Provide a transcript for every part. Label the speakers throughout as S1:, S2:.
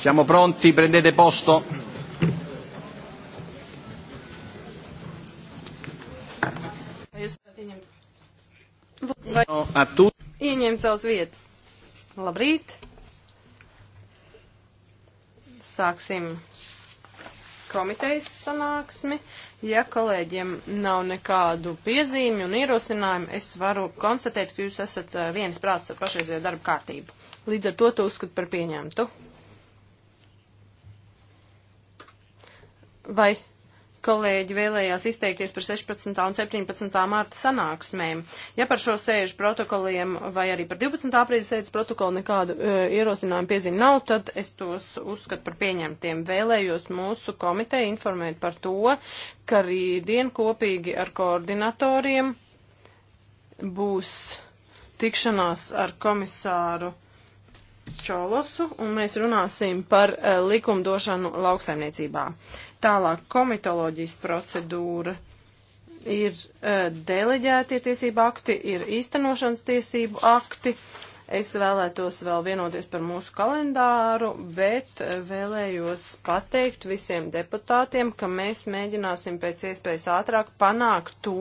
S1: Siamo pronti? Prendete posto. Vai...
S2: Ieņemt savas vietas. Labrīt. Sāksim komitejas sanāksmi. Ja kolēģiem nav nekādu piezīmju un ierosinājumu, es varu konstatēt, ka jūs esat eh, viens prāts ar pašreizējo darbu kārtību. Līdz ar to to uzskatu par pieņemtu. Vai kolēģi vēlējās izteikties par 16. un 17. mārta sanāksmēm. Ja par šo sēžu protokoliem vai arī par 12. aprīļa sēdes protokolu nekādu e, ierosinājumu piezīmi nav, tad es tos uzskatu par pieņemtiem. Vēlējos mūsu komiteju informēt par to, ka rītdien kopīgi ar koordinatoriem būs tikšanās ar komisāru. Čolosu, un mēs runāsim par uh, likumdošanu lauksaimniecībā. Tālāk komitoloģijas procedūra ir uh, deleģētie tiesību akti, ir īstenošanas tiesību akti, uh, Es vēlētos vēl vienoties par mūsu kalendāru, bet eh, vēlējos pateikt visiem deputātiem, ka mēs mēģināsim pēc iespējas ātrāk panākt to,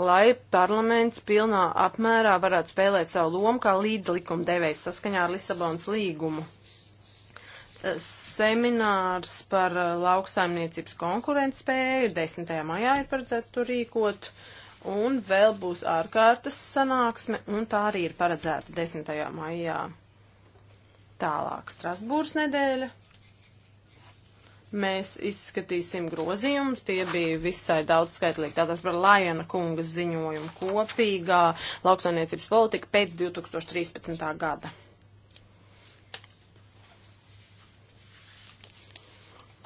S2: lai parlaments pilnā apmērā varētu spēlēt savu lomu kā līdzlikumdevējs saskaņā ar Lisabonas līgumu eh, seminārs par eh, lauksaimniecības konkurentspēju 10. maijā ir paredzēts tur rīkot. Uh, un vēl būs ārkārtas sanāksme, un tā arī ir paredzēta 10. maijā. Tālāk Strasbūrs nedēļa. Mēs izskatīsim grozījumus, tie bija visai daudz skaitlīgi, tātad par Lajana kungas ziņojumu kopīgā lauksainiecības politika pēc 2013. gada.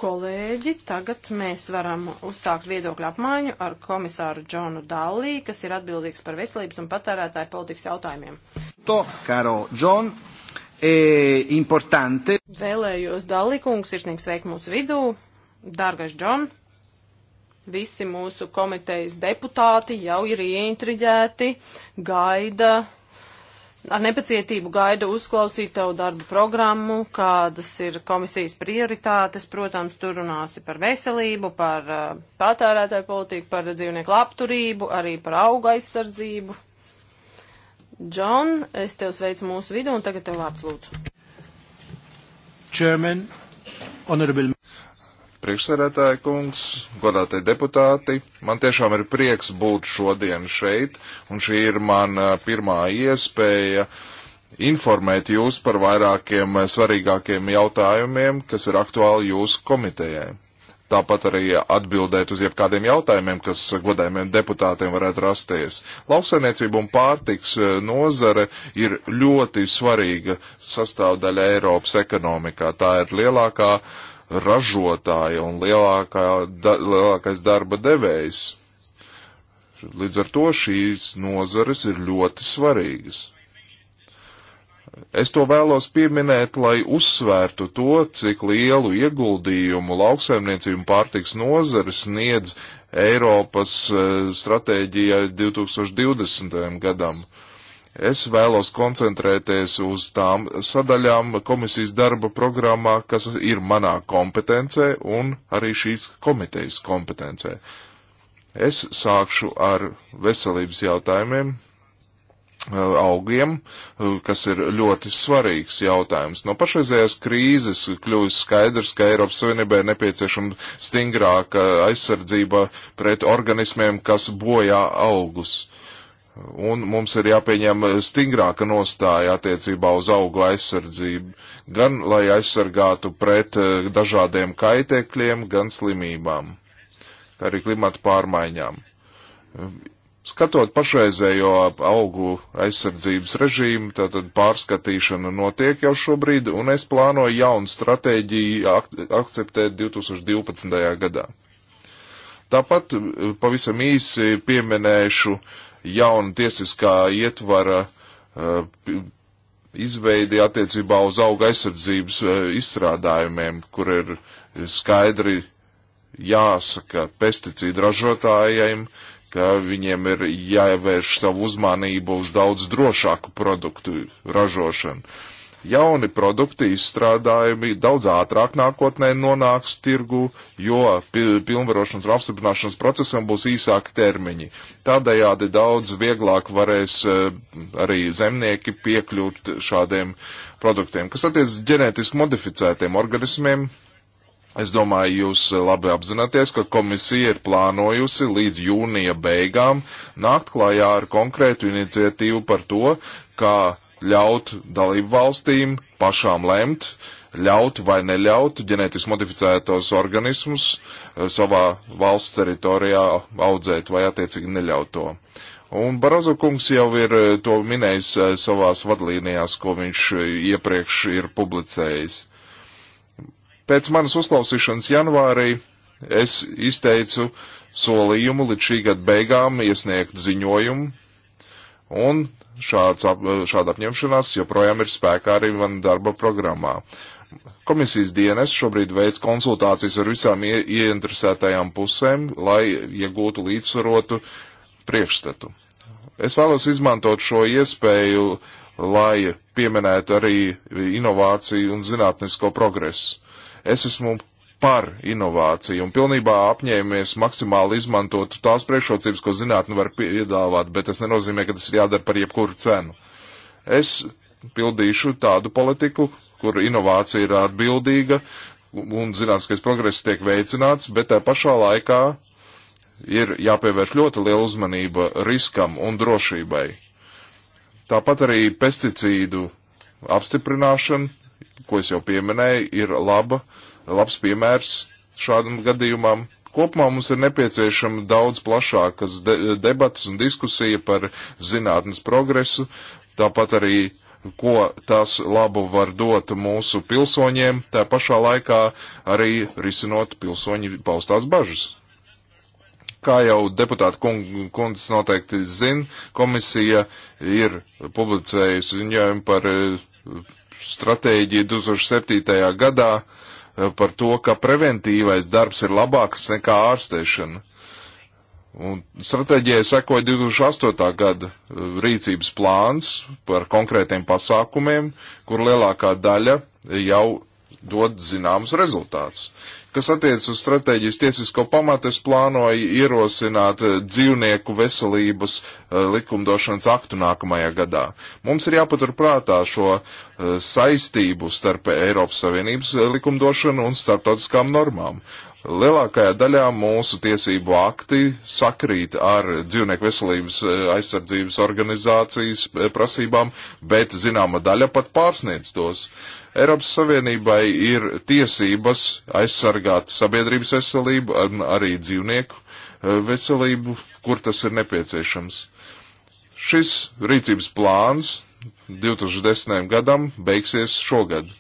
S2: Kolēģi, tagad mēs varam uzsākt viedokļu apmaiņu ar komisāru Džonu Dallī, kas ir atbildīgs par veselības un patērētāju politikas jautājumiem.
S1: To, Karo, Džon, e, importante.
S2: Vēlējos Dallī kungs sirsnīgi sveikt mūsu vidū. Dārgais Džon, visi mūsu komitejas deputāti jau ir ieintriģēti, gaida ar nepacietību gaida uzklausīt tavu darbu programmu, kādas ir komisijas prioritātes. Protams, tur runāsi par veselību, par uh, patērētāju politiku, par dzīvnieku labturību, arī par auga aizsardzību. Džon, es tev sveicu mūsu vidu un tagad tev vārds lūdzu.
S3: Chairman, honorable priekšsēdētāja kungs, godātie deputāti. Man tiešām ir prieks būt šodien šeit, un šī ir mana pirmā iespēja informēt jūs par vairākiem svarīgākiem jautājumiem, kas ir aktuāli jūsu komitejai. Tāpat arī atbildēt uz jebkādiem jautājumiem, kas godājumiem deputātiem varētu rasties. Lauksainiecība un pārtiks nozare ir ļoti svarīga sastāvdaļa Eiropas ekonomikā. Tā ir lielākā uh, ražotāja un lielākā, da, lielākais darba devējs. Līdz ar to šīs nozares ir ļoti svarīgas. Es to vēlos pieminēt, lai uzsvērtu to, cik lielu ieguldījumu lauksaimniecību un pārtiks nozares sniedz Eiropas eh, stratēģijai 2020. gadam. Uh, Es vēlos koncentrēties uz tām sadaļām komisijas darba programmā, kas ir manā kompetencē un arī šīs komitejas kompetencē. Es sākšu ar veselības jautājumiem, eh, augiem, eh, kas ir ļoti svarīgs jautājums. No pašreizējās krīzes kļūst skaidrs, ka Eiropas Savienībai ir nepieciešama stingrāka aizsardzība pret organismiem, kas bojā augus. Un mums ir jāpieņem stingrāka nostāja attiecībā uz augu aizsardzību, gan lai aizsargātu pret e, dažādiem kaitēkļiem, gan slimībām, kā arī klimata pārmaiņām. Skatot pašreizējo augu aizsardzības režīmu, tātad pārskatīšana notiek jau šobrīd, un es plānoju jaunu stratēģiju ak akceptēt 2012. gadā. Tāpat e, pavisam īsi pieminēšu uh, jauna tiesiskā ietvara eh, izveidi attiecībā uz auga aizsardzības eh, izstrādājumiem, kur ir skaidri jāsaka pesticīdu ražotājiem, ka viņiem ir jāievērš savu uzmanību uz daudz drošāku produktu ražošanu. Jauni produkti izstrādājumi daudz ātrāk nākotnē nonāks tirgu, jo pilnvarošanas un apstiprināšanas procesam būs īsāki termiņi. Tādējādi daudz vieglāk varēs e, arī zemnieki piekļūt šādiem produktiem. Kas attiec ģenētiski modificētiem organismiem, Es domāju, jūs labi apzināties, ka komisija ir plānojusi līdz jūnija beigām nākt klājā ar konkrētu iniciatīvu par to, kā ļaut dalību valstīm pašām lemt, ļaut vai neļaut ģenētiski modificētos organismus eh, savā valsts teritorijā audzēt vai attiecīgi neļaut to. Un Barozo kungs jau ir eh, to minējis eh, savās vadlīnijās, ko viņš iepriekš ir publicējis. Pēc manas uzklausīšanas janvārī es izteicu solījumu līdz šī gada beigām iesniegt ziņojumu un Šāds, ap, šāda apņemšanās joprojām ir spēkā arī man darba programmā. Komisijas dienas šobrīd veids konsultācijas ar visām ie, ieinteresētajām pusēm, lai iegūtu līdzsvarotu priekšstatu. Es vēlos izmantot šo iespēju, lai pieminētu arī inovāciju un zinātnisko progresu. Es esmu par inovāciju un pilnībā apņēmies maksimāli izmantot tās priekšrocības, ko zinātni var piedāvāt, bet tas nenozīmē, ka tas ir jādara par jebkuru cenu. Es pildīšu tādu politiku, kur inovācija ir atbildīga un zinātniskais progress tiek veicināts, bet tā pašā laikā ir jāpievērš ļoti liela uzmanība riskam un drošībai. Tāpat arī pesticīdu apstiprināšana, ko es jau pieminēju, ir laba uh, labs piemērs šādam gadījumam. Kopumā mums ir nepieciešama daudz plašākas de debatas un diskusija par zinātnes progresu, tāpat arī ko tas labu var dot mūsu pilsoņiem, tā pašā laikā arī risinot pilsoņu paustās bažas. Kā jau deputāta kund, kundzes noteikti zina, komisija ir publicējusi ziņojumu par eh, stratēģiju 2007. gadā Eh, par to, ka preventīvais darbs ir labāks nekā ārstēšana. Un stratēģijai sekoja 2008. gada eh, rīcības plāns par konkrētiem pasākumiem, kur lielākā daļa jau dod zināmus rezultātus. Kas attiec uz stratēģijas tiesisko pamatu, es plānoju ierosināt eh, dzīvnieku veselības eh, likumdošanas aktu nākamajā gadā. Mums ir jāpatur prātā šo eh, saistību starp Eiropas Savienības likumdošanu un starptautiskām normām. Lielākajā daļā mūsu tiesību akti sakrīt ar dzīvnieku veselības aizsardzības organizācijas prasībām, bet zināma daļa pat pārsniedz tos. Uh, Eiropas Savienībai ir tiesības aizsargāt sabiedrības veselību un arī dzīvnieku e, veselību, kur tas ir nepieciešams. Šis rīcības plāns 2010. gadam beigsies šogad.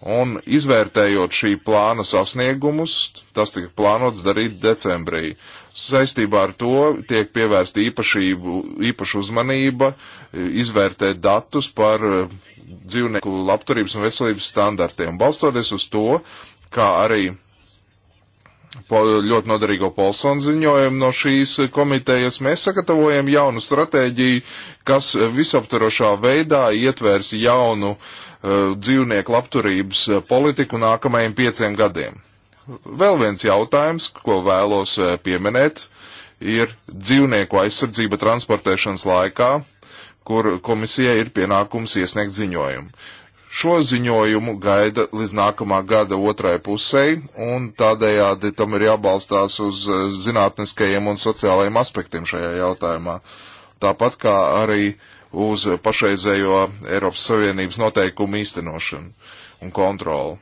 S3: Un izvērtējot šī plāna sasniegumus, tas tika plānots darīt decembrī. Saistībā ar to tiek pievērsta īpaša uzmanība, e, izvērtēt datus par e, dzīvnieku labturības un veselības standartiem. Balstoties uz to, kā arī po, ļoti noderīgo Polsona ziņojumu no šīs komitejas, mēs sagatavojam jaunu stratēģiju, kas visaptverošā veidā ietvers jaunu uh, dzīvnieku labturības politiku nākamajiem pieciem gadiem. Vēl viens jautājums, ko vēlos uh, pieminēt, ir dzīvnieku aizsardzība transportēšanas laikā kur komisijai ir pienākums iesniegt ziņojumu. Šo ziņojumu gaida līdz nākamā gada otrai pusē, un tādējādi tam ir jābalstās uz eh, zinātniskajiem un sociālajiem aspektiem šajā jautājumā. Tāpat kā arī uz pašreizējo Eiropas Savienības noteikumu īstenošanu un kontroli.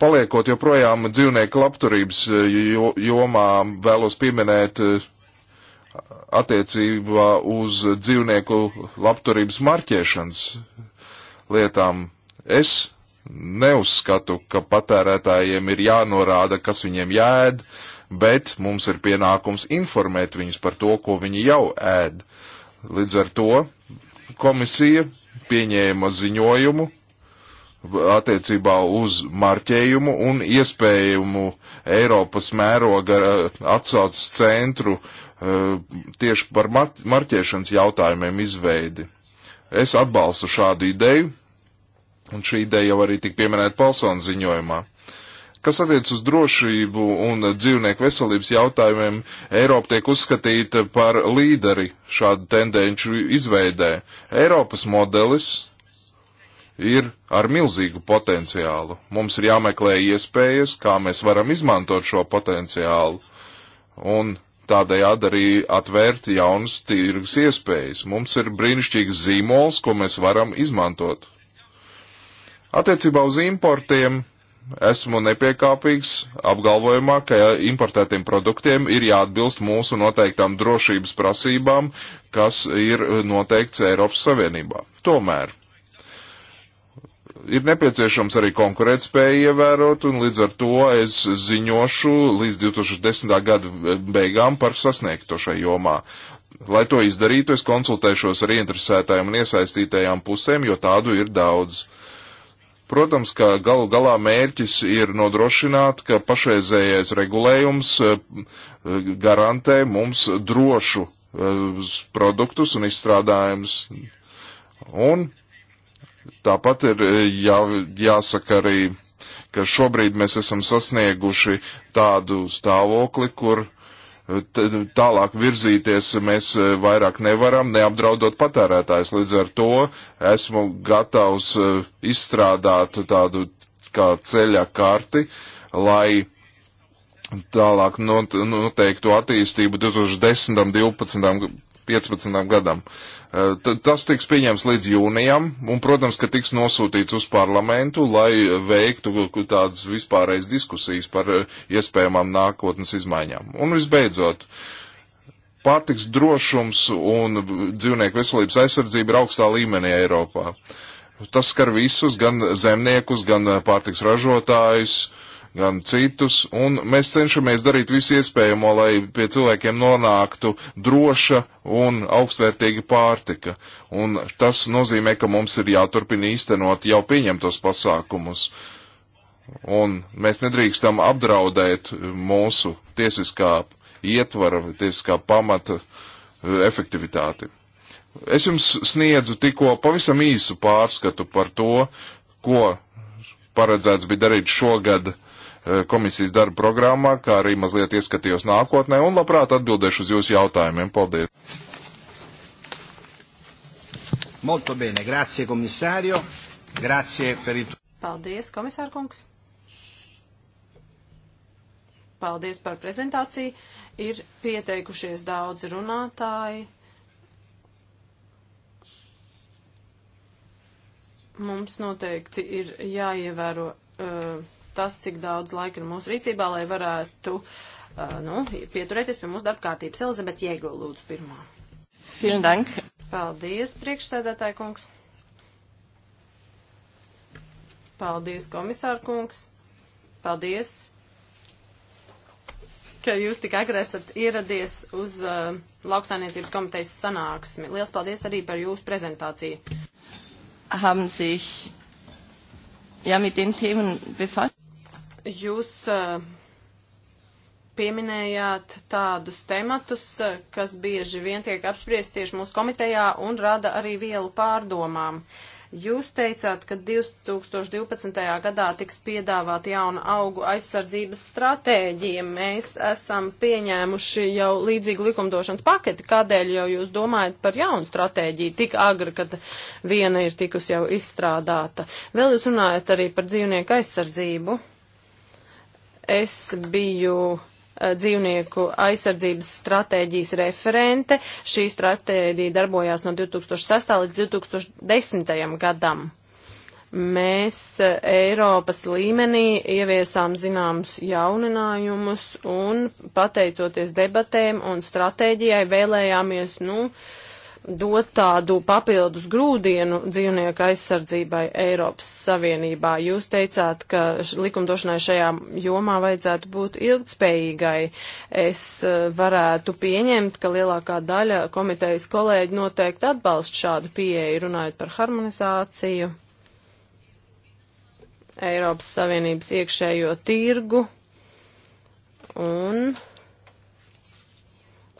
S3: Paliekot joprojām dzīvnieku labturības eh, jomā, vēlos pieminēt eh, attiecībā uz dzīvnieku labturības marķēšanas lietām. Es neuzskatu, ka patērētājiem ir jānorāda, kas viņiem jēd, bet mums ir pienākums informēt viņus par to, ko viņi jau ēd. Līdz ar to komisija pieņēma ziņojumu attiecībā uz marķējumu un iespējumu Eiropas mēroga atsaucas centru Eh, tieši par marķēšanas jautājumiem izveidi. Es atbalstu šādu ideju, un šī ideja jau arī tika pieminēta Palsona ziņojumā. Kas attiec uz drošību un dzīvnieku veselības jautājumiem, Eiropa tiek uzskatīta par līderi šādu tendenču izveidē. Eiropas modelis ir ar milzīgu potenciālu. Mums ir jāmeklē iespējas, kā mēs varam izmantot šo potenciālu. Un tādējādi arī atvērt jaunas tirgus iespējas. Mums ir brīnišķīgs zīmols, ko mēs varam izmantot. Attiecībā uz importiem esmu nepiekāpīgs apgalvojumā, ka importētiem produktiem ir jāatbilst mūsu noteiktām drošības prasībām, kas ir noteikts Eiropas Savienībā. Tomēr ir nepieciešams arī konkurētspēja ievērot, un līdz ar to es ziņošu līdz 2010. gada beigām par sasniegto šai jomā. Lai to izdarītu, es konsultēšos ar ieinteresētājiem un iesaistītajām pusēm, jo tādu ir daudz. Protams, ka galu galā mērķis ir nodrošināt, ka pašreizējais regulējums eh, garantē mums drošu eh, produktus un izstrādājumus. Un Tāpat ir e, jā, jāsaka arī, ka šobrīd mēs esam sasnieguši tādu stāvokli, kur e, tālāk virzīties mēs e, vairāk nevaram, neapdraudot patērētājs. Līdz ar to esmu gatavs izstrādāt tādu kā ceļa karti, lai tālāk noteiktu attīstību 2010. un 2012. 15. gadam. Eh, t Tas tiks pieņems līdz jūnijam, un, protams, ka tiks nosūtīts uz parlamentu, lai veiktu tādas vispārējas diskusijas par eh, iespējamām nākotnes izmaiņām. Un visbeidzot, pārtiks drošums un dzīvnieku veselības aizsardzība ir augstā līmenī Eiropā. Tas skar visus, gan zemniekus, gan eh, pārtiks ražotājus gan citus, un mēs cenšamies darīt visu iespējamo, lai pie cilvēkiem nonāktu droša un augstvērtīga pārtika. Un tas nozīmē, ka mums ir jāturpina īstenot jau pieņemtos pasākumus. Un mēs nedrīkstam apdraudēt mūsu tiesiskā ietvara, tiesiskā pamata eh, efektivitāti. Es jums sniedzu tikko pavisam īsu pārskatu par to, ko paredzēts bija darīt šogad Eh, komisijas darba programmā, kā arī mazliet ieskatījos nākotnē un labprāt atbildēšu uz jūsu jautājumiem. Paldies!
S1: Molto bene, grazie komisārio, grazie per il...
S2: Paldies, komisārkungs! Paldies par prezentāciju. Ir pieteikušies daudzi runātāji. Mums noteikti ir jāievēro. Uh, tas, cik daudz laika ir mūsu rīcībā, lai varētu uh, nu, pieturēties pie mūsu darba kārtības. Elizabete Jēgla, lūdzu, pirmā. Vielen Dank. Paldies, priekšsēdētāji kungs. Paldies, komisār kungs. Paldies, ka jūs tik agri esat ieradies uz uh, lauksainiecības komitejas sanāksmi. Liels paldies arī par jūsu prezentāciju. Haben sich ja mit den Themen befasst? jūs eh, pieminējāt tādus tematus, eh, kas bieži vien tiek apspriesti tieši mūsu komitejā un rada arī vielu pārdomām. Jūs teicāt, ka 2012. gadā tiks piedāvāt jauna augu aizsardzības stratēģija. Mēs esam pieņēmuši jau līdzīgu likumdošanas paketi. Kādēļ jau jūs domājat par jaunu stratēģiju tik agri, kad viena ir tikus jau izstrādāta? Vēl jūs runājat arī par dzīvnieku aizsardzību. Es biju eh, dzīvnieku aizsardzības stratēģijas referente. Šī stratēģija darbojās no 2006. līdz 2010. gadam. Mēs eh, Eiropas līmenī ieviesām zināmus jauninājumus un pateicoties debatēm un stratēģijai vēlējāmies, nu, uh, dot tādu papildus grūdienu dzīvnieku aizsardzībai Eiropas Savienībā. Jūs teicāt, ka likumdošanai šajā jomā vajadzētu būt ilgtspējīgai. Es e, varētu pieņemt, ka lielākā daļa komitejas kolēģi noteikti atbalst šādu pieeju, runājot par harmonizāciju, Eiropas Savienības iekšējo tirgu un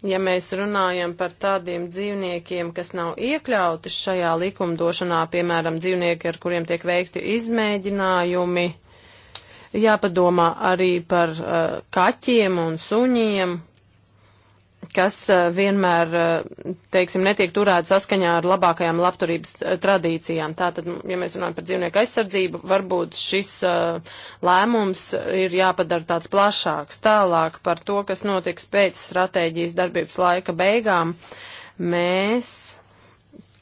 S2: Ja mēs runājam par tādiem dzīvniekiem, kas nav iekļauti šajā likumdošanā, piemēram, dzīvnieki, ar kuriem tiek veikti izmēģinājumi, jāpadomā arī par uh, kaķiem un suņiem, kas eh, vienmēr, eh, teiksim, netiek turēta saskaņā ar labākajām labturības eh, tradīcijām. Tātad, ja mēs runājam par dzīvnieku aizsardzību, varbūt šis lēmums ir jāpadara tāds plašāks. Tālāk par to, kas notiks pēc stratēģijas darbības laika beigām, mēs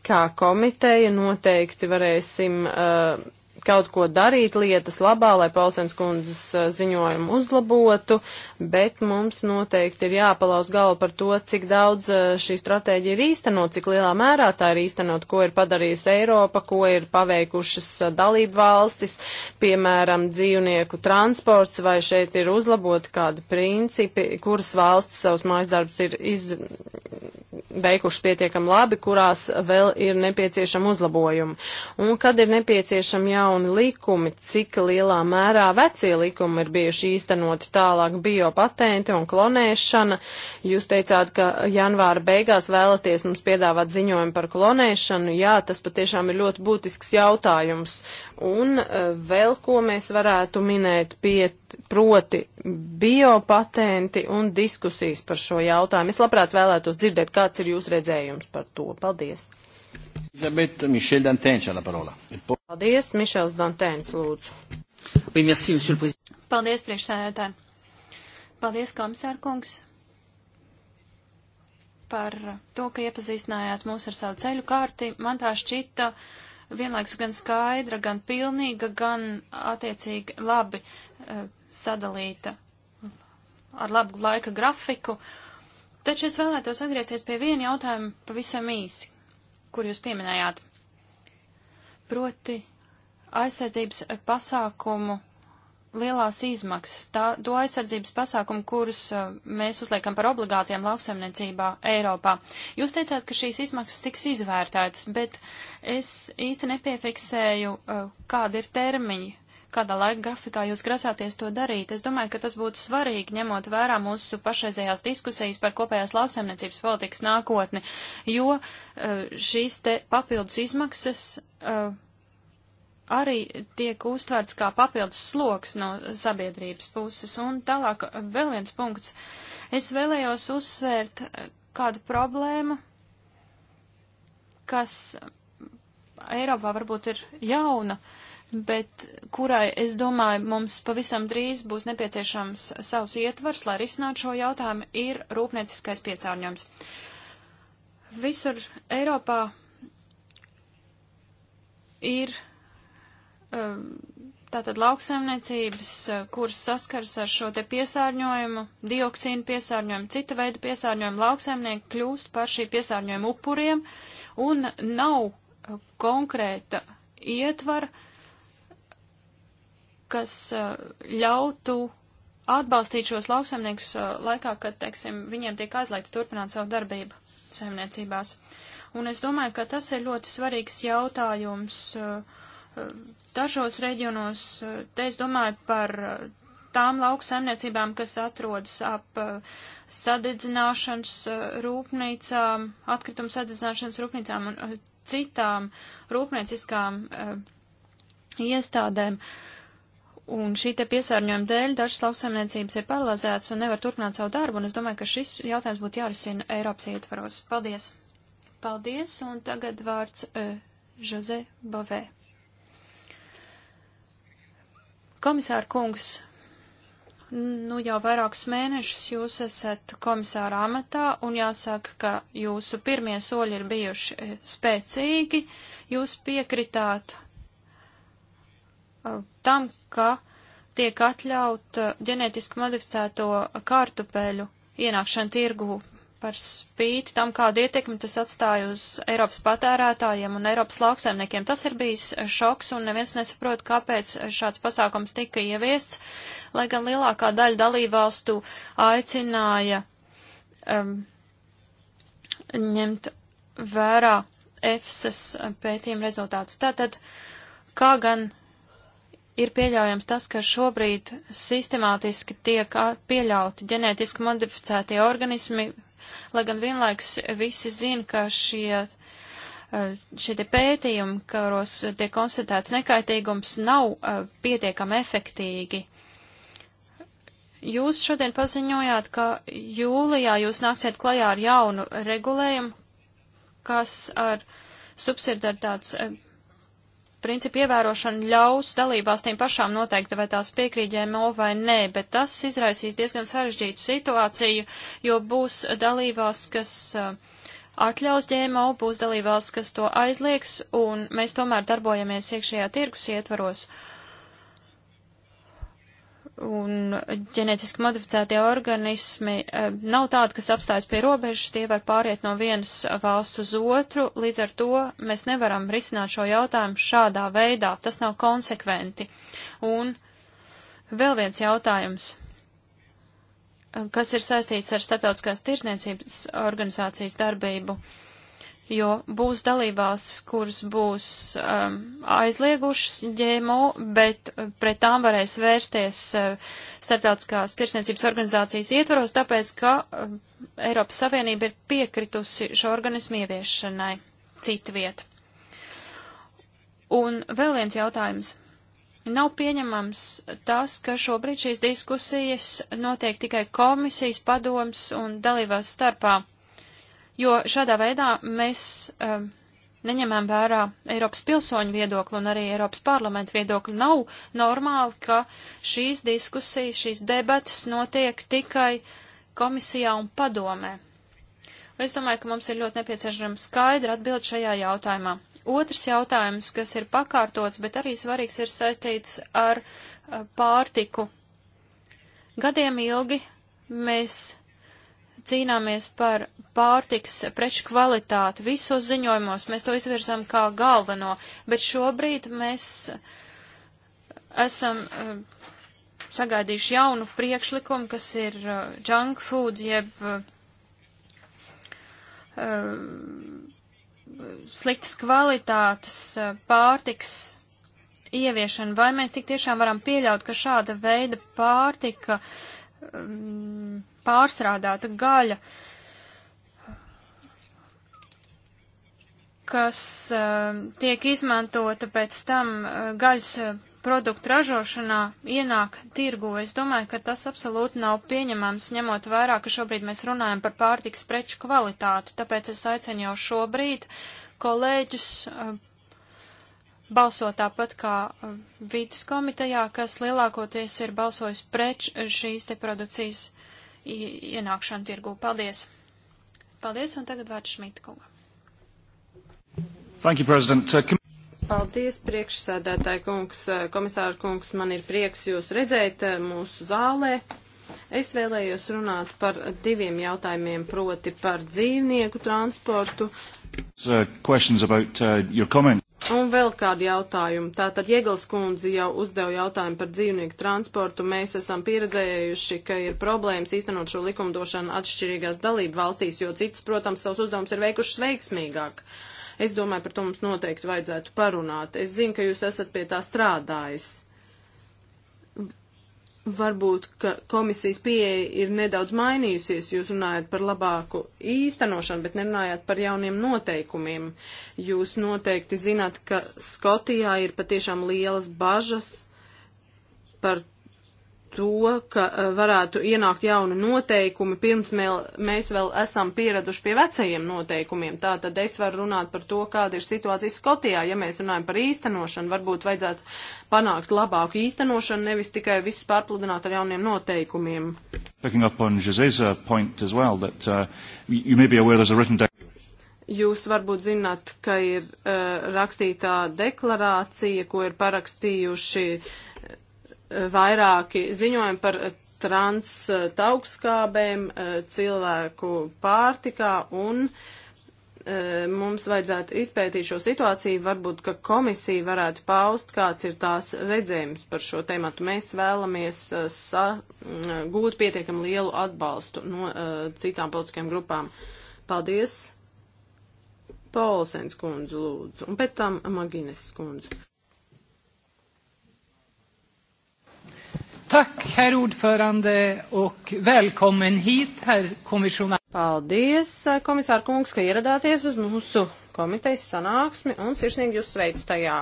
S2: kā komiteja noteikti varēsim. Uh, kaut ko darīt lietas labā, lai Paulsens kundzes ziņojumu uzlabotu, bet mums noteikti ir jāpalauz galvu par to, cik daudz šī stratēģija ir īstenot, cik lielā mērā tā ir īstenot, ko ir padarījusi Eiropa, ko ir paveikušas dalību valstis, piemēram, dzīvnieku transports, vai šeit ir uzlaboti kādi principi, kuras valstis savus mājas darbus ir iz veikušas pietiekam labi, kurās vēl ir nepieciešama uzlabojuma. Un kad ir nepieciešami jauni likumi, cik lielā mērā vecie likumi ir bijuši īstenoti tālāk biopatenti un klonēšana. Jūs teicāt, ka janvāra beigās vēlaties mums piedāvāt ziņojumu par klonēšanu. Jā, tas patiešām ir ļoti būtisks jautājums. Un eh, vēl ko mēs varētu minēt pie proti biopatenti un diskusijas par šo jautājumu. Es labprāt vēlētos dzirdēt, kāds ir jūsu redzējums par to. Paldies!
S1: Elizabete Mišel Dantēns, la parola.
S4: Paldies, Mišels Dantēns,
S2: lūdzu.
S1: Oui, merci, monsieur le président.
S4: Paldies, priekšsēdētāji. Paldies, komisārkungs, par to, ka iepazīstinājāt mūs ar savu ceļu kārti. Man tā šķita vienlaiks gan skaidra, gan pilnīga, gan attiecīgi labi. Uh, sadalīta ar labu laika grafiku, taču es vēlētos atgriezties pie viena jautājuma pavisam īsi, kur jūs pieminējāt. Proti aizsardzības pasākumu lielās izmaksas, tā, to aizsardzības pasākumu, kurus uh, mēs uzliekam par obligātiem lauksaimniecībā Eiropā. Jūs teicāt, ka šīs izmaksas tiks izvērtētas, bet es īsti nepiefiksēju, uh, kāda ir termiņa, kādā laika grafitā jūs grasāties to darīt. Es domāju, ka tas būtu svarīgi, ņemot vērā mūsu pašreizējās diskusijas par kopējās lauksaimniecības politikas nākotni, jo eh, šīs te papildus izmaksas eh, arī tiek uztvērts kā papildus sloks no sabiedrības puses. Un tālāk vēl viens punkts. Es vēlējos uzsvērt eh, kādu problēmu, kas Eiropā varbūt ir jauna, bet kurai, es domāju, mums pavisam drīz būs nepieciešams savs ietvars, lai risinātu šo jautājumu, ir rūpnieciskais piesārņojums. Visur Eiropā ir um, tātad lauksaimniecības, uh, kuras saskars ar šo te piesārņojumu, dioksīnu piesārņojumu, cita veida piesārņojumu, lauksaimnieki kļūst par šī piesārņojuma upuriem un nav uh, konkrēta ietvara, kas eh, ļautu atbalstīt šos lauksaimniekus eh, laikā, kad, teiksim, viņiem tiek aizliegts turpināt savu darbību saimniecībās. Un es domāju, ka tas ir ļoti svarīgs jautājums eh, dažos reģionos. Te es domāju par tām lauksaimniecībām, kas atrodas ap sadedzināšanas rūpnīcām, atkrituma sadedzināšanas rūpnīcām un citām rūpnieciskām iestādēm. Uh, Un šī te piesārņojuma dēļ dažas lauksaimniecības ir paralizētas un nevar turpināt savu darbu, un es domāju, ka šis jautājums būtu jārisina Eiropas ietvaros. Paldies! Paldies, un tagad vārds uh, Jose Bavē. Komisāra kungs, nu jau vairākus mēnešus jūs esat komisāra amatā, un jāsaka, ka jūsu pirmie soļi ir bijuši uh, spēcīgi, jūs piekritāt. Uh, tam, ka tiek atļaut eh, ģenētiski modificēto kartupeļu ienākšanu tirgu par spīti tam, kādu ietekmi tas atstāja uz Eiropas patērētājiem un Eiropas lauksaimniekiem. Tas ir bijis šoks, un neviens nesaprot, kāpēc šāds pasākums tika ieviests, lai gan lielākā daļa dalībvalstu aicināja um, ņemt vērā EFSAS eh, pētījuma rezultātus. Tātad, kā gan ir pieļaujams tas, ka šobrīd sistemātiski tiek pieļauti ģenētiski modificētie organismi, lai gan vienlaikus visi zina, ka šie, šie te pētījumi, kuros tiek konstatēts nekaitīgums, nav pietiekami efektīgi. Jūs šodien paziņojāt, ka jūlijā jūs nāksiet klajā ar jaunu regulējumu, kas ar subsidiaritātes principu ievērošana ļaus dalībvalstīm pašām noteikt, vai tās piekrīt GMO vai nē, bet tas izraisīs diezgan sarežģītu situāciju, jo būs dalībvalsts, kas uh, atļaus GMO, būs dalībvalsts, kas to aizliegs, un mēs tomēr darbojamies iekšējā tirgus ietvaros. Uh, un ģenētiski modificētie organismi e, nav tādi, kas apstājas pie robežas, tie var pāriet no vienas valsts uz otru, līdz ar to mēs nevaram risināt šo jautājumu šādā veidā, tas nav konsekventi. Un vēl viens jautājums, e, kas ir saistīts ar starptautiskās tirzniecības organizācijas darbību. Uh, jo būs dalībvalstis, kuras būs um, aizliegušas ģēmo, bet uh, pret tām varēs vērsties uh, starptautiskās tirsniecības organizācijas ietvaros, tāpēc, ka uh, Eiropas Savienība ir piekritusi šo organismu ieviešanai citviet. Un vēl viens jautājums. Nav pieņemams tas, ka šobrīd šīs diskusijas notiek tikai komisijas padoms un dalībās starpā jo šādā veidā mēs um, neņemam vērā Eiropas pilsoņu viedokli un arī Eiropas parlamentu viedokli. Nav normāli, ka šīs diskusijas, šīs debatas notiek tikai komisijā un padomē. Es domāju, ka mums ir ļoti nepieciešama skaidra atbild šajā jautājumā. Otrs jautājums, kas ir pakārtots, bet arī svarīgs, ir saistīts ar uh, pārtiku. Gadiem ilgi mēs cīnāmies par pārtiks preču kvalitāti. Visos ziņojumos mēs to izvirzam kā galveno, bet šobrīd mēs esam eh, sagaidījuši jaunu priekšlikumu, kas ir eh, junk food, jeb eh, sliktas kvalitātes pārtiks ieviešana. Vai mēs tik tiešām varam pieļaut, ka šāda veida pārtika um, pārstrādāta gaļa, kas uh, tiek izmantota pēc tam uh, gaļas e, produktu ražošanā, ienāk tirgu. Es domāju, ka tas absolūti nav pieņemams, ņemot vērā, ka šobrīd mēs runājam par pārtiks preču kvalitāti. Tāpēc es aicinu jau šobrīd kolēģus uh, balsot tāpat kā vidas komitejā, kas lielākoties ir balsojis pret šīs te produkcijas ienākšanu tirgū. Paldies! Paldies, un tagad vārds Šmitkunga.
S3: Thank you, President. Uh,
S2: Paldies, priekšsēdētāji kungs, uh, komisāra kungs, man ir prieks jūs redzēt uh, mūsu zālē. Es vēlējos runāt par diviem jautājumiem, proti par dzīvnieku transportu.
S1: Uh, about, uh,
S2: Un vēl kādi jautājumi. Tātad Jēgls kundze jau uzdeva jautājumu par dzīvnieku transportu. Mēs esam pieredzējuši, ka ir problēmas īstenot šo likumdošanu atšķirīgās dalību valstīs, jo citas, protams, savus uzdevumus ir veikušas veiksmīgāk. Es domāju, par to mums noteikti vajadzētu parunāt. Es zinu, ka jūs esat pie tā strādājis. Varbūt, ka komisijas pieeja ir nedaudz mainījusies, jūs runājat par labāku īstenošanu, bet nerunājat par jauniem noteikumiem. Jūs noteikti zināt, ka Skotijā ir patiešām lielas bažas par to, ka eh, varētu ienākt jauni noteikumi, pirms mēl, mēs vēl esam pieraduši pie vecajiem noteikumiem. Tā tad es varu runāt par to, kāda ir situācija Skotijā. Ja mēs runājam par īstenošanu, varbūt vajadzētu panākt labāku īstenošanu, nevis tikai visus pārpludināt ar jauniem noteikumiem.
S1: Uh, well, that, uh,
S2: Jūs varbūt zināt, ka ir uh, rakstītā deklarācija, ko ir parakstījuši uh, vairāki ziņojumi par transtaugskābēm eh, cilvēku pārtikā un eh, mums vajadzētu izpētīt šo situāciju, varbūt, ka komisija varētu paust, kāds ir tās redzējums par šo tematu. Mēs vēlamies eh, sa, mm, gūt pietiekam lielu atbalstu no uh, citām politiskajām grupām. Paldies! Paulsens kundze lūdzu, un pēc tam Magines kundze. Tack, herr ordförande, och välkommen hit, herr komisionär. Paldies, eh, komisār kungs, ka ieradāties uz mūsu komitejas sanāksmi un sirsnīgi jūs sveicu tajā.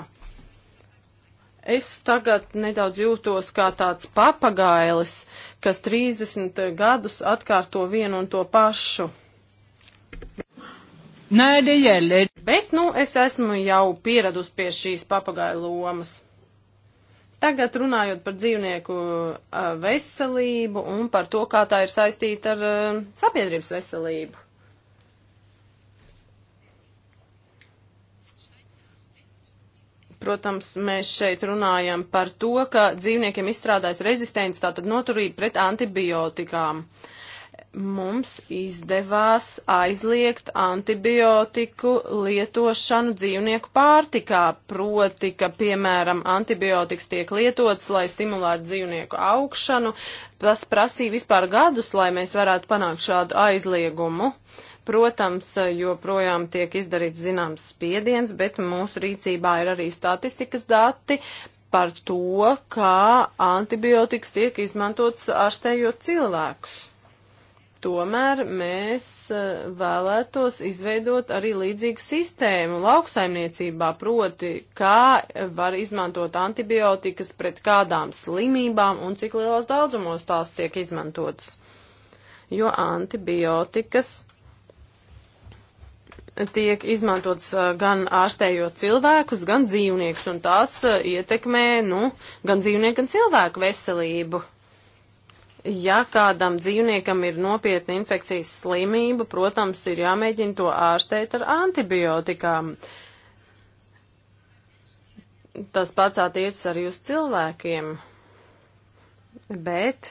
S2: Es tagad nedaudz jūtos kā tāds papagailis, kas 30 gadus atkārto vienu un to pašu. Nē, dejeļi. Bet, nu, es esmu jau pieradus pie šīs papagailomas. lomas. Tagad runājot par dzīvnieku veselību un par to, kā tā ir saistīta ar sabiedrības veselību. Protams, mēs šeit runājam par to, ka dzīvniekiem izstrādājas rezistents, tātad noturība pret antibiotikām. Uh, mums izdevās aizliegt antibiotiku lietošanu dzīvnieku pārtikā, proti, ka, piemēram, antibiotikas tiek lietots, lai stimulētu dzīvnieku augšanu. Tas prasīja vispār gadus, lai mēs varētu panākt šādu aizliegumu. Protams, joprojām tiek izdarīts zināms spiediens, bet mūsu rīcībā ir arī statistikas dati, par to, kā antibiotikas tiek izmantotas ārstējot cilvēkus. Tomēr mēs eh, vēlētos izveidot arī līdzīgu sistēmu lauksaimniecībā, proti, kā var izmantot antibiotikas pret kādām slimībām un cik lielos daudzumos tās tiek izmantotas. Jo antibiotikas tiek izmantots eh, gan ārstējot cilvēkus, gan dzīvniekus, un tās eh, ietekmē, nu, gan dzīvnieku, gan cilvēku veselību. Ja kādam dzīvniekam ir nopietna infekcijas slimība, protams, ir jāmēģina to ārstēt ar antibiotikām. Tas pats attiecas arī uz cilvēkiem. Bet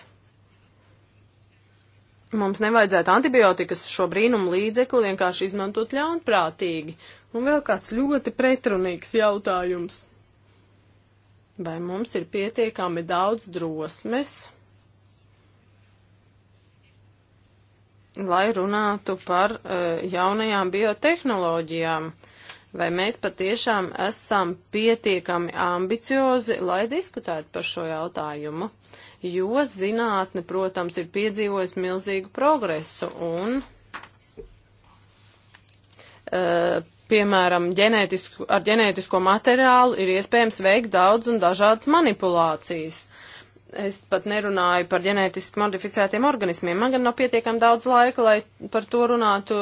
S2: mums nevajadzētu antibiotikas šo brīnumu līdzekli vienkārši izmantot ļaunprātīgi. Un vēl kāds ļoti pretrunīgs jautājums. Vai mums ir pietiekami daudz drosmes? lai runātu par uh, jaunajām biotehnoloģijām. Vai mēs patiešām esam pietiekami ambiciozi, lai diskutētu par šo jautājumu? Jo zinātne, protams, ir piedzīvojusi milzīgu progresu un, uh, piemēram, ģenētisku, ar ģenētisko materiālu ir iespējams veikt daudz un dažādas manipulācijas. Es pat nerunāju par ģenētiski modificētiem organismiem. Man gan nav pietiekami daudz laika, lai par to runātu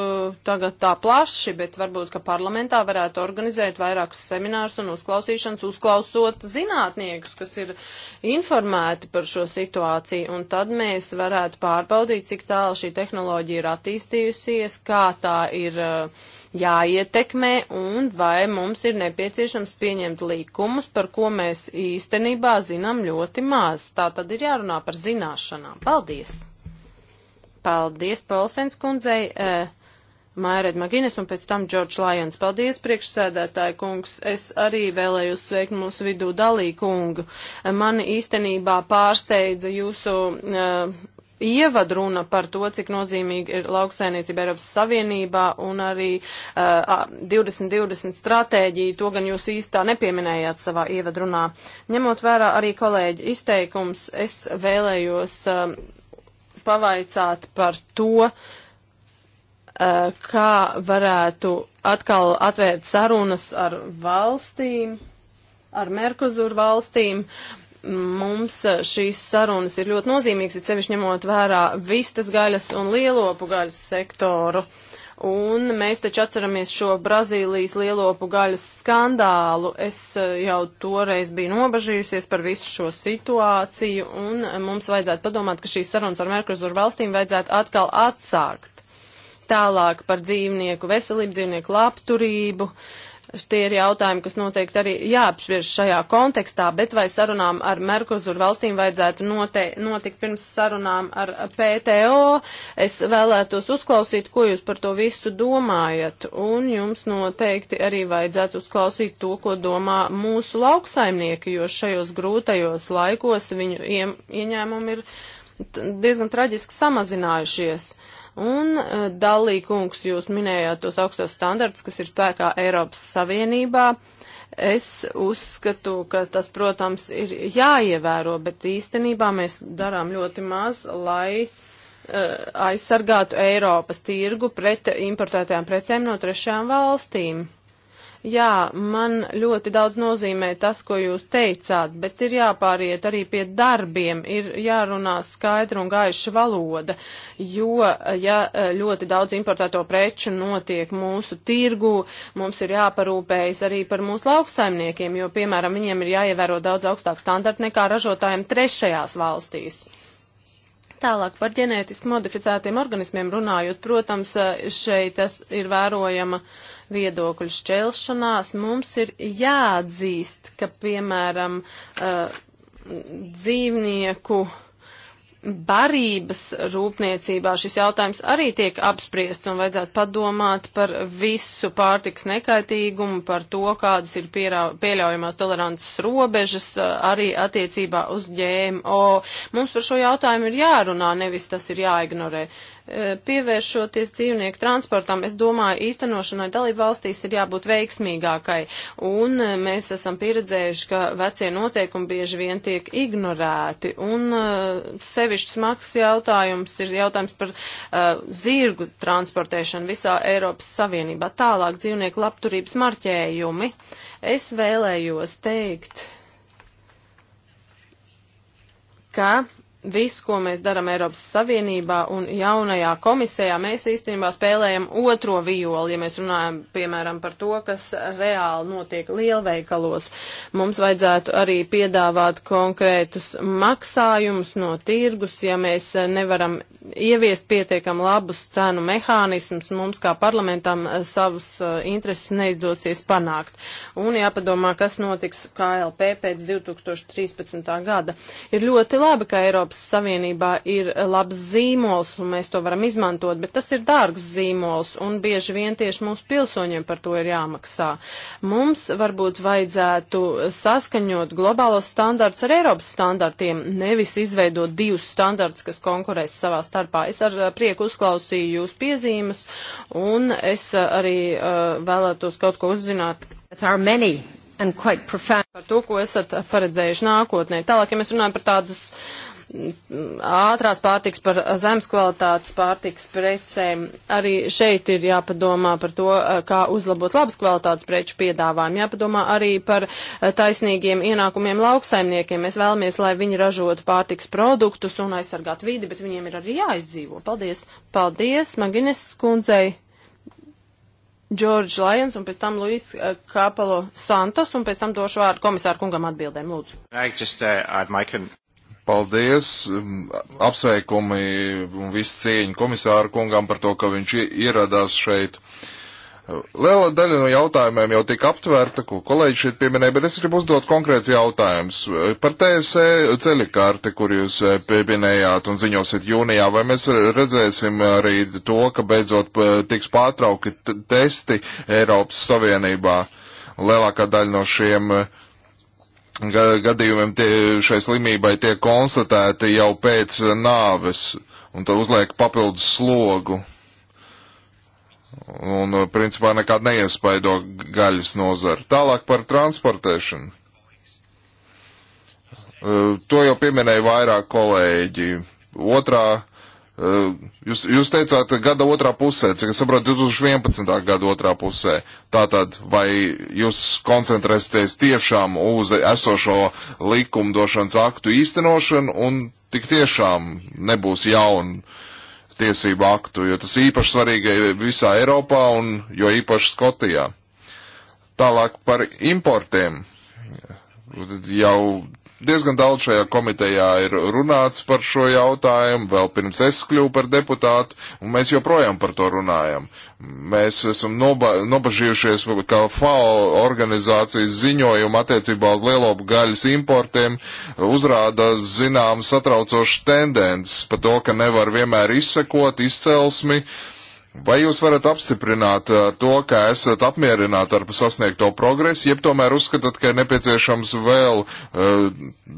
S2: tagad tā plaši, bet varbūt, ka parlamentā varētu organizēt vairākus seminārus un uzklausīšanas, uzklausot zinātniekus, kas ir informēti par šo situāciju. Un tad mēs varētu pārbaudīt, cik tālu šī tehnoloģija ir attīstījusies, kā tā ir. Uh, jāietekmē un vai mums ir nepieciešams pieņemt likumus, par ko mēs īstenībā zinām ļoti maz. Tā tad ir jārunā par zināšanām. Paldies! Paldies, Paulsens kundzei! Uh, eh, Mairēd Magines un pēc tam Džordž Lajons. Paldies, priekšsēdētāji kungs. Es arī vēlējos sveikt mūsu vidū dalī kungu. Mani īstenībā pārsteidza jūsu uh, ievadruna par to, cik nozīmīga ir lauksainiecība Eiropas Savienībā un arī uh, 2020 stratēģija. To gan jūs īstā nepieminējāt savā ievadrunā. Ņemot vērā arī kolēģi izteikums, es vēlējos uh, pavaicāt par to, uh, kā varētu atkal atvērt sarunas ar valstīm, ar Merkuzur valstīm. Uh, mums eh, šīs sarunas ir ļoti nozīmīgas, it sevišķi ņemot vērā vistas gaļas un lielopu gaļas sektoru. Un mēs taču atceramies šo Brazīlijas lielopu gaļas skandālu. Es eh, jau toreiz biju nobažījusies par visu šo situāciju, un eh, mums vajadzētu padomāt, ka šīs sarunas ar Merkurzuru valstīm vajadzētu atkal atsākt. Tālāk par dzīvnieku veselību, dzīvnieku labturību. Uh, Tie ir jautājumi, kas noteikti arī jāapspriež šajā kontekstā, bet vai sarunām ar Merkuzur valstīm vajadzētu note, notikt pirms sarunām ar PTO? Es vēlētos uzklausīt, ko jūs par to visu domājat, un jums noteikti arī vajadzētu uzklausīt to, ko domā mūsu lauksaimnieki, jo šajos grūtajos laikos viņu ie, ieņēmumi ir diezgan traģiski samazinājušies. Uh, Un, eh, Dalī kungs, jūs minējāt tos augstos standartus, kas ir spēkā Eiropas Savienībā. Es uzskatu, ka tas, protams, ir jāievēro, bet īstenībā mēs darām ļoti maz, lai uh, aizsargātu Eiropas tirgu pret importētajām precēm no trešajām valstīm. Jā, man ļoti daudz nozīmē tas, ko jūs teicāt, bet ir jāpāriet arī pie darbiem, ir jārunā skaidra un gaiša valoda, jo, ja e, ļoti daudz importēto preču notiek mūsu tirgu, mums ir jāparūpējas arī par mūsu lauksaimniekiem, jo, piemēram, viņiem ir jāievēro daudz augstāk standarti nekā ražotājiem trešajās valstīs. Tālāk par ģenētiski modificētiem organismiem runājot, protams, šeit tas ir vērojama viedokļu šķelšanās. Mums ir jāatzīst, ka, piemēram, eh, dzīvnieku uh, barības rūpniecībā šis jautājums arī tiek apspriests un vajadzētu padomāt par visu pārtiks nekaitīgumu, par to, kādas ir pierā, pieļaujamās tolerances robežas arī attiecībā uz ģēmo. Mums par šo jautājumu ir jārunā, nevis tas ir jāignorē. Uh, Eh, pievēršoties dzīvnieku transportam, es domāju, īstenošanai dalību valstīs ir jābūt veiksmīgākai. Un eh, mēs esam pieredzējuši, ka vecie noteikumi bieži vien tiek ignorēti. Un eh, sevišķi smags jautājums ir jautājums par uh, zirgu transportēšanu visā Eiropas Savienībā. Tālāk dzīvnieku labturības marķējumi. Es vēlējos teikt, ka visu, ko mēs darām Eiropas Savienībā un jaunajā komisijā, mēs īstenībā spēlējam otro violi, ja mēs runājam, piemēram, par to, kas reāli notiek lielveikalos. Mums vajadzētu arī piedāvāt konkrētus maksājumus no tirgus, ja mēs nevaram ieviest pietiekam labus cenu mehānismus, mums kā parlamentam savas uh, intereses neizdosies panākt. Un jāpadomā, kas notiks KLP pēc 2013. gada. Ir ļoti labi, ka Eiropas Eiropas Savienībā ir labs zīmols un mēs to varam izmantot, bet tas ir dārgs zīmols un bieži vien tieši mūsu pilsoņiem par to ir jāmaksā. Mums varbūt vajadzētu saskaņot globālos standarts ar Eiropas standartiem, nevis izveidot divus standarts, kas konkurēs savā starpā. Es ar uh, prieku uzklausīju jūs piezīmes un es uh, arī uh, vēlētos kaut ko uzzināt. Par to, ko esat paredzējuši nākotnē. Tālāk, ja mēs runājam par tādas uh, ātrās pārtiks par zemes kvalitātes pārtiks precēm. Arī šeit ir jāpadomā par to, eh, kā uzlabot labas kvalitātes preču piedāvājumu. Jāpadomā arī par eh, taisnīgiem ienākumiem lauksaimniekiem. Mēs vēlamies, lai viņi ražotu pārtiks produktus un aizsargātu vidi, bet viņiem ir arī jāizdzīvo. Paldies! Paldies, Magines skundzei! Džordžs Lajens un pēc tam Luis Kapalo eh, Santos un pēc tam došu vārdu komisāru kungam atbildēm. Lūdzu.
S3: Just, uh, Paldies, mm, apsveikumi un viss cieņa komisāru kungam par to, ka viņš ieradās šeit. Liela daļa no jautājumiem jau tika aptvērta, ko kolēģi šeit pieminēja, bet es gribu uzdot konkrēts jautājums. Par TSE ceļikārti, kur jūs eh, pieminējāt un ziņosiet jūnijā, vai mēs redzēsim arī to, ka beidzot tiks pārtraukti testi Eiropas Savienībā? Lielākā daļa no šiem uh, gadījumiem tie, šai slimībai tiek konstatēti jau pēc eh, nāves, un tad uzliek papildus slogu. Un, eh, principā, nekad neiespaido gaļas nozaru. Tālāk par transportēšanu. Eh, to jau pieminēja vairāk kolēģi. Otrā Eh, jūs, jūs teicāt, gada otrā pusē, cik es saprotu, 2011. gada otrā pusē. Tātad, vai jūs koncentrēsieties tiešām uz esošo likumdošanas aktu īstenošanu un tik tiešām nebūs jaunu tiesību aktu, jo tas īpaši svarīgi visā Eiropā un jo īpaši Skotijā. Tālāk par importiem. Jau Diezgan daudz šajā komitejā ir runāts par šo jautājumu, vēl pirms es kļuvu par deputātu, un mēs joprojām par to runājam. Mēs esam noba nobažījušies, ka FAO organizācijas ziņojuma attiecībā uz lielopu gaļas importiem uzrāda zinām satraucošas tendences par to, ka nevar vienmēr izsekot izcelsmi. Uh, Vai jūs varat apstiprināt uh, to, ka esat apmierināti ar sasniegto progresu, jeb tomēr uzskatāt, ka ir nepieciešams vēl uh,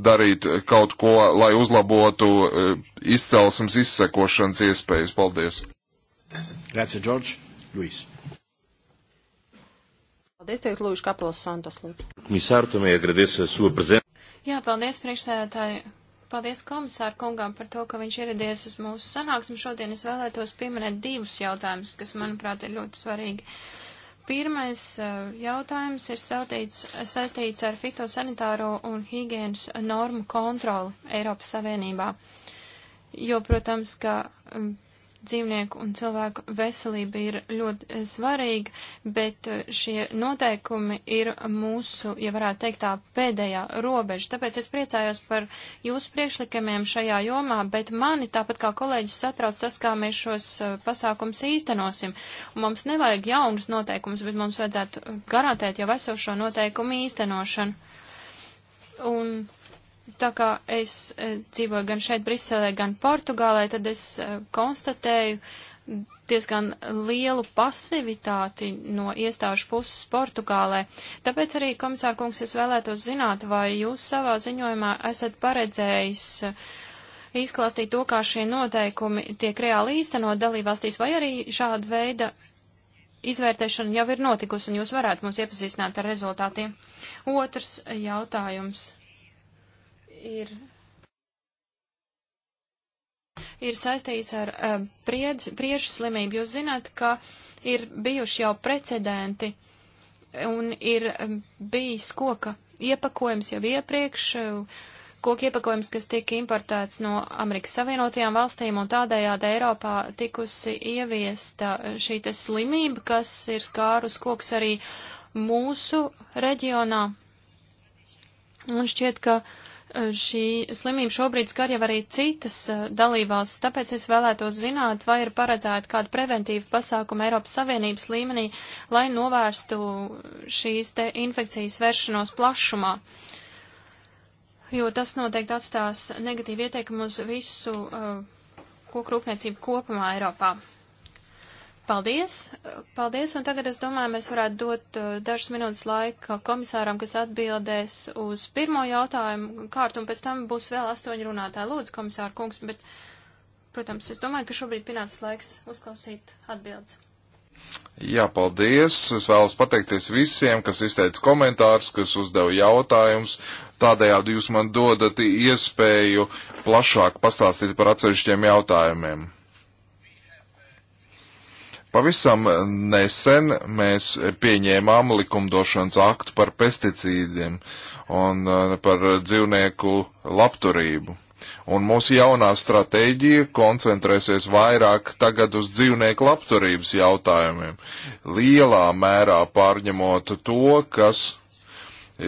S3: darīt kaut ko, lai uzlabotu uh, izcelsmes izsekošanas iespējas? Paldies!
S1: Grazie, George. Luis.
S2: Paldies, teikt, Lūdzu, Kaplos Santos.
S1: Komisāru, tomēr agradeço a uh, sua presença.
S4: Jā, paldies, priekšsēdētāji Paldies komisāru kungām par to, ka viņš ieradies uz mūsu sanāksmu. Šodien es vēlētos pieminēt divus jautājumus, kas, manuprāt, ir ļoti svarīgi. Pirmais eh, jautājums ir saistīts, saistīts ar fitosanitāro un higienas normu kontroli Eiropas Savienībā. Jo, protams, ka mm, dzīvnieku un cilvēku veselība ir ļoti eh, svarīga, bet eh, šie noteikumi ir mūsu, ja varētu teikt, tā pēdējā robeža. Tāpēc es priecājos par jūsu priekšlikumiem šajā jomā, bet mani, tāpat kā kolēģis, satrauc tas, kā mēs šos eh, pasākums īstenosim. Un mums nevajag jaunus noteikumus, bet mums vajadzētu garantēt jau esošo noteikumu īstenošanu. Un tā kā es e, dzīvoju gan šeit, Briselē, gan Portugālē, tad es e, konstatēju diezgan lielu pasivitāti no iestāžu puses Portugālē. Tāpēc arī, komisār kungs, es vēlētos zināt, vai jūs savā ziņojumā esat paredzējis e, izklāstīt to, kā šie noteikumi tiek reāli īstenot dalībvalstīs, vai arī šāda veida izvērtēšana jau ir notikusi un jūs varētu mums iepazīstināt ar rezultātiem. Otrs jautājums ir, ir saistīts ar uh, priedz, priešu slimību. Jūs zināt, ka ir bijuši jau precedenti un ir uh, bijis koka iepakojums jau iepriekš. Uh, koku iepakojums, kas tika importēts no Amerikas Savienotajām valstīm, un tādējādi Eiropā tikusi ieviesta šī te slimība, kas ir skārus koks arī mūsu reģionā. Un šķiet, ka uh, Eh, šī slimība šobrīd skar jau arī citas eh, dalībvalstis, tāpēc es vēlētos zināt, vai ir paredzēta kāda preventīva pasākuma Eiropas Savienības līmenī, lai novērstu šīs te infekcijas vēršanos plašumā, jo tas noteikti atstās negatīvu ieteikumu uz visu uh, eh, kokrūpniecību kopumā Eiropā. Paldies! Paldies! Un tagad es domāju, mēs varētu dot uh, dažas minūtes laika komisāram, kas atbildēs uz pirmo jautājumu kārtu, un pēc tam būs vēl astoņi runātāji. Lūdzu, komisāra kungs, bet, protams, es domāju, ka šobrīd pienācis laiks uzklausīt atbildes.
S3: Jā, paldies! Es vēlos pateikties visiem, kas izteica komentārus, kas uzdeva jautājumus. Tādējādi jūs man dodat iespēju plašāk pastāstīt par atsevišķiem jautājumiem. Pavisam eh, nesen mēs pieņēmām likumdošanas aktu par pesticīdiem un eh, par dzīvnieku labturību. Un mūsu jaunā stratēģija koncentrēsies vairāk tagad uz dzīvnieku labturības jautājumiem, lielā mērā pārņemot to, kas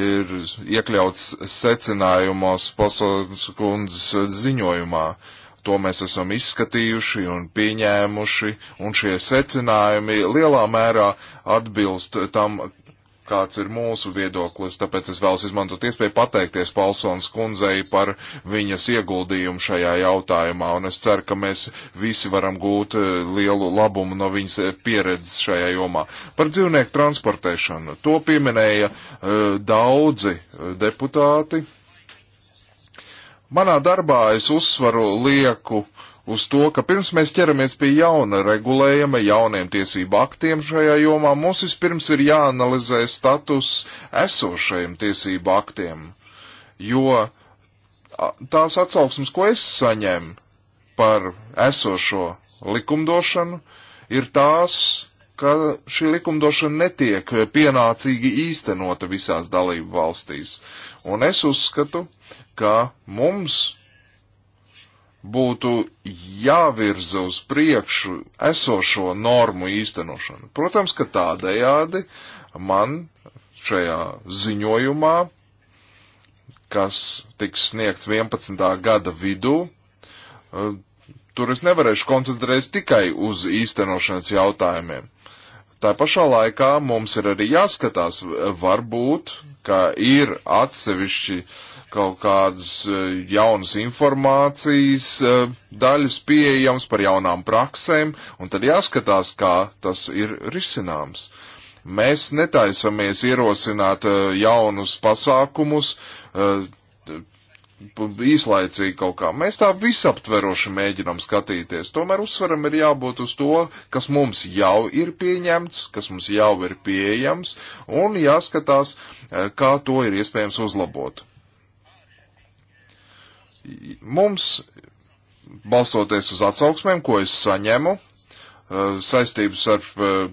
S3: ir iekļauts secinājumos pasaules kundzes ziņojumā. Uh, To mēs esam izskatījuši un pieņēmuši, un šie secinājumi lielā mērā atbilst tam, kāds ir mūsu viedoklis, tāpēc es vēlos izmantot iespēju pateikties Palsons kundzei par viņas ieguldījumu šajā jautājumā, un es ceru, ka mēs visi varam gūt eh, lielu labumu no viņas eh, pieredzes šajā jomā. Par dzīvnieku transportēšanu to pieminēja uh, daudzi deputāti. Manā darbā es uzsvaru lieku uz to, ka pirms mēs ķeramies pie jauna regulējuma, jauniem tiesību aktiem šajā jomā, mums vispirms ir jāanalizē status esošajiem tiesību aktiem, jo tās atsauksmes, ko es saņemu par esošo likumdošanu, ir tās, ka šī likumdošana netiek pienācīgi īstenota visās dalību valstīs. Un es uzskatu, ka mums būtu jāvirza uz priekšu esošo normu īstenošanu. Protams, ka tādējādi man šajā ziņojumā, kas tiks sniegts 11. gada vidū, eh, tur es nevarēšu koncentrēties tikai uz īstenošanas jautājumiem. Tā pašā laikā mums ir arī jāskatās, varbūt ka ir atsevišķi kaut kādas eh, jaunas informācijas eh, daļas pieejams par jaunām praksēm, un tad jāskatās, kā tas ir risināms. Mēs netaisamies ierosināt eh, jaunus pasākumus, īslaicīgi kaut kā. Mēs tā visaptveroši mēģinam skatīties. Tomēr uzsvaram ir jābūt uz to, kas mums jau ir pieņemts, kas mums jau ir pieejams, un jāskatās, e, kā to ir iespējams uzlabot. Mums, balstoties uz atsauksmēm, ko es saņemu, e, saistības ar uh,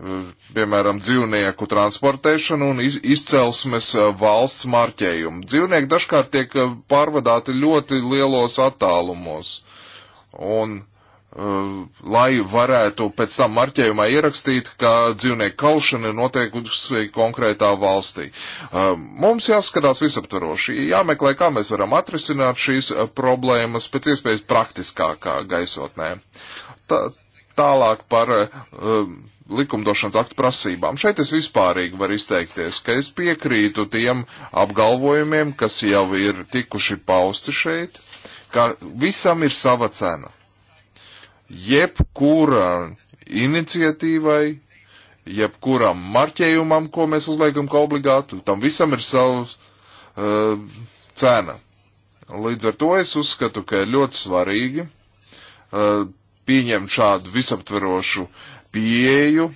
S3: Eh, piemēram, dzīvnieku transportēšanu un izcelsmes eh, valsts marķējumu. Dzīvnieki dažkārt tiek eh, pārvadāti ļoti lielos attālumos. Un, lai varētu pēc tam marķējumā ierakstīt, ka dzīvnieku kaušana ir noteikusi konkrētā valstī. Mums jāskatās visaptvaroši, jāmeklē, kā mēs varam atrisināt šīs problēmas pēc iespējas praktiskākā gaisotnē. Tā, tālāk par um, likumdošanas aktu prasībām. Šeit es vispārīgi varu izteikties, ka es piekrītu tiem apgalvojumiem, kas jau ir tikuši pausti šeit, ka visam ir sava cena. Jebkura iniciatīvai, jebkuram marķējumam, ko mēs uzliekam kā obligātu, tam visam ir savs uh, eh, cena. Līdz ar to es uzskatu, ka ir ļoti svarīgi uh, pieņemt šādu visaptverošu uh, pieeju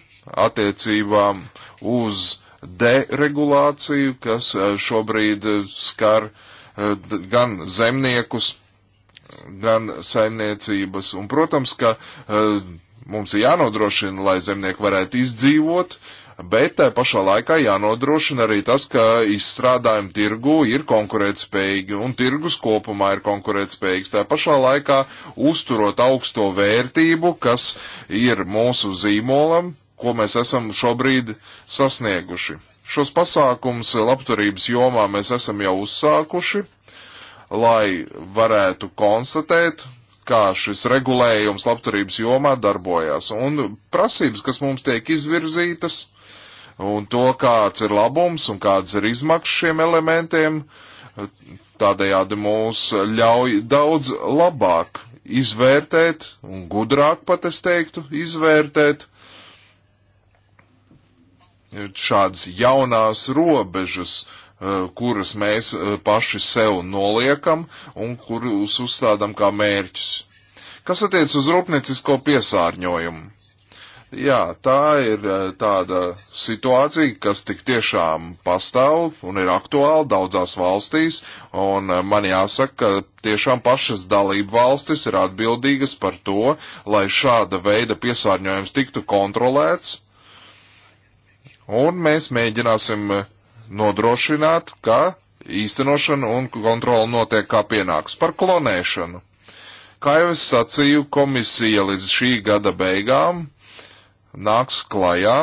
S3: attiecībām uz deregulāciju, kas eh, šobrīd eh, skar eh, gan zemniekus, gan saimniecības. Un, protams, ka mums ir jānodrošina, lai zemnieki varētu izdzīvot, uh, bet tā eh, pašā laikā jānodrošina arī tas, ka izstrādājumi tirgu ir konkurētspējīgi un tirgus kopumā ir konkurētspējīgs. Tā pašā laikā uzturot augsto vērtību, kas ir mūsu zīmolam, ko mēs esam šobrīd sasnieguši. Šos pasākums labturības jomā mēs esam jau uzsākuši, lai varētu konstatēt, kā šis regulējums labturības jomā darbojās. Un prasības, kas mums tiek izvirzītas, un to, kāds ir labums un kādas ir izmaksas šiem elementiem. Tādējādi mūs ļauj daudz labāk izvērtēt un gudrāk pat es teiktu izvērtēt šādas jaunās robežas, eh, kuras mēs eh, paši sev noliekam un kurus uzstādam kā mērķus. Kas attiec uz rūpniecisko piesārņojumu? Jā, tā ir eh, tāda situācija, kas tik tiešām pastāv un ir aktuāla daudzās valstīs, un eh, man jāsaka, ka tiešām pašas dalību valstis ir atbildīgas par to, lai šāda veida piesārņojums tiktu kontrolēts, un mēs mēģināsim eh, nodrošināt, ka īstenošana un kontrola notiek kā pienāks par klonēšanu. Kā jau es sacīju, komisija līdz šī gada beigām nāks klajā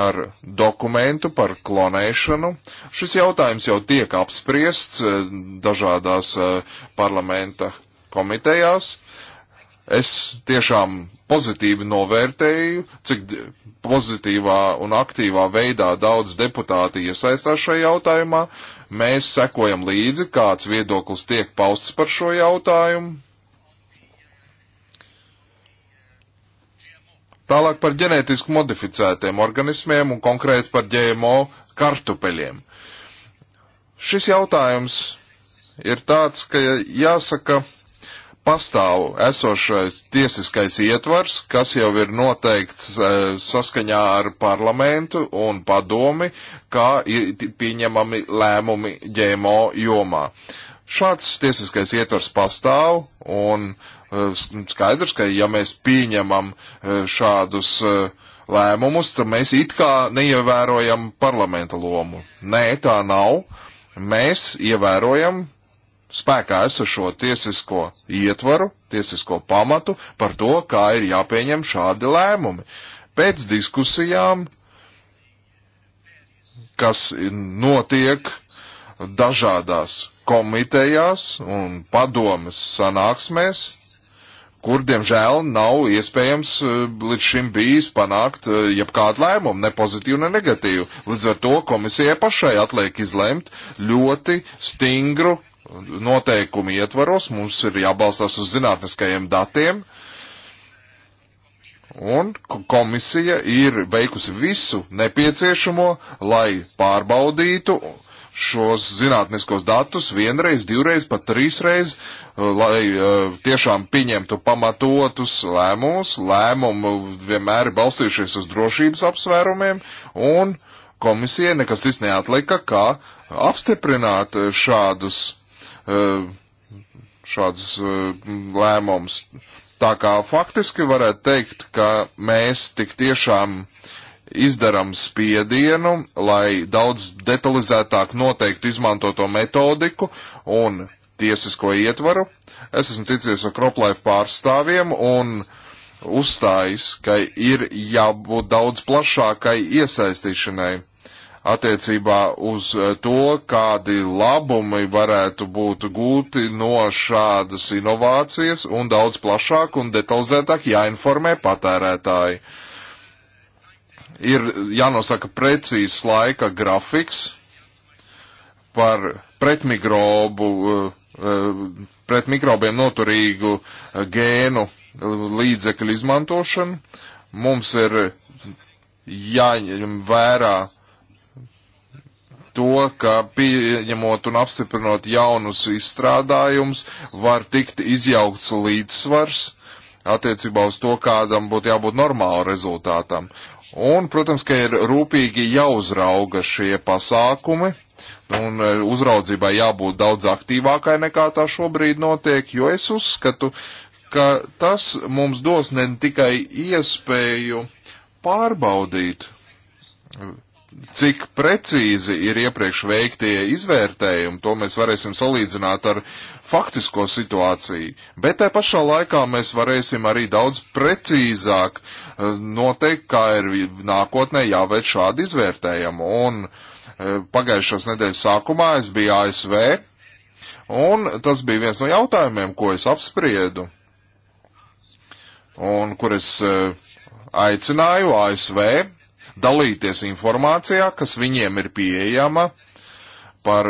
S3: ar dokumentu par klonēšanu. Šis jautājums jau tiek apspriests eh, dažādās eh, parlamenta komitejās. Es tiešām pozitīvi novērtēju, cik pozitīvā un aktīvā veidā daudz deputāti iesaistās šajā jautājumā. Mēs sekojam līdzi, kāds viedoklis tiek pausts par šo jautājumu. Tālāk par ģenētiski modificētiem organismiem un konkrēti par GMO kartupeļiem. Šis jautājums ir tāds, ka jāsaka, pastāv esošais tiesiskais ietvars, kas jau ir noteikts e, saskaņā ar parlamentu un padomi, kā pieņemami lēmumi ģēmo jomā. Šāds tiesiskais ietvars pastāv un uh, Eh, skaidrs, ka ja mēs pieņemam eh, šādus eh, lēmumus, tad mēs it kā neievērojam parlamenta lomu. Nē, tā nav. Mēs ievērojam spēkā esošo tiesisko ietvaru, tiesisko pamatu par to, kā ir jāpieņem šādi lēmumi. Pēc diskusijām, kas notiek dažādās komitejās un padomas sanāksmēs, kur, diemžēl, nav iespējams eh, līdz šim bijis panākt eh, jebkādu lēmumu, ne pozitīvu, ne negatīvu. Līdz ar to komisijai pašai atliek izlemt ļoti stingru noteikumu ietvaros, mums ir jābalstās uz zinātniskajiem datiem, un komisija ir veikusi visu nepieciešamo, lai pārbaudītu, šos zinātniskos datus vienreiz, divreiz, pat trīsreiz, uh, lai uh, tiešām pieņemtu pamatotus lēmumus. Lēmumu vienmēr ir balstījušies uz drošības apsvērumiem, un komisija nekas cits neatlika, kā apstiprināt šādus, uh, šādus lēmumus. Tā kā faktiski varētu teikt, ka mēs tik tiešām uh, izdaram spiedienu, lai daudz detalizētāk noteiktu izmantoto metodiku un tiesisko ietvaru. Es esmu ticies ar Kroplaifu pārstāvjiem un uzstājis, ka ir jābūt daudz plašākai iesaistīšanai attiecībā uz eh, to, kādi labumi varētu būt gūti no šādas inovācijas un daudz plašāk un detalizētāk jāinformē patērētāji. Uh, ir jānosaka precīzs laika grafiks par pretmikrobu, eh, eh, pret mikrobiem noturīgu eh, gēnu līdzekļu izmantošanu. Mums ir jāņem vērā to, ka pieņemot un apstiprinot jaunus izstrādājumus, var tikt izjaukts līdzsvars attiecībā uz to, kādam būtu jābūt normālu rezultātam. Un, protams, ka ir rūpīgi jāuzrauga šie pasākumi, nu, un e, uzraudzībai jābūt daudz aktīvākai nekā tā šobrīd notiek, jo es uzskatu, ka tas mums dos ne tikai iespēju pārbaudīt cik precīzi ir iepriekš veiktie izvērtējumi, to mēs varēsim salīdzināt ar faktisko situāciju. Bet tajā pašā laikā mēs varēsim arī daudz precīzāk eh, noteikt, kā ir nākotnē jāveic šādi izvērtējumi. Un eh, pagājušās nedēļas sākumā es biju ASV, un tas bija viens no jautājumiem, ko es apspriedu. Un kur es eh, aicināju ASV dalīties informācijā, kas viņiem ir pieejama par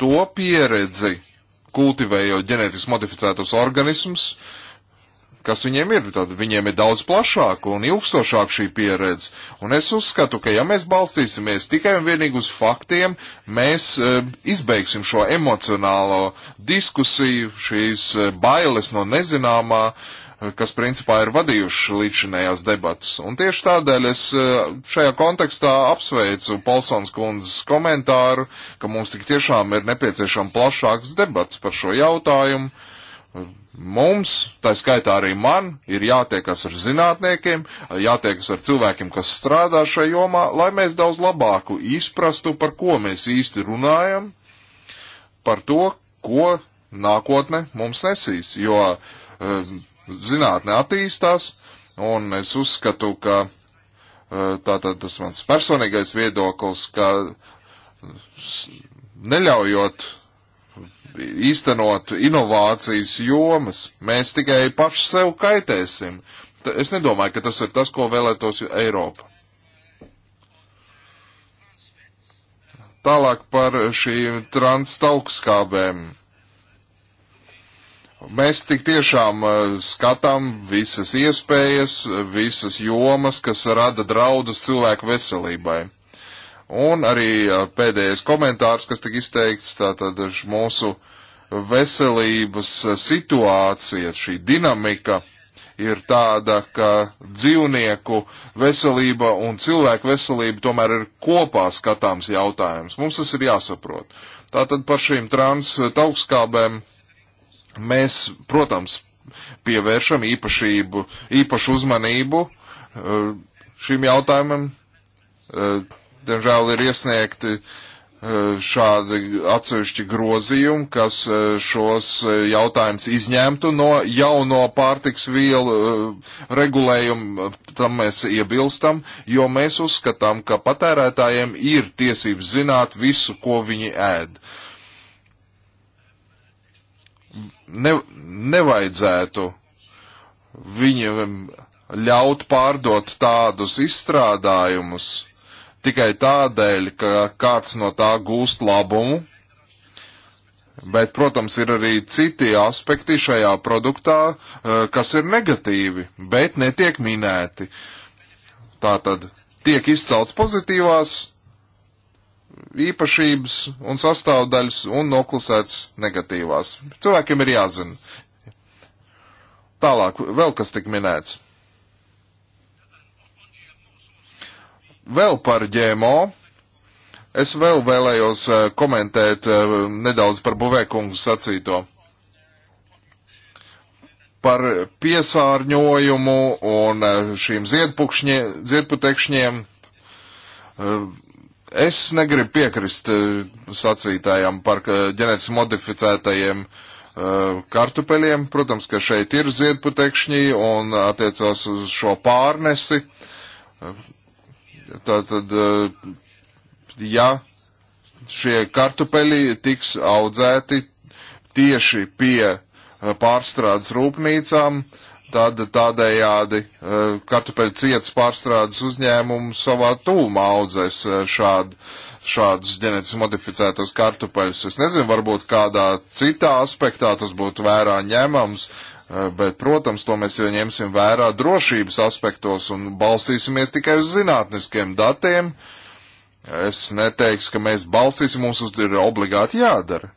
S3: to pieredzi, kultivējot ģenētiski modificētos organismus, kas viņiem ir. Tad viņiem ir daudz plašāka un ilgstošāka šī pieredze. Un es uzskatu, ka ja mēs balstīsimies tikai un vienīgi uz faktiem, mēs e, izbeigsim šo emocionālo diskusiju, šīs e, bailes no nezināmā, e, kas principā ir vadījuši līdzinējās debatas. Un tieši tādēļ es eh, šajā kontekstā apsveicu Polsons kundzes komentāru, ka mums tik tiešām ir nepieciešama plašāks debats par šo jautājumu. Mums, tā skaitā arī man, ir jātiekas ar zinātniekiem, jātiekas ar cilvēkiem, kas strādā šajā jomā, lai mēs daudz labāku izprastu, par ko mēs īsti runājam, par to, ko nākotne mums nesīs. Jo um, Zinātne attīstās, un es uzskatu, ka eh, tātad tas mans personīgais viedoklis, ka neļaujot īstenot inovācijas jomas, mēs tikai paši sev kaitēsim. Es nedomāju, ka tas ir tas, ko vēlētos Eiropa. Tālāk par šīm transtaukskābēm. Mēs tik tiešām uh, skatām visas iespējas, visas jomas, kas rada draudus cilvēku veselībai. Un arī uh, pēdējais komentārs, kas tika izteikts, tātad mūsu veselības uh, situācija, šī dinamika ir tāda, ka dzīvnieku veselība un cilvēku veselība tomēr ir kopā skatāms jautājums. Mums tas ir jāsaprot. Tātad par šīm trans taukskābēm Mēs, protams, pievēršam īpašību, īpašu uzmanību eh, šīm jautājumam. Eh, diemžēl ir iesniegti eh, šādi atsevišķi grozījumi, kas šos jautājumus izņemtu no jauno pārtiks vielu regulējumu, tam mēs iebilstam, jo mēs uzskatām, ka patērētājiem ir tiesības zināt visu, ko viņi ēd. Uh, ne, nevajadzētu viņiem ļaut pārdot tādus izstrādājumus tikai tādēļ, ka kāds no tā gūst labumu. Bet, protams, ir arī citi aspekti šajā produktā, eh, kas ir negatīvi, bet netiek minēti. Tātad tiek izcelts pozitīvās īpašības un sastāvdaļas un noklusēts negatīvās. Cilvēkiem ir jāzina. Tālāk, vēl kas tik minēts. Vēl par ģēmo. Es vēl vēlējos eh, komentēt eh, nedaudz par Buvēkungu sacīto. Par piesārņojumu un eh, šīm ziedputekšņiem Es negribu piekrist eh, sacītājam par eh, ģenētiski modificētajiem eh, kartupeļiem. Protams, ka šeit ir ziedputekšņi un attiecās uz šo pārnesi. Tātad, ja šie kartupeļi tiks audzēti tieši pie pārstrādes rūpnīcām, uh, tad tādējādi eh, kartupeļu cietas pārstrādes uzņēmumu savā tūmā audzēs eh, šādu, šādus ģenetiski modificētos kartupeļus. Es nezinu, varbūt kādā citā aspektā tas būtu vērā ņemams, eh, bet, protams, to mēs jau ņemsim vērā drošības aspektos un balstīsimies tikai uz zinātniskiem datiem. Es neteikšu, ka mēs balstīsim, mums uz ir obligāti jādara.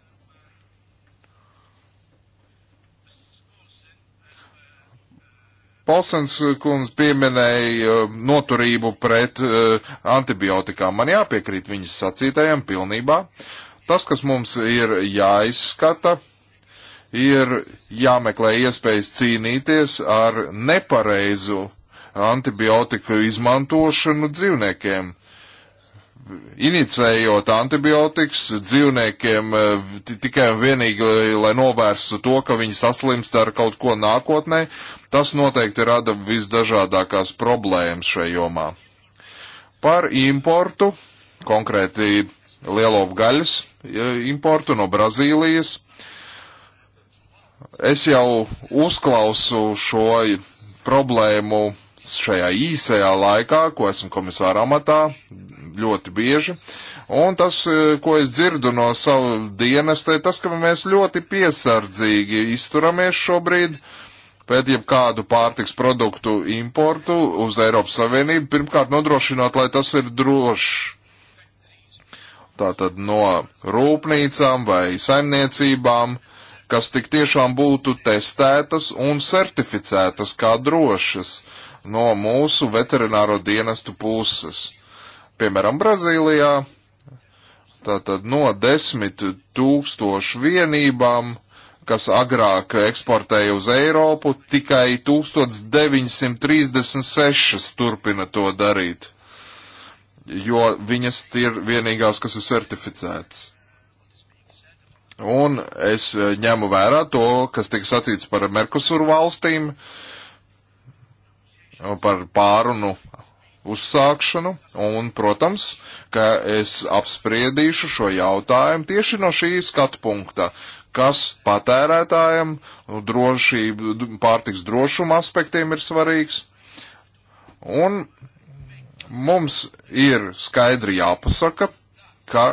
S3: Polsens eh, kundze pieminēja eh, noturību pret eh, antibiotikām. Man jāpiekrīt viņas sacītajam pilnībā. Tas, kas mums ir jāizskata, ir jāmeklē iespējas cīnīties ar nepareizu antibiotiku izmantošanu dzīvniekiem. Uh, inicējot antibiotikas dzīvniekiem eh, tikai un vienīgi, lai novērstu to, ka viņi saslimst ar kaut ko nākotnē, tas noteikti rada visdažādākās problēmas šajā jomā. Par importu, konkrēti lielopgaļas importu no Brazīlijas, es jau uzklausu šo problēmu šajā īsajā laikā, ko esmu komisāra amatā, ļoti bieži. Un tas, e, ko es dzirdu no savu dienestu, ir tas, ka mēs ļoti piesardzīgi izturamies šobrīd pēc jebkādu pārtiks produktu importu uz Eiropas Savienību. Pirmkārt, nodrošināt, lai tas ir drošs. Tātad no rūpnīcām vai saimniecībām, kas tik tiešām būtu testētas un certificētas kā drošas no mūsu veterināro dienestu puses piemēram, Brazīlijā, tātad no desmit tūkstošu vienībām, kas agrāk eksportēja uz Eiropu, tikai 1936 turpina to darīt, jo viņas ir vienīgās, kas ir certificētas. Un es eh, ņemu vērā to, kas tika sacīts par Merkusuru valstīm, par pārunu uzsākšanu, un, protams, ka es apspriedīšu šo jautājumu tieši no šī skatu punkta, kas patērētājiem drošību, pārtiks drošuma aspektiem ir svarīgs. Un mums ir skaidri jāpasaka, ka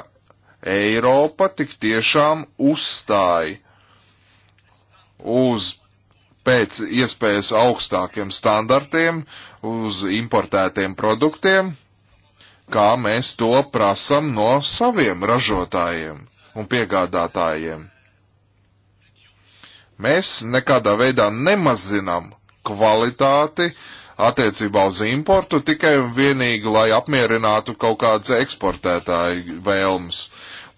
S3: Eiropa tik tiešām uzstāja uz pēc iespējas augstākiem standartiem uz importētiem produktiem, kā mēs to prasam no saviem ražotājiem un piegādātājiem. Mēs nekādā veidā nemazinam kvalitāti attiecībā uz importu tikai un vienīgi, lai apmierinātu kaut kādas eksportētāju vēlmes.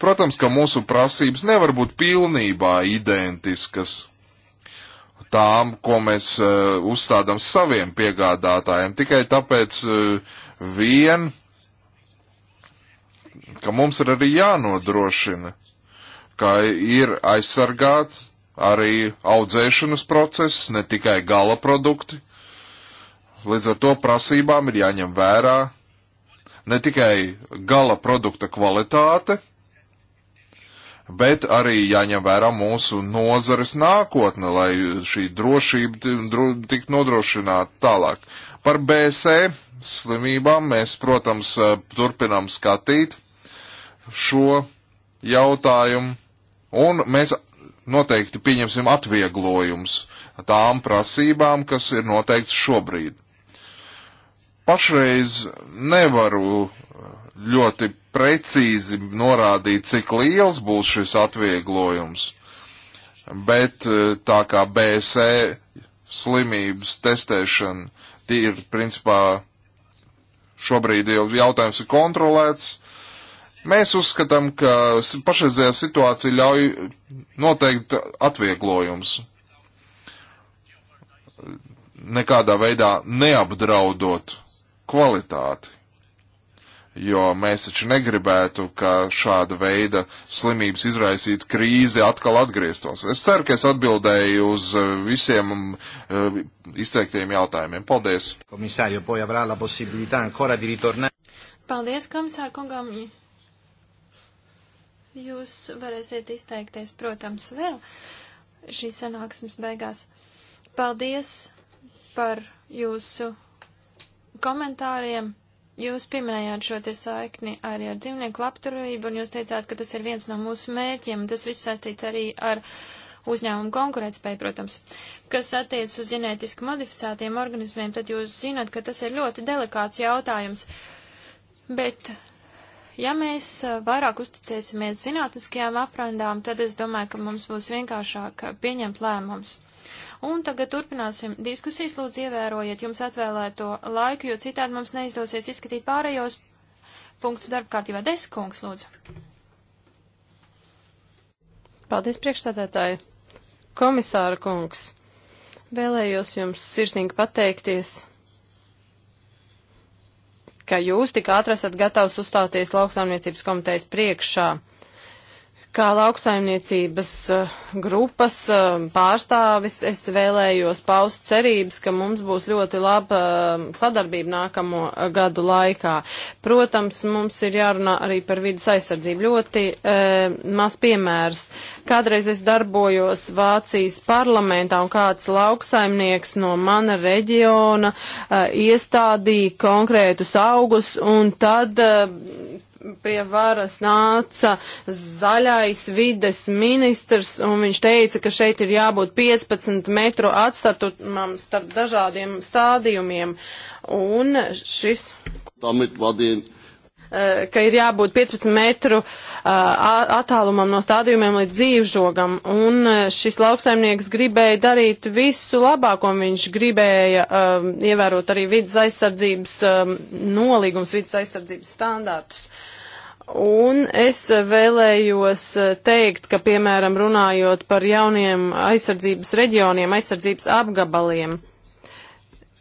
S3: Protams, ka mūsu prasības nevar būt pilnībā identiskas tām, ko mēs uh, uzstādām saviem piegādātājiem, tikai tāpēc uh, vien, ka mums ir arī jānodrošina, ka ir aizsargāts arī audzēšanas process, ne tikai gala produkti. Līdz ar to prasībām ir jāņem vērā ne tikai gala produkta kvalitāte, bet arī jāņem vērā mūsu nozares nākotne, lai šī drošība tiktu nodrošināta tālāk. Par BSE slimībām mēs, protams, turpinām skatīt šo jautājumu, un mēs noteikti pieņemsim atvieglojums tām prasībām, kas ir noteikts šobrīd. Pašreiz nevaru ļoti precīzi norādīt, cik liels būs šis atvieglojums, bet e, tā kā BSE slimības testēšana ir principā šobrīd jau jautājums ir kontrolēts, mēs uzskatām, ka pašreizējā situācija ļauj noteikt atvieglojums. Nekādā veidā neapdraudot kvalitāti jo mēs taču negribētu, ka šāda veida slimības izraisītu krīzi atkal atgrieztos. Es ceru, ka es atbildēju uz eh, visiem uh, izteiktajiem jautājumiem. Paldies! Komisārio, poi avrā la possibilità ancora di ritornare.
S4: Paldies, komisār kungam! Jūs varēsiet izteikties, protams, vēl šīs sanāksmes beigās. Paldies par jūsu komentāriem! Jūs pieminējāt šo te saikni arī ar dzīvnieku labturību, un jūs teicāt, ka tas ir viens no mūsu mērķiem, un tas viss saistīts arī ar uzņēmumu konkurētspēju, protams. Kas attiecas uz ģenētiski modificētiem organismiem, tad jūs zinat, ka tas ir ļoti delikāts jautājums. Bet, ja mēs eh, vairāk uzticēsimies zinātniskajām aprandām, tad es domāju, ka mums būs vienkāršāk pieņemt lēmumus. Un tagad turpināsim diskusijas. Lūdzu, ievērojiet jums atvēlēto laiku, jo citādi mums neizdosies izskatīt pārējos punktus darba kārtībā. Deskungs, lūdzu.
S2: Paldies, priekšstādētāji. Komisāra kungs, vēlējos jums sirsnīgi pateikties ka jūs tik ātri esat gatavs uzstāties lauksaimniecības komitejas priekšā. Kā lauksaimniecības eh, grupas eh, pārstāvis es vēlējos paust cerības, ka mums būs ļoti laba eh, sadarbība nākamo gadu laikā. Protams, mums ir jārunā arī par vidas aizsardzību. Ļoti eh, maz piemērs. Kādreiz es darbojos Vācijas parlamentā un kāds lauksaimnieks no mana reģiona eh, iestādīja konkrētus augus un tad eh, pie varas nāca zaļais vides ministrs, un viņš teica, ka šeit ir jābūt 15 metru atstatumam starp dažādiem stādījumiem. Un šis.
S4: Damit war den
S2: eh, ka ir jābūt 15 metru eh, attālumam no stādījumiem līdz dzīvžogam. Un eh, šis lauksaimnieks gribēja darīt visu labāko, viņš gribēja ievērot arī vidas aizsardzības nolīgums, vidas aizsardzības standārtus. Uh, Un es vēlējos eh, teikt, ka, piemēram, runājot par jauniem aizsardzības reģioniem, aizsardzības apgabaliem,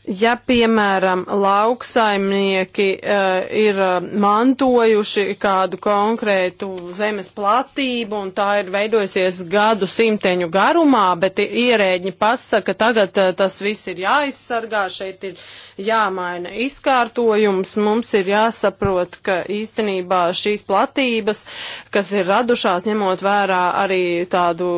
S2: Ja, piemēram, lauksaimnieki uh, ir eh, mantojuši kādu konkrētu zemes platību un tā ir veidojusies gadu simteņu garumā, bet ierēģi pasaka, tagad uh, tas viss ir jāizsargā, šeit ir jāmaina izkārtojums, mums ir jāsaprot, ka īstenībā šīs platības, kas ir radušās, ņemot vērā arī tādu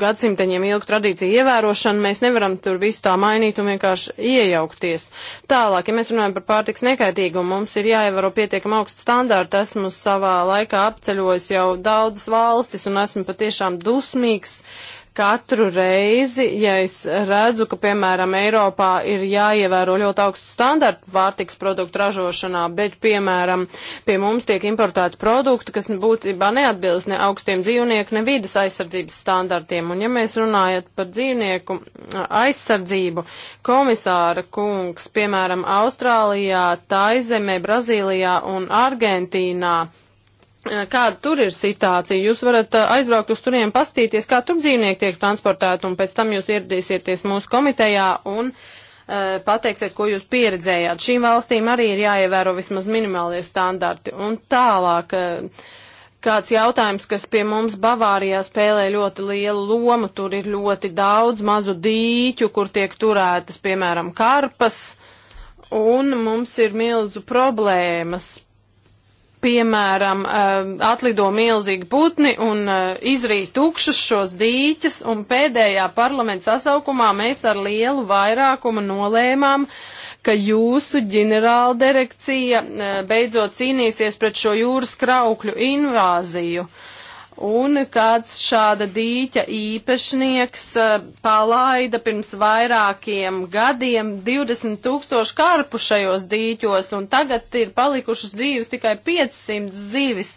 S2: gadsimteņiem ilgu tradīciju ievērošanu, mēs nevaram tur visu tā mainīt un vienkārši ieiet iejaukties. Tālāk, ja mēs runājam par pārtiks nekaitīgumu, mums ir jāievaro pietiekam augsts standārti. Esmu savā laikā apceļojis jau daudzas valstis un esmu patiešām dusmīgs. Uh, katru reizi, ja es redzu, ka, piemēram, Eiropā ir jāievēro ļoti augstu standartu pārtiks produktu ražošanā, bet, piemēram, pie mums tiek importēti produkti, kas būtībā neatbilst ne augstiem dzīvnieku, ne vidas aizsardzības standartiem. Un, ja mēs runājat par dzīvnieku aizsardzību, komisāra kungs, piemēram, Austrālijā, Taizemē, Brazīlijā un Argentīnā, Eh, kāda tur ir situācija? Jūs varat eh, aizbraukt uz turiem, pastīties, kā tur dzīvnieki tiek transportēti, un pēc tam jūs ieradīsieties mūsu komitejā un uh, pateiksiet, ko jūs pieredzējāt. Šīm valstīm arī ir jāievēro vismaz minimālie standarti. Un tālāk, uh, kāds jautājums, kas pie mums Bavārijā spēlē ļoti lielu lomu, tur ir ļoti daudz mazu dīķu, kur tiek turētas, piemēram, karpas, un mums ir milzu problēmas piemēram, eh, atlido milzīgi putni un eh, izrīja tukšus šos dīķus, un pēdējā parlamenta sasaukumā mēs ar lielu vairākumu nolēmām, ka jūsu ģenerāla direkcija eh, beidzot cīnīsies pret šo jūras kraukļu invāziju. Uh, Un kāds šāda dīķa īpašnieks eh, palaida pirms vairākiem gadiem 20 tūkstošu karpu šajos dīķos, un tagad ir palikušas dzīves tikai 500 zivis.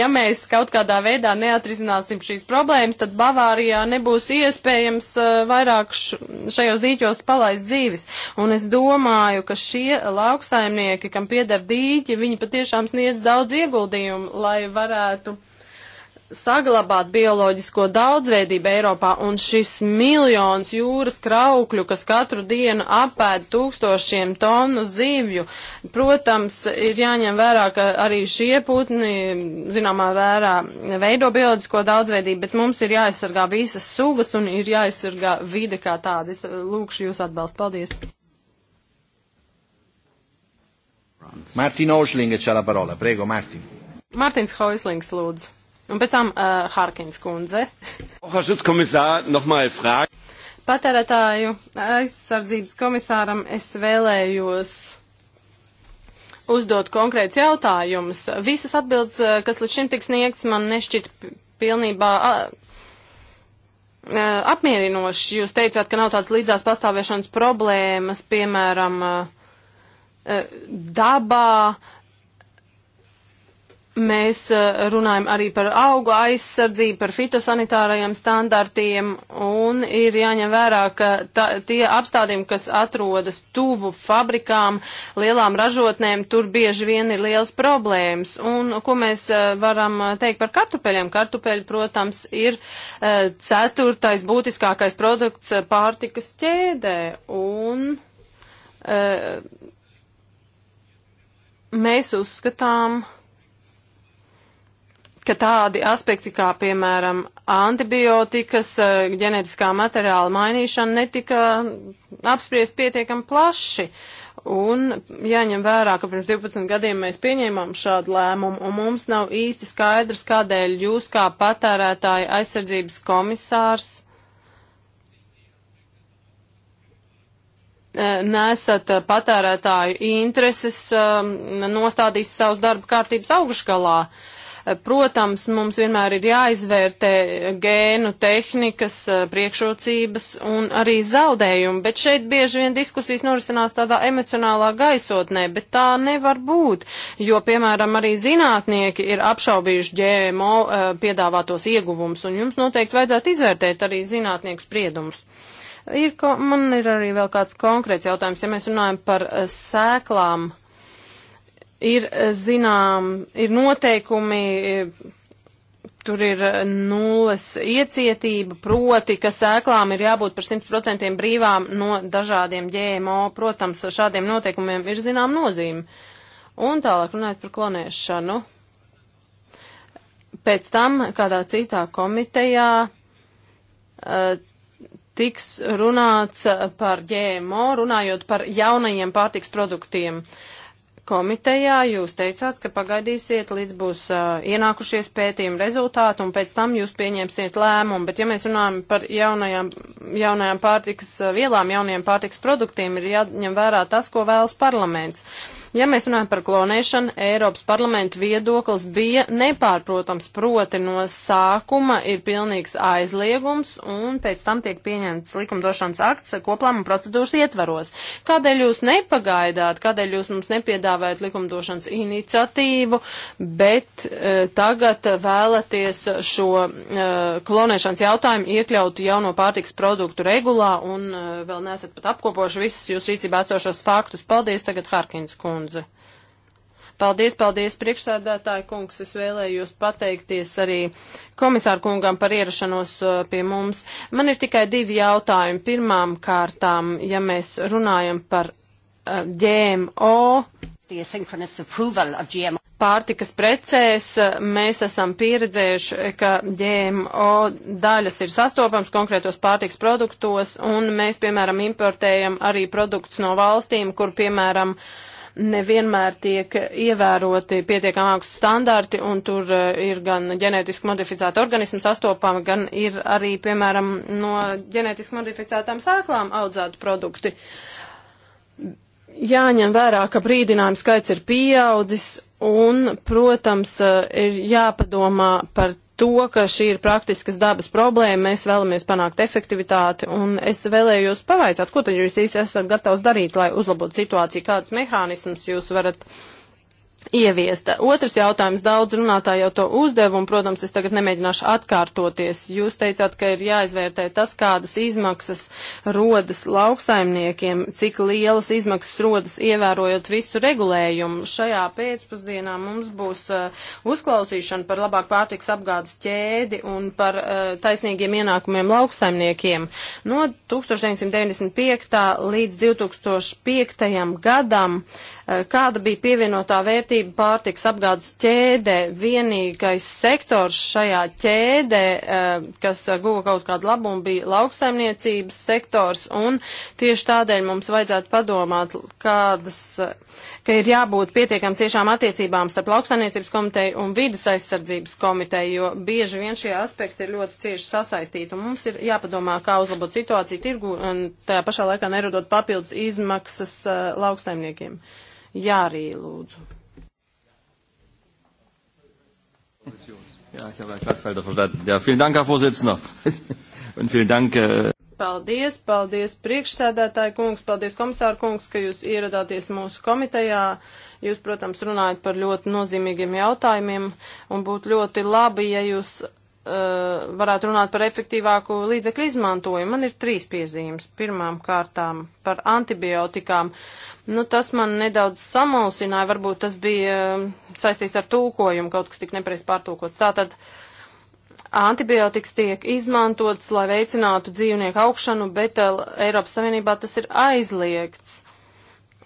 S2: Ja mēs kaut kādā veidā neatrisināsim šīs problēmas, tad Bavārijā nebūs iespējams eh, vairāk šajos dīķos palaist dzīves. Un es domāju, ka šie lauksaimnieki, kam pieder dīķi, viņi patiešām sniedz daudz ieguldījumu, lai varētu saglabāt bioloģisko daudzveidību Eiropā, un šis miljons jūras kraukļu, kas katru dienu apēd tūkstošiem tonu zivju, protams, ir jāņem vērā, ka arī šie putni, zināmā vērā, veido bioloģisko daudzveidību, bet mums ir jāaizsargā visas sugas un ir jāaizsargā vide kā tāda. Es uh, lūkšu jūs atbalstu. Paldies!
S1: Martin Ošlinga, e čia la parola. Prego, Martin.
S2: Martins Hoislings, lūdzu. Un pēc tam uh, Harkins kundze. Patērētāju aizsardzības komisāram es vēlējos uzdot konkrēts jautājumus. Visas atbildes, eh, kas līdz šim tiks sniegts, man nešķiet pilnībā eh, apmierinoši. Jūs teicāt, ka nav tādas līdzās pastāvēšanas problēmas, piemēram, dabā Mēs eh, runājam arī par augu aizsardzību, par fitosanitārajiem standartiem, un ir jāņem vērā, ka ta, tie apstādījumi, kas atrodas tuvu fabrikām, lielām ražotnēm, tur bieži vien ir liels problēmas. Un ko mēs eh, varam eh, teikt par kartupeļiem? Kartupeļi, protams, ir ceturtais būtiskākais produkts pārtikas ķēdē, un mēs uzskatām, ka tādi aspekti kā, piemēram, antibiotikas, e, ģenetiskā materiāla mainīšana netika apspriest pietiekam plaši. Un jāņem vērā, ka pirms 12 gadiem mēs pieņēmām šādu lēmumu, un mums nav īsti skaidrs, kādēļ jūs kā patērētāja aizsardzības komisārs e, nesat patērētāju intereses e, nostādījis savus darba kārtības augšgalā. Uh, Eh, protams, mums vienmēr ir jāizvērtē gēnu tehnikas, eh, priekšrocības un arī zaudējumi, bet šeit bieži vien diskusijas norisinās tādā emocionālā gaisotnē, bet tā nevar būt, jo, piemēram, arī zinātnieki ir apšaubījuši GMO eh, piedāvātos ieguvumus, un jums noteikti vajadzētu izvērtēt arī zinātnieku spriedumus. Ir, man ir arī vēl kāds konkrēts jautājums, ja mēs runājam par sēklām Ir, eh, zinām, ir noteikumi, eh, tur ir eh, nulles iecietība, proti, ka sēklām ir jābūt par 100% brīvām no dažādiem GMO. Protams, šādiem noteikumiem ir zinām nozīme. Un tālāk runājot par klonēšanu. Pēc tam kādā citā komitejā uh, tiks runāts par GMO, runājot par jaunajiem pārtiks produktiem. Uh, komitejā jūs teicāt, ka pagaidīsiet, līdz būs uh, ienākušies pētījuma rezultāti, un pēc tam jūs pieņemsiet lēmumu. Bet, ja mēs runājam par jaunajām, jaunajām pārtikas vielām, jaunajiem pārtikas produktiem, ir jāņem vērā tas, ko vēlas parlaments. Uh, Ja mēs runājam par klonēšanu, Eiropas parlamenta viedoklis bija nepārprotams, proti no sākuma ir pilnīgs aizliegums un pēc tam tiek pieņemts likumdošanas akts koplāma procedūras ietvaros. Kādēļ jūs nepagaidāt, kādēļ jūs mums nepiedāvājat likumdošanas iniciatīvu, bet e, tagad vēlaties šo e, klonēšanas jautājumu iekļaut jauno pārtiks produktu regulā un e, vēl nesat pat apkopoši visus jūs rīcībā esošos faktus. Paldies tagad Harkins kundze kundze. Paldies, paldies, priekšsēdētāji kungs. Es vēlējos pateikties arī komisāru kungam par ierašanos uh, pie mums. Man ir tikai divi jautājumi. Pirmām kārtām, ja mēs runājam par uh, GMO. Pārtikas precēs uh, mēs esam pieredzējuši, ka GMO daļas ir sastopams konkrētos pārtikas produktos, un mēs, piemēram, importējam arī produktus no valstīm, kur, piemēram, uh, nevienmēr tiek ievēroti pietiekami augsti standarti, un tur eh, ir gan ģenētiski modificēta organisma sastopama, gan ir arī, piemēram, no ģenētiski modificētām sēklām audzēti produkti. Jāņem vērā, ka brīdinājumu skaits ir pieaudzis, un, protams, eh, ir jāpadomā par to, ka šī ir praktiskas dabas problēma, mēs vēlamies panākt efektivitāti, un es vēlējos pavaicāt, ko tad jūs īsti esat gatavs darīt, lai uzlabotu situāciju, kāds mehānisms jūs varat uh, ieviesta. Otrs jautājums, daudz runātāji jau to uzdev, un, protams, es tagad nemēģināšu atkārtoties. Jūs teicāt, ka ir jāizvērtē tas, kādas izmaksas rodas lauksaimniekiem, cik lielas izmaksas rodas ievērojot visu regulējumu. Šajā pēcpusdienā mums būs uh, uzklausīšana par labāk pārtiks apgādes ķēdi un par uh, taisnīgiem ienākumiem lauksaimniekiem. No 1995. līdz 2005. gadam uh, Eh, kāda bija pievienotā vērtība pārtiks apgādes ķēdē. Vienīgais sektors šajā ķēdē, eh, kas eh, guva kaut kādu labumu, bija lauksaimniecības sektors, un tieši tādēļ mums vajadzētu padomāt, kādas ka ir jābūt pietiekam ciešām attiecībām starp lauksainiecības komiteju un vidas aizsardzības komiteju, jo bieži vien šie aspekti ir ļoti cieši sasaistīti. Un mums ir jāpadomā, kā uzlabot situāciju tirgu un tajā pašā laikā nerodot papildus izmaksas uh, lauksaimniekiem. Jā, arī lūdzu.
S3: Ja, ich habe Herr Platzfelder
S1: verstanden. Ja, vielen Dank, Herr Vorsitzender. Und vielen Dank. Äh
S2: paldies, paldies priekšsēdētāji kungs, paldies komisāru kungs, ka jūs ieradāties mūsu komitejā. Jūs, protams, runājat par ļoti nozīmīgiem jautājumiem un būtu ļoti labi, ja jūs uh, varētu runāt par efektīvāku līdzekļu izmantojumu. Man ir trīs piezīmes. Pirmām kārtām par antibiotikām. Nu, tas man nedaudz samulsināja, varbūt tas bija uh, saistīts ar tūkojumu, kaut kas tik nepareiz pārtūkots. Tātad, uh, antibiotikas tiek izmantotas, lai veicinātu dzīvnieku augšanu, bet eh, Eiropas Savienībā tas ir aizliegts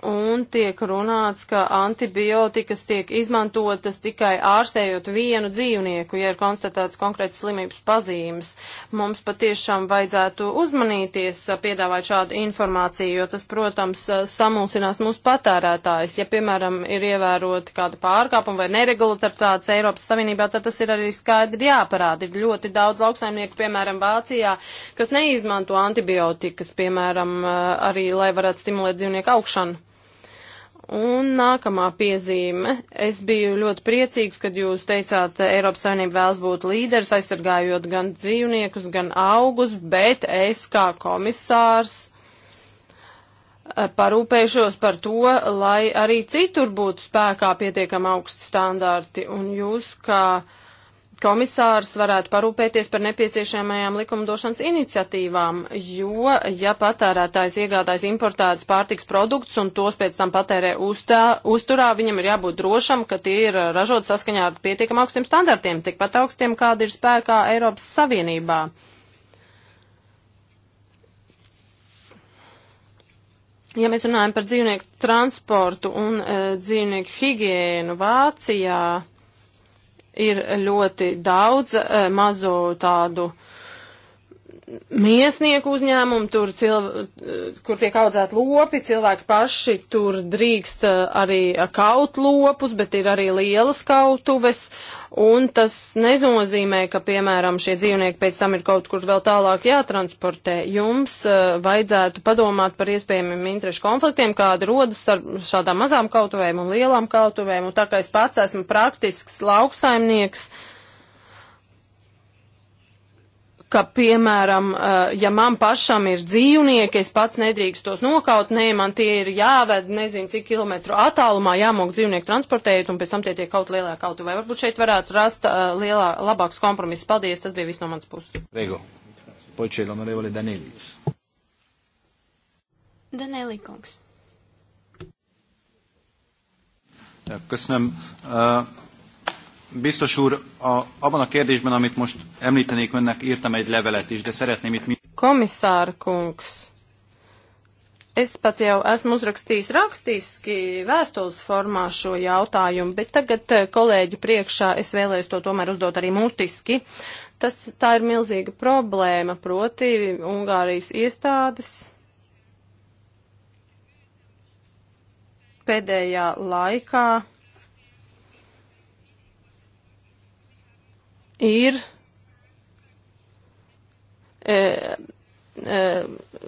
S2: un tiek runāts, ka antibiotikas tiek izmantotas tikai ārstējot vienu dzīvnieku, ja ir konstatēts konkrēts slimības pazīmes. Mums patiešām vajadzētu uzmanīties piedāvāt šādu informāciju, jo tas, protams, samulsinās mūsu patērētājs. Ja, piemēram, ir ievēroti kāda pārkāpuma vai neregulatāts Eiropas Savienībā, tad tas ir arī skaidri jāparāda. Ir ļoti daudz lauksaimnieku, piemēram, Vācijā, kas neizmanto antibiotikas, piemēram, arī, lai varētu stimulēt dzīvnieku augšanu. Un nākamā piezīme. Es biju ļoti priecīgs, kad jūs teicāt, Eiropas Savienība vēlas būt līderis, aizsargājot gan dzīvniekus, gan augus, bet es kā komisārs eh, parūpēšos par to, lai arī citur būtu spēkā pietiekam augsti standarti. Un jūs kā. Ka komisārs varētu parūpēties par nepieciešamajām likumdošanas iniciatīvām, jo, ja patērētājs iegādājas importētas pārtiks produktus un tos pēc tam patērē uztā, uzturā, viņam ir jābūt drošam, ka tie ir ražot saskaņā ar pietiekam augstiem standartiem, tikpat augstiem, kāda ir spērkā Eiropas Savienībā. Ja mēs runājam par dzīvnieku transportu un uh, dzīvnieku higienu Vācijā, ir ļoti daudz eh, mazo tādu uh, Miesnieku uzņēmumu, tur cilv, kur tiek audzēt lopi, cilvēki paši tur drīkst eh, arī kaut lopus, bet ir arī lielas kautuves, un tas nenozīmē, ka, piemēram, šie dzīvnieki pēc tam ir kaut kur vēl tālāk jātransportē. Jums uh, vajadzētu padomāt par iespējamiem interešu konfliktiem, kāda rodas starp šādām mazām kautuvēm un lielām kautuvēm, un tā kā es pats esmu praktisks lauksaimnieks, uh, ka, piemēram, eh, ja man pašam ir dzīvnieki, es pats nedrīkst tos nokaut, nē, man tie ir jāved, nezinu, cik kilometru attālumā jāmok dzīvnieku transportēt, un pēc tam tie tiek kaut lielā kaut vai varbūt šeit varētu rast uh, lielā, labāks kompromiss. Paldies, tas bija viss no manas puses.
S1: Rego. Poi c'è l'onorevole Danellis.
S4: Danelli kungs.
S1: Köszönöm. Uh, Biztos úr, a, abban a kérdésben, amit most említenék önnek, írtam egy levelet is, de szeretném itt... Mi...
S2: Komisāra kungs, es pat jau esmu uzrakstījis rakstiski vēstules formā šo jautājumu, bet tagad eh, kolēģu priekšā es vēlējos to tomēr uzdot arī mutiski. Tas, tā ir milzīga problēma, proti Ungārijas iestādes pēdējā laikā ir e, e,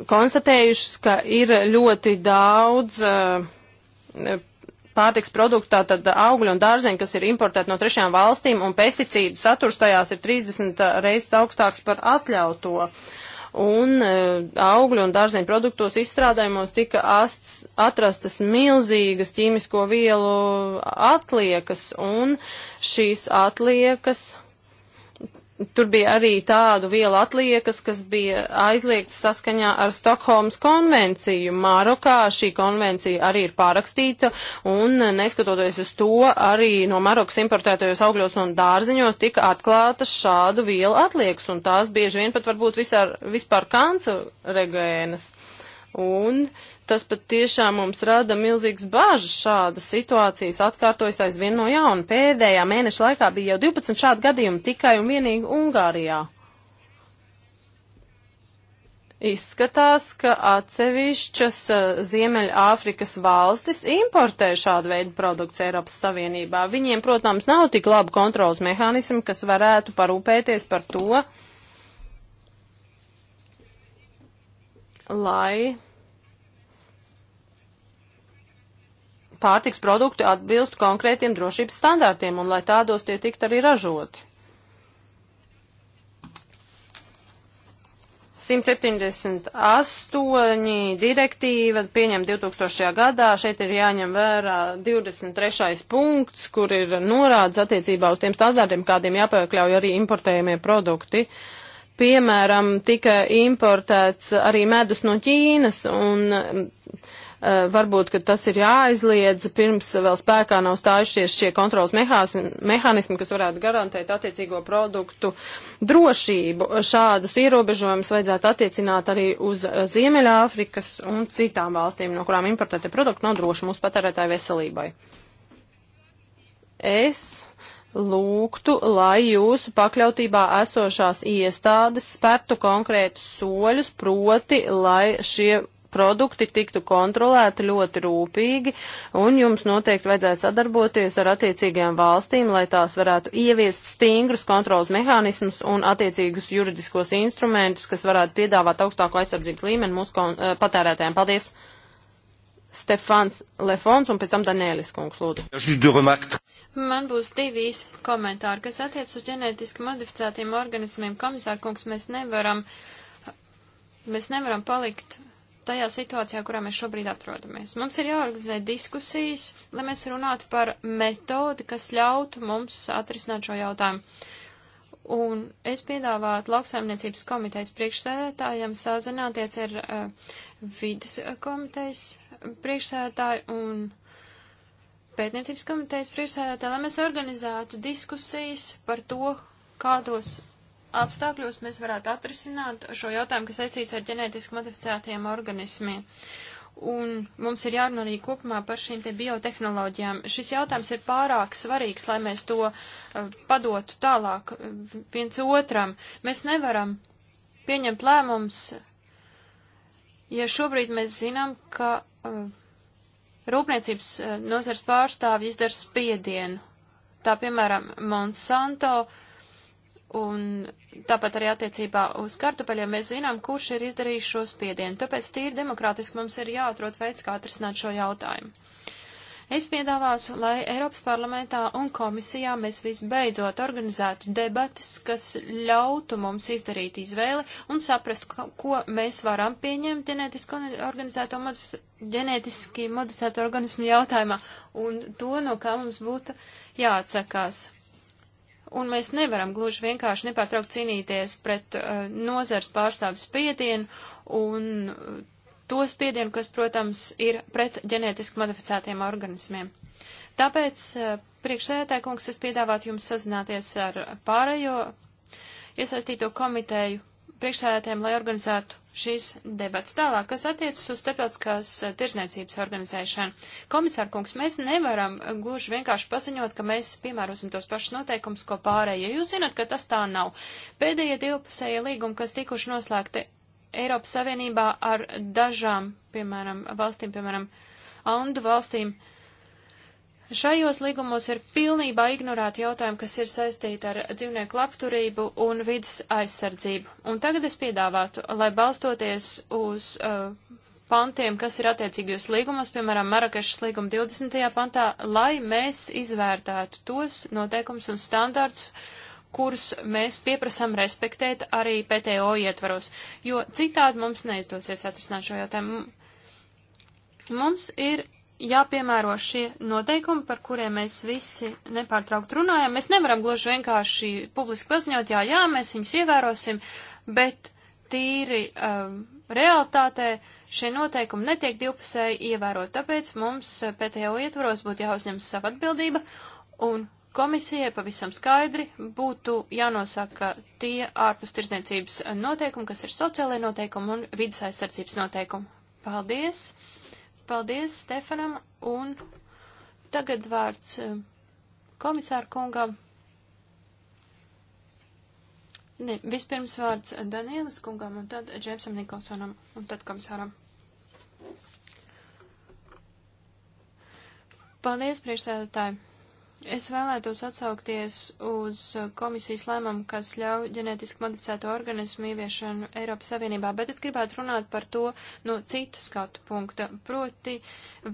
S2: konstatējušas, ka ir ļoti daudz e, e pārtiks produktu, tātad augļu un dārzeņu, kas ir importēti no trešajām valstīm, un pesticīdu saturs tajās ir 30 reizes augstāks par atļauto. Un e, augļu un dārzeņu produktos izstrādājumos tika asts, atrastas milzīgas ķīmisko vielu atliekas, un šīs atliekas Tur bija arī tādu vielu atliekas, kas bija aizliegts saskaņā ar Stokholmas konvenciju. Marokā šī konvencija arī ir pārakstīta, un neskatoties uz to, arī no Marokas importētajos augļos un dārziņos tika atklātas šādu vielu atliekas, un tās bieži vien pat varbūt visār, vispār kancerogēnas. Un tas pat tiešām mums rada milzīgas bažas šādas situācijas atkārtojas aizvien no jauna. Pēdējā mēneša laikā bija jau 12 šādu gadījumu tikai un vienīgi Ungārijā. Izskatās, ka atsevišķas eh, Ziemeļāfrikas valstis importē šādu veidu produkts Eiropas Savienībā. Viņiem, protams, nav tik labi kontrols mehānismi, kas varētu parūpēties par to, uh, lai pārtiks produkti atbilstu konkrētiem drošības standārtiem un lai tādos tie tikt arī ražoti. 178 direktīva pieņem 2000. gadā. Šeit ir jāņem vērā 23. punkts, kur ir norādes attiecībā uz tiem standārtiem, kādiem jāpakļauj arī importējumie produkti. Uh, Piemēram, tika importēts arī medus no Ķīnas un um, uh, varbūt, ka tas ir jāaizliedz, pirms vēl spēkā nav stājušies šie kontrols mehānismi, kas varētu garantēt attiecīgo produktu drošību. Šādus ierobežojumus vajadzētu attiecināt arī uz uh, Ziemeļāfrikas un citām valstīm, no kurām importētie produkti nav droši mūsu patērētāju veselībai. Es lūgtu, lai jūsu pakļautībā esošās iestādes spērtu konkrētus soļus, proti, lai šie produkti tiktu kontrolēti ļoti rūpīgi, un jums noteikti vajadzētu sadarboties ar attiecīgajām valstīm, lai tās varētu ieviest stingrus kontrolas mehānismus un attiecīgus juridiskos instrumentus, kas varētu piedāvāt augstāko aizsardzības līmeni mūsu eh, patērētājiem. Paldies! Stefans Lefons un pēc tam Danielis Kungs, lūdzu.
S4: Man būs divi īsi komentāri, kas attiec uz ģenētiski modificētiem organismiem. Komisārkungs, mēs nevaram, mēs nevaram palikt tajā situācijā, kurā mēs šobrīd atrodamies. Mums ir jāorganizē diskusijas, lai mēs runātu par metodi, kas ļautu mums atrisināt šo jautājumu. Un es piedāvātu lauksaimniecības komitejas priekšsēdētājiem sazināties ar uh, eh, vidas komitejas priekšsēdētāju un pētniecības komitejas priekšsēdētā, lai mēs organizētu diskusijas par to, kādos apstākļos mēs varētu atrisināt šo jautājumu, kas saistīts ar ģenētiski modificētajiem organismiem. Un mums ir jārunā arī kopumā par šīm te biotehnoloģijām. Šis jautājums ir pārāk svarīgs, lai mēs to uh, padotu tālāk eh, viens otram. Mēs nevaram pieņemt lēmums, ja šobrīd mēs zinām, ka uh, Rūpniecības eh, nozars pārstāvji izdara spiedienu. Tā piemēram Monsanto un tāpat arī attiecībā uz kartupeļiem mēs zinām, kurš ir izdarījis šo spiedienu. Tāpēc tīri demokrātiski mums ir jāatrod veids, kā atrisināt šo jautājumu. Es piedāvātu, lai Eiropas parlamentā un komisijā mēs visbeidzot organizētu debatas, kas ļautu mums izdarīt izvēli un saprast, ko mēs varam pieņemt ģenētiski organizēto ģenētiski modificētu organismu jautājumā un to, no kā mums būtu jāatsakās un mēs nevaram gluži vienkārši nepārtraukt cīnīties pret uh, nozars pārstāvis spiedienu un to spiedienu, kas, protams, ir pret ģenētiski modificētiem organismiem. Tāpēc, eh, priekšsēdētāji kungs, es piedāvātu jums sazināties ar pārējo iesaistīto komiteju priekšsēdētājiem, lai organizētu šīs debats tālāk, kas attiecas uz starptautiskās eh, tirzniecības organizēšanu. Komisār kungs, mēs nevaram eh, gluži vienkārši paziņot, ka mēs piemērosim tos pašus noteikumus, ko pārējie. Jūs zinat, ka tas tā nav. Pēdējie divpusējie līgumi, kas tikuši noslēgti Eiropas Savienībā ar dažām, piemēram, valstīm, piemēram, Andu valstīm. Šajos līgumos ir pilnībā ignorēti jautājumi, kas ir saistīti ar dzīvnieku labturību un vidas aizsardzību. Un tagad es piedāvātu, lai balstoties uz uh, pantiem, kas ir attiecīgajos līgumos, piemēram, Marakešas līguma 20. pantā, lai mēs izvērtētu tos noteikums un standārts, uh, kurus mēs pieprasām respektēt arī PTO ietvaros, jo citādi mums neizdosies atrisināt šo jautājumu. Mums ir jāpiemēro šie noteikumi, par kuriem mēs visi nepārtraukt runājam. Mēs nevaram gluži vienkārši publiski paziņot, jā, jā, mēs viņus ievērosim, bet tīri um, realitātē šie noteikumi netiek divpusēji ievērot, tāpēc mums PTO ietvaros būtu jāuzņem sava atbildība un Komisijai pavisam skaidri būtu jānosaka tie ārpus tirzniecības noteikumi, kas ir sociālai noteikumi un vidas aizsardzības noteikumi. Paldies! Paldies Stefanam un tagad vārds eh, komisāru kungam. Ne, vispirms vārds Danielis kungam, un tad Džemsam Nikolsonam, un tad komisāram. Paldies, priekšsēdētāji! Es vēlētos atsaukties uz komisijas lēmumu, kas ļauj ģenētiski modificēto organismu ieviešanu Eiropas Savienībā, bet es gribētu runāt par to no citas skatu punkta. Proti,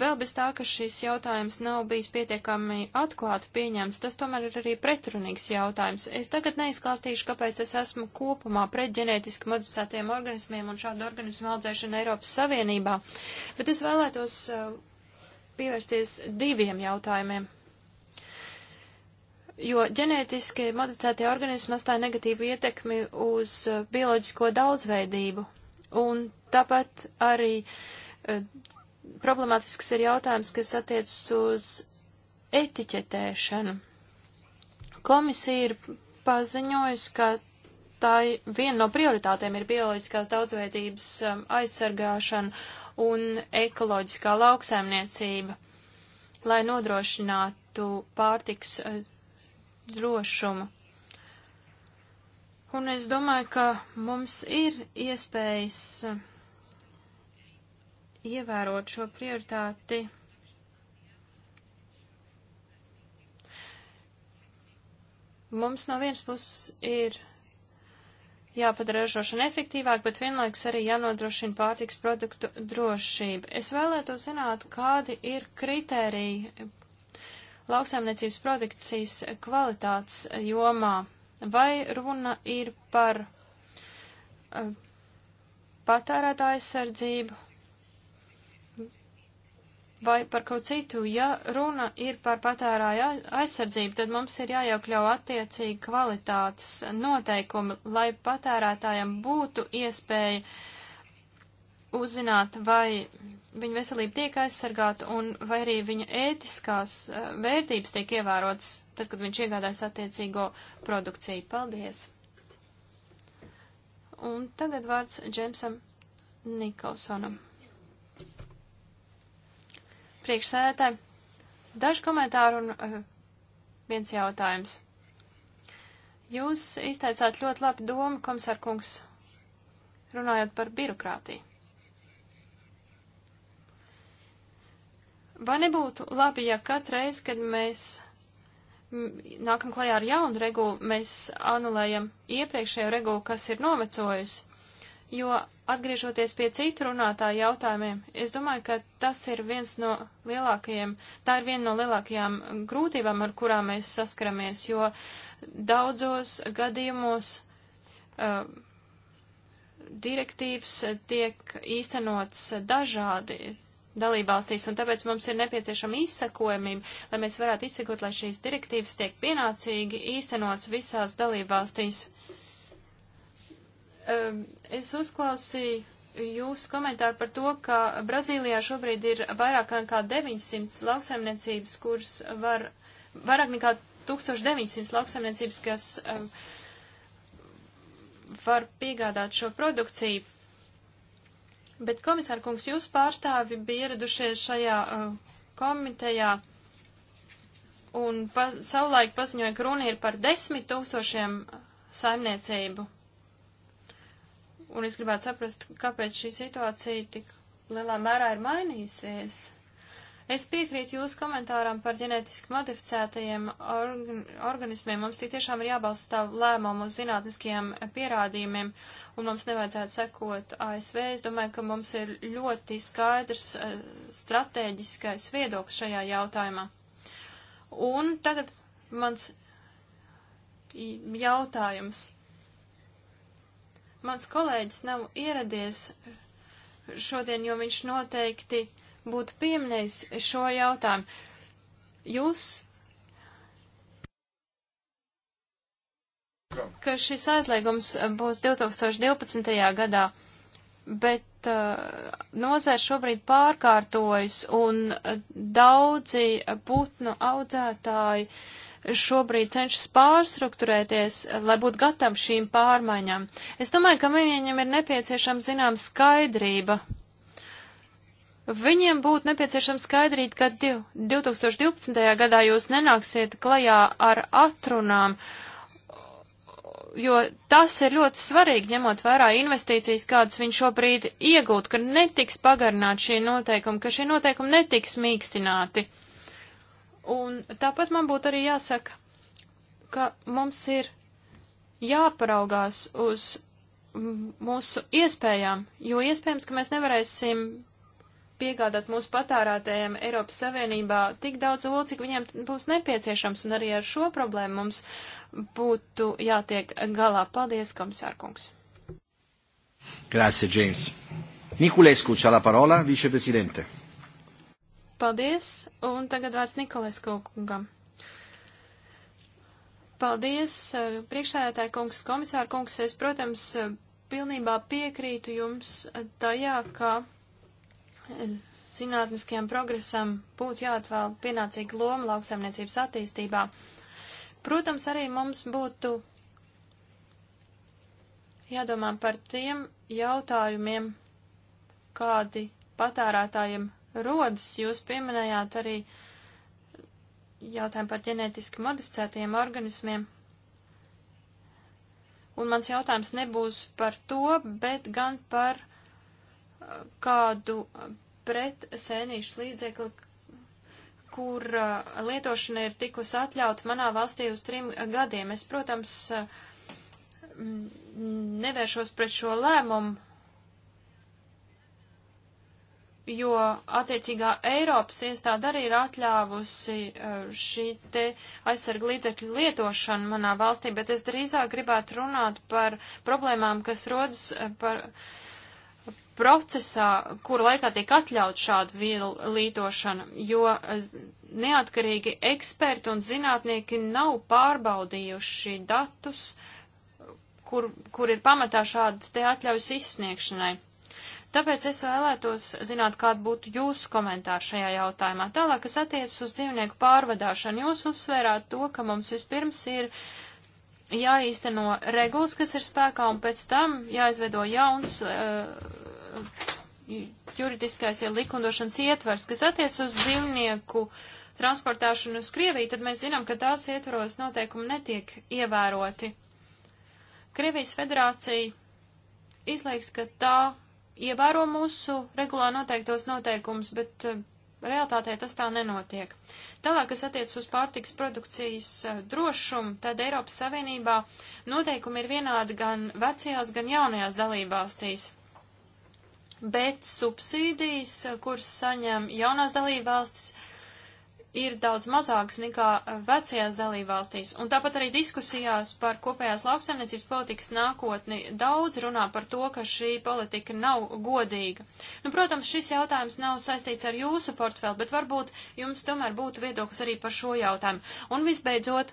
S4: vēl bez tā, ka šis jautājums nav bijis pietiekami atklāti pieņemts, tas tomēr ir arī pretrunīgs jautājums. Es tagad neizklāstīšu, kāpēc es esmu kopumā pret ģenētiski modificētiem organismiem un šādu organismu audzēšanu Eiropas Savienībā, bet es vēlētos uh, pievērsties diviem jautājumiem jo ģenētiski modificētie organismi atstāja negatīvu ietekmi uz eh, bioloģisko daudzveidību. Un tāpat arī eh, problemātisks ir jautājums, kas attiecas uz etiķetēšanu. Komisija ir paziņojusi, ka tā viena no prioritātēm ir bioloģiskās daudzveidības eh, aizsargāšana un ekoloģiskā lauksaimniecība, lai nodrošinātu pārtiks drošumu. Un es domāju, ka mums ir iespējas eh, ievērot šo prioritāti. Mums no vienas puses ir jāpadara ražošana efektīvāk, bet vienlaiks arī jānodrošina pārtiks produktu drošība. Es vēlētos zināt, kādi ir kriteriji, lauksaimniecības produkcijas kvalitātes jomā, vai runa ir par uh, patērētāju aizsardzību vai par kaut citu. Ja runa ir par patērāju aizsardzību, tad mums ir jājaukļau attiecīgi kvalitātes noteikumi, lai patērētājiem būtu iespēja uh, uzzināt, vai viņa veselība tiek aizsargāta un vai arī viņa ētiskās uh, vērtības tiek ievērotas, tad, kad viņš iegādājas attiecīgo produkciju. Paldies! Un tagad vārds Džemsam Nikolsonam. Priekšsēdētāji, daži komentāri un uh, viens jautājums. Jūs izteicāt ļoti labi domu, komisārkungs, runājot par birokrātiju. Vai nebūtu labi, ja katreiz, kad mēs nākam klajā ar jaunu regulu, mēs anulējam iepriekšējo regulu, kas ir novecojusi. Jo atgriežoties pie citu runātāju jautājumiem, es domāju, ka tas ir viens no lielākajiem, tā ir viena no lielākajām grūtībām, ar kurām mēs saskaramies, jo daudzos gadījumos uh, direktīvas tiek īstenots dažādi, dalībvalstīs, un tāpēc mums ir nepieciešama izsakojamība, lai mēs varētu izsakot, lai šīs direktīvas tiek pienācīgi īstenots visās dalībvalstīs. Es uzklausīju jūsu komentāru par to, ka Brazīlijā šobrīd ir vairāk nekā 900 lauksaimniecības, kuras var, vairāk nekā 1900 lauksaimniecības, kas var piegādāt šo produkciju Bet, komisārkungs, jūs pārstāvi bija ieradušies šajā uh, komitejā un pa, savulaik paziņoja, ka runa ir par desmit tūkstošiem saimniecību. Un es gribētu saprast, kāpēc šī situācija tik lielā mērā ir mainījusies. Es piekrītu jūsu komentāram par ģenētiski modificētajiem organ organismiem. Mums tik tiešām ir jābalsta lēmumu uz zinātniskajiem pierādījumiem, un mums nevajadzētu sekot ASV. Es domāju, ka mums ir ļoti skaidrs uh, strateģiskais viedoklis šajā jautājumā. Un tagad mans jautājums. Mans kolēģis nav ieradies šodien, jo viņš noteikti uh, būtu pieminējis šo jautājumu. Jūs, ka šis aizliegums būs 2012. gadā, bet uh, nozēr šobrīd pārkārtojas un daudzi putnu audzētāji šobrīd cenšas pārstruktūrēties, lai būtu gatavi šīm pārmaiņām. Es domāju, ka viņiem ir nepieciešama zinām skaidrība Viņiem būtu nepieciešams skaidrīt, ka 2012. gadā jūs nenāksiet klajā ar atrunām, jo tas ir ļoti svarīgi, ņemot vērā investīcijas, kādas viņi šobrīd iegūt, ka netiks pagarnāt šie noteikumi, ka šie noteikumi netiks mīkstināti. Un tāpat man būtu arī jāsaka, ka mums ir jāparaugās uz mūsu iespējām, jo iespējams, ka mēs nevarēsim piegādāt mūsu patārātējiem Eiropas Savienībā tik daudz olu, cik viņiem būs nepieciešams, un arī ar šo problēmu mums būtu jātiek galā. Paldies, komisārkungs!
S1: Grazie, James. Nikulesku, čā la parola, viceprezidente.
S4: Paldies, un tagad vārds Nikolesku kungam. Paldies, priekšsēdētāji kungs, komisāra kungs. Es, protams, pilnībā piekrītu jums tajā, ka zinātniskajam progresam būtu jāatvēl pienācīga loma lauksaimniecības attīstībā. Protams, arī mums būtu jādomā par tiem jautājumiem, kādi patērētājiem rodas. Jūs pieminējāt arī jautājumu par ģenētiski modificētajiem organismiem. Un mans jautājums nebūs par to, bet gan par kādu pret sēnīšu līdzekli, kur uh, lietošana ir tikusi atļauta manā valstī uz trim gadiem. Es, protams, uh, nevēršos pret šo lēmumu, jo attiecīgā Eiropas iestāde arī ir atļāvusi uh, šī te aizsarga līdzekļu lietošanu manā valstī, bet es drīzāk gribētu runāt par problēmām, kas rodas par. Uh, procesā, kura laikā tiek atļaut šādu vielu lītošana, jo eh, neatkarīgi eksperti un zinātnieki nav pārbaudījuši datus, kur, kur ir pamatā šādas te atļaujas izsniegšanai. Tāpēc es vēlētos zināt, kāda būtu jūsu komentāra šajā jautājumā. Tālāk, kas attiecas uz dzīvnieku pārvadāšanu, jūs uzsvērāt to, ka mums vispirms ir jāīsteno regulas, kas ir spēkā, un pēc tam jāizveido jauns uh, juridiskais, ja likumdošanas ietvers, kas attiec uz dzīvnieku transportēšanu uz Krieviju, tad mēs zinām, ka tās ietvaros noteikumi netiek ievēroti. Krievijas federācija izliekas, ka tā ievēro mūsu regulā noteiktos noteikumus, bet eh, realitātē tas tā nenotiek. Tālāk, kas attiec uz pārtiks produkcijas eh, drošumu, tad Eiropas Savienībā noteikumi ir vienādi gan vecajās, gan jaunajās dalībvalstīs bet subsīdijas, kuras saņem jaunās dalībvalstis, ir daudz mazākas nekā vecajās dalībvalstīs. Un tāpat arī diskusijās par kopējās lauksaimniecības politikas nākotni daudz runā par to, ka šī politika nav godīga. Nu, protams, šis jautājums nav saistīts ar jūsu portfeli, bet varbūt jums tomēr būtu viedoklis arī par šo jautājumu. Un visbeidzot,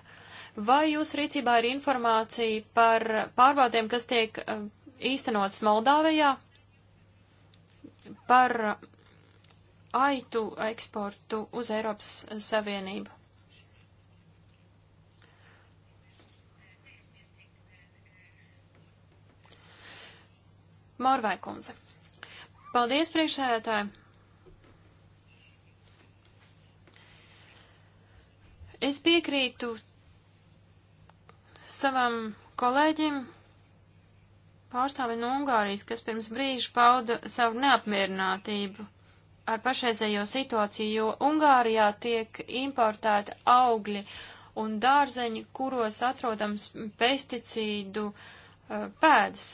S4: vai jūsu rīcībā ir informācija par pārbaudēm, kas tiek eh, īstenotas Moldāvijā? par aitu eksportu uz Eiropas Savienību. Morvai kundze. Paldies, priekšsēdētāji! Es piekrītu savam kolēģim, pārstāvi no Ungārijas, kas pirms brīža pauda savu neapmierinātību ar pašreizējo situāciju, jo Ungārijā tiek importēta augļi un dārzeņi, kuros atrodams pesticīdu uh, pēdas.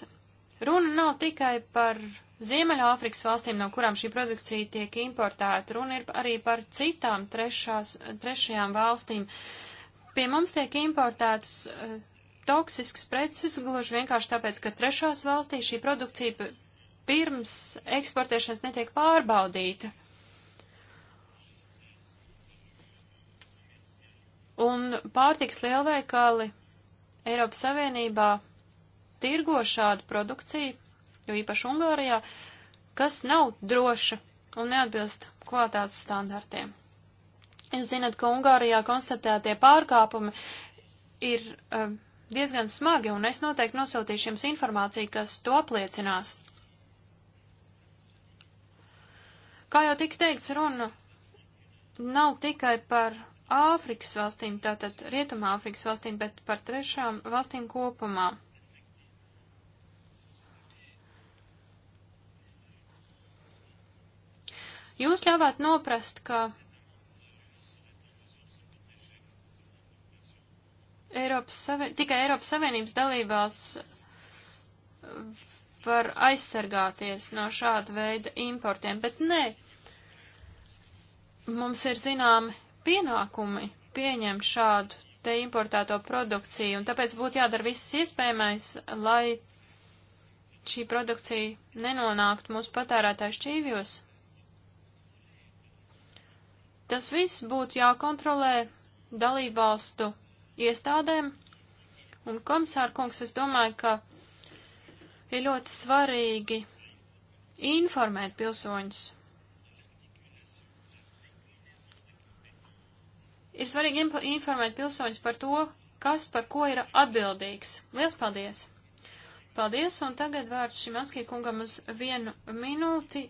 S4: Runa nav tikai par Ziemeļāfrikas valstīm, no kurām šī produkcija tiek importēta, runa ir arī par citām trešās, trešajām valstīm. Pie mums tiek importētas uh, toksisks preces gluži vienkārši tāpēc, ka trešās valstīs šī produkcija pirms eksportēšanas netiek pārbaudīta. Un pārtiks lielveikali Eiropas Savienībā tirgo šādu produkciju, jo īpaši Ungārijā, kas nav droša un neatbilst kvalitātes standartiem. Jūs zinat, ka Ungārijā konstatētie pārkāpumi ir um, diezgan smagi, un es noteikti nosūtīšu jums informāciju, kas to apliecinās. Kā jau tika teikts, runa nav tikai par Āfrikas valstīm, tātad Rietumā Āfrikas valstīm, bet par trešām valstīm kopumā. Jūs ļāvāt noprast, ka Eiropas Savi... tikai Eiropas Savienības dalībās var aizsargāties no šāda veida importiem, bet nē, mums ir zināmi pienākumi pieņemt šādu te importēto produkciju, un tāpēc būtu jādara viss iespējamais, lai šī produkcija nenonāktu mūsu patērētāju šķīvjos. Tas viss būtu jākontrolē dalībvalstu iestādēm. Un komisāra kungs, es domāju, ka ir ļoti svarīgi informēt pilsoņus. Ir svarīgi informēt pilsoņus par to, kas par ko ir atbildīgs. Lielas paldies! Paldies, un tagad vārds Šimanskī kungam uz vienu minūti,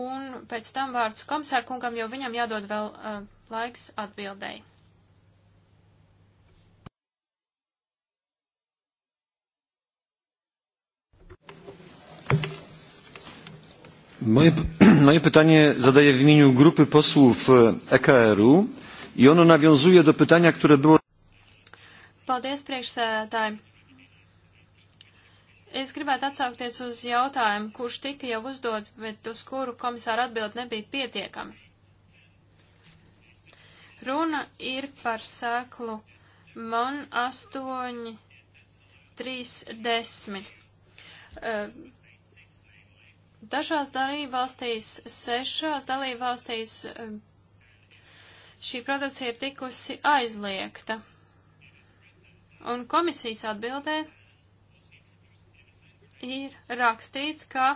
S4: un pēc tam vārds komisāra kungam, jo viņam jādod vēl uh, laiks atbildēji.
S1: Moje, moje pytanie zadaję w imieniu grupy posłów EKR-u e i ono nawiązuje do pytania, które było.
S4: Paldies, priekšsēdētāji. Es gribētu atsaukties uz jautājumu, kurš tika jau uzdots, bet uz kuru komisāra atbild nebija pietiekami. Runa ir par sēklu MON 8.30. Dažās dalībvalstīs, sešās dalībvalstīs um, šī produkcija ir tikusi aizliegta. Un komisijas atbildē ir rakstīts, ka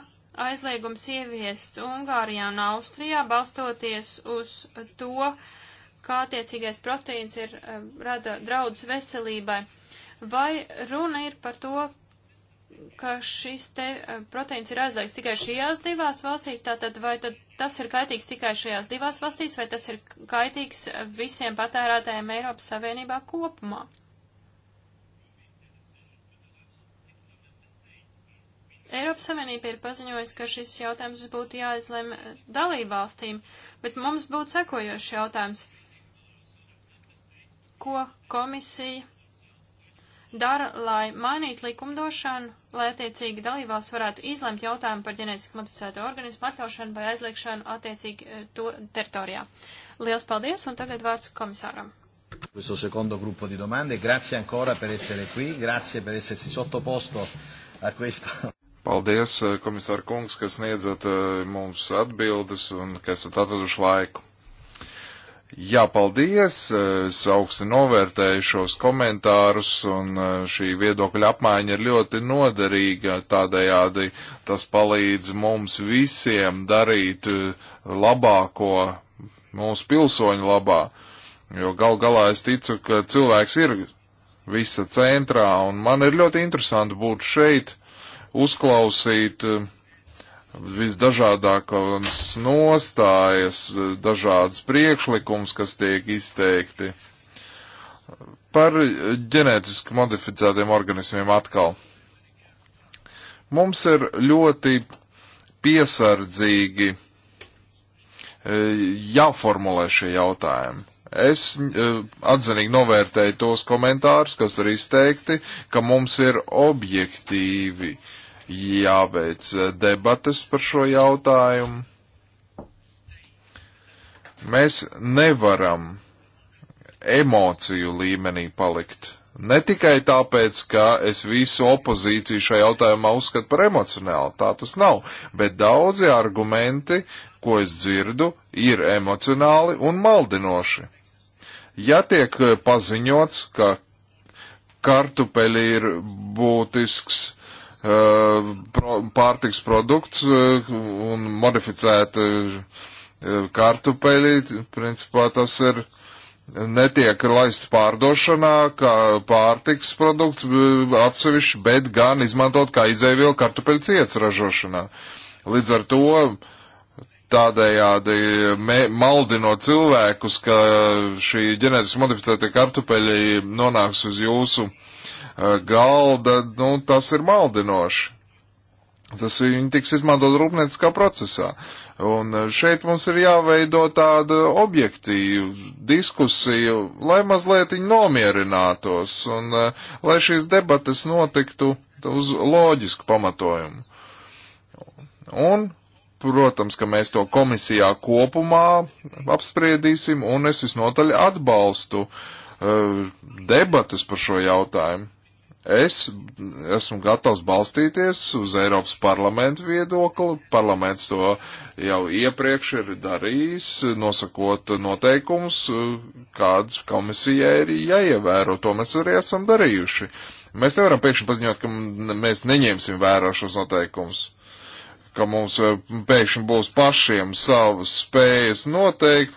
S4: aizliegums ieviests Ungārijā un Austrijā, balstoties uz to, kā attiecīgais proteīns ir um, rada draudz veselībai. Vai runa ir par to, ka šis te eh, proteīns ir aizliegts tikai šajās divās valstīs, tātad vai tad tas ir kaitīgs tikai šajās divās valstīs, vai tas ir kaitīgs visiem patērētājiem Eiropas Savienībā kopumā? Eiropas Savienība ir paziņojusi, ka šis jautājums būtu jāizlem eh, dalībvalstīm, bet mums būtu sekojošs jautājums. Ko komisija dara, lai mainītu likumdošanu, lai attiecīgi dalībās varētu izlemt jautājumu par ģenētiski modificēto organismu atļaušanu vai aizliekšanu attiecīgi eh, to teritorijā. Liels paldies, un tagad vārds komisāram.
S1: Questo secondo gruppo di domande, grazie ancora per essere qui, grazie per essersi sottoposto a questo.
S3: Paldies, eh, komisār kungs, ka sniedzat eh, mums atbildes un ka esat atraduši laiku. Jā, paldies! Es augstu novērtēju šos komentārus, un e, šī viedokļa apmaiņa ir ļoti noderīga. Tādējādi tas palīdz mums visiem darīt e, labāko mūsu pilsoņu labā. Jo gal galā es ticu, ka cilvēks ir visa centrā, un man ir ļoti interesanti būt šeit, uzklausīt e, visdažādākās nostājas, dažādas priekšlikums, kas tiek izteikti par ģenētiski modificētiem organismiem atkal. Mums ir ļoti piesardzīgi e, jāformulē šie jautājumi. Es e, atzinīgi novērtēju tos komentārus, kas ir izteikti, ka mums ir objektīvi uh, jāveic eh, debates par šo jautājumu. Mēs nevaram emociju līmenī palikt. Ne tikai tāpēc, ka es visu opozīciju šajā jautājumā uzskatu par emocionālu, tā tas nav, bet daudzi argumenti, ko es dzirdu, ir emocionāli un maldinoši. Ja tiek eh, paziņots, ka kartupeļi ir būtisks Uh, pārtiks produkts uh, un modificēta uh, kartupeļi, principā tas ir netiek laists pārdošanā kā pārtiks produkts atsevišķi, bet gan izmantot kā izēvielu kartupeļu cietas ražošanā. Līdz ar to tādējādi me, maldinot cilvēkus, ka šī ģenētiski modificētie kartupeļi nonāks uz jūsu uh, galda, nu, tas ir maldinoši. Tas viņi tiks izmantot rūpnieciskā procesā. Un šeit mums ir jāveido tāda objektīva diskusija, lai mazliet viņi nomierinātos un lai šīs debates notiktu uz loģisku pamatojumu. Un protams, ka mēs to komisijā kopumā apspriedīsim, un es visnotaļ atbalstu uh, debatas par šo jautājumu. Es esmu gatavs balstīties uz Eiropas parlamentu viedokli. Parlaments to jau iepriekš ir darījis, nosakot noteikumus, kādas komisijai ir jāievēro. To mēs arī esam darījuši. Mēs nevaram pēkšņi paziņot, ka mēs neņemsim vērā šos noteikumus ka mums eh, pēkšņi būs pašiem savas spējas noteikt,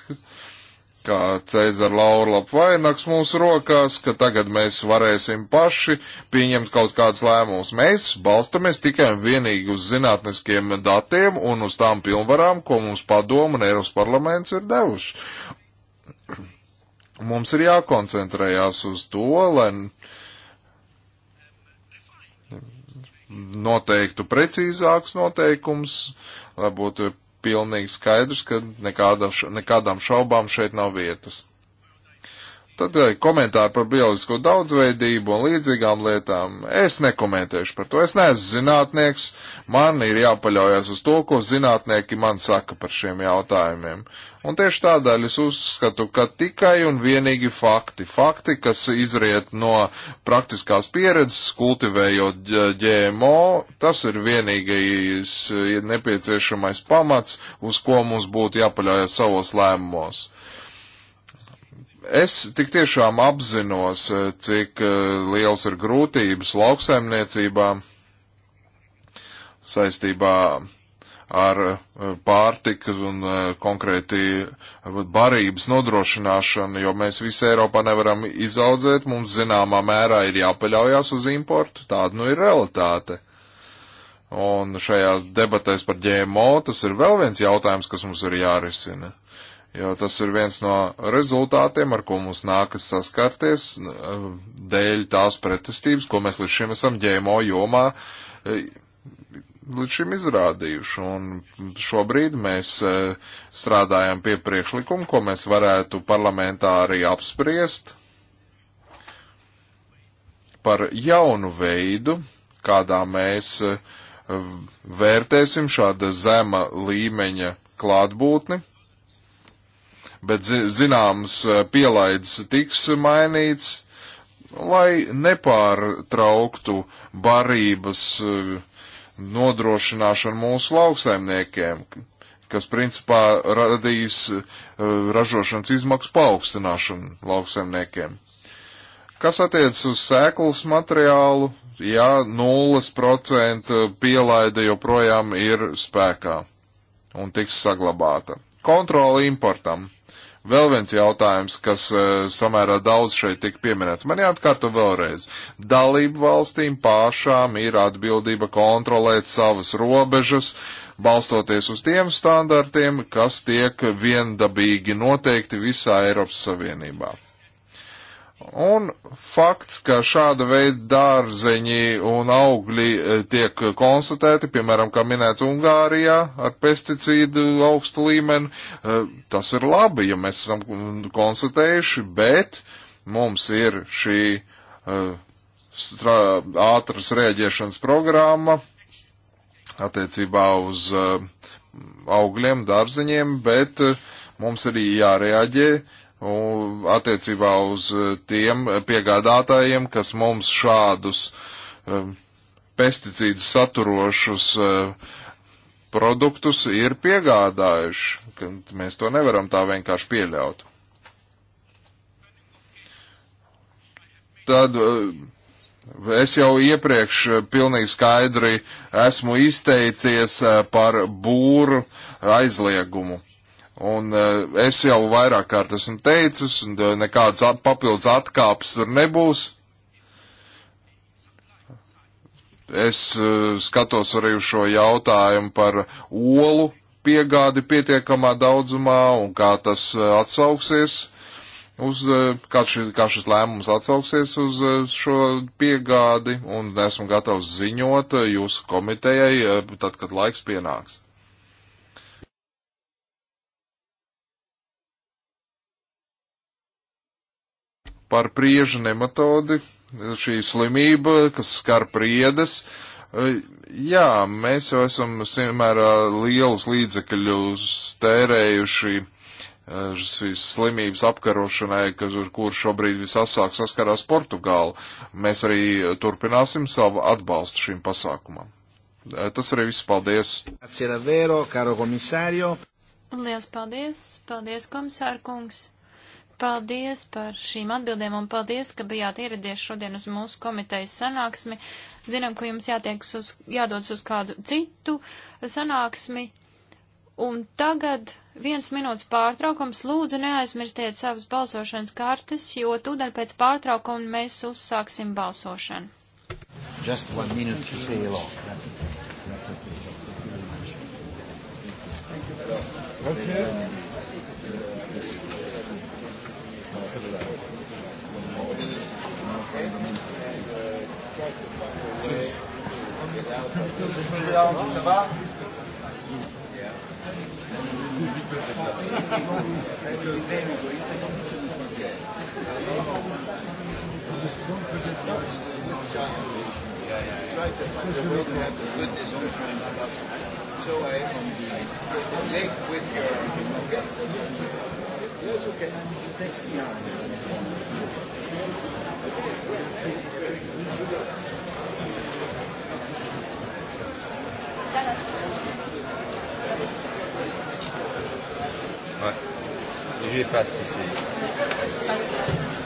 S3: kā Cēzara laurlapu vainags mūsu rokās, ka tagad mēs varēsim paši pieņemt kaut kādus lēmumus. Mēs balstamies tikai un vienīgi uz zinātniskiem datiem un uz tām pilnvarām, ko mums padomu un Eiropas parlaments ir devuši. Mums ir jākoncentrējās uz to, lai noteiktu precīzāks noteikums, lai būtu pilnīgi skaidrs, ka nekāda, nekādām šaubām šeit nav vietas. Tad komentāri par bioloģisko daudzveidību un līdzīgām lietām. Es nekomentēšu par to. Es neesmu zinātnieks. Man ir jāpaļaujas uz to, ko zinātnieki man saka par šiem jautājumiem. Un tieši tādēļ es uzskatu, ka tikai un vienīgi fakti, fakti, kas izriet no praktiskās pieredzes, kultivējot GMO, tas ir vienīgais nepieciešamais pamats, uz ko mums būtu jāpaļaujas savos lēmumos. Es tik tiešām apzinos, eh, cik eh, liels ir grūtības lauksaimniecībā saistībā ar eh, pārtikas un konkrēti barības nodrošināšanu, jo mēs visi Eiropā nevaram izaudzēt, mums zināmā mērā ir jāpaļaujas uz importu, tāda nu ir realitāte. Un šajās debatēs par ģēmo tas ir vēl viens jautājums, kas mums ir jārisina jo tas ir viens no rezultātiem, ar ko mums nākas saskarties eh, dēļ tās pretestības, ko mēs līdz šim esam ģēmo jomā eh, līdz šim izrādījuši. Un šobrīd mēs eh, strādājam pie priekšlikuma, ko mēs varētu parlamentā arī apspriest par jaunu veidu, kādā mēs vērtēsim šāda zema līmeņa klātbūtni bet zināms eh, pielaids tiks mainīts, lai nepārtrauktu barības eh, nodrošināšanu mūsu lauksaimniekiem, kas principā radīs eh, ražošanas izmaksu paaugstināšanu lauksaimniekiem. Kas attiec uz sēklas materiālu, jā, 0% pielaide joprojām ir spēkā un tiks saglabāta. Kontrola importam. Vēl viens jautājums, kas e, samērā daudz šeit tika pieminēts. Man jāatkārto vēlreiz. Dalību valstīm pašām ir atbildība kontrolēt savas robežas, balstoties uz tiem standartiem, kas tiek viendabīgi noteikti visā Eiropas Savienībā. Un fakts, ka šāda veida dārzeņi un augļi e, tiek konstatēti, piemēram, kā minēts Ungārijā ar pesticīdu augstu līmeni, e, tas ir labi, ja mēs esam konstatējuši, bet mums ir šī e, ātras rēģēšanas programma attiecībā uz augļiem, dārzeņiem, bet mums ir jārēģē attiecībā uz eh, tiem piegādātājiem, kas mums šādus eh, pesticīdus saturošus eh, produktus ir piegādājuši. Mēs to nevaram tā vienkārši pieļaut. Tad es jau iepriekš pilnīgi skaidri esmu izteicies par būru aizliegumu Un eh, es jau vairāk kārt esmu teicis, un eh, nekādas papildus atkāpes tur nebūs. Es eh, skatos arī uz šo jautājumu par olu piegādi pietiekamā daudzumā un kā tas atsauksies uz, kā, ši, kā šis lēmums atsauksies uz šo piegādi, un esmu gatavs ziņot jūsu komitejai, tad, kad laiks pienāks. par priežu nematodi, šī slimība, kas skar priedes. E, jā, mēs jau esam samērā lielus līdzekļus tērējuši e, šīs slimības apkarošanai, kas, ar kur šobrīd visasāk saskarās Portugāla. Mēs arī turpināsim savu atbalstu šim pasākumam. E, tas arī viss paldies.
S1: Liels
S4: paldies, paldies komisārkungs. Paldies par šīm atbildēm un paldies, ka bijāt ieradies šodien uz mūsu komitejas sanāksmi. Zinām, ka jums jātieks uz, jādodas uz kādu citu sanāksmi. Un tagad viens minūtes pārtraukums. Lūdzu, neaizmirstiet savas balsošanas kartes, jo tūdaļ pēc pārtraukuma mēs uzsāksim balsošanu.
S1: Just one minute to say hello. That's it. That's it. Thank you very much.
S3: Thank you.
S1: That's it.
S3: Ça va
S1: Try to find a way to have a good discussion about so I get link with your okay. Yes, okay. Thank you. Roger passe ici. Je passe là.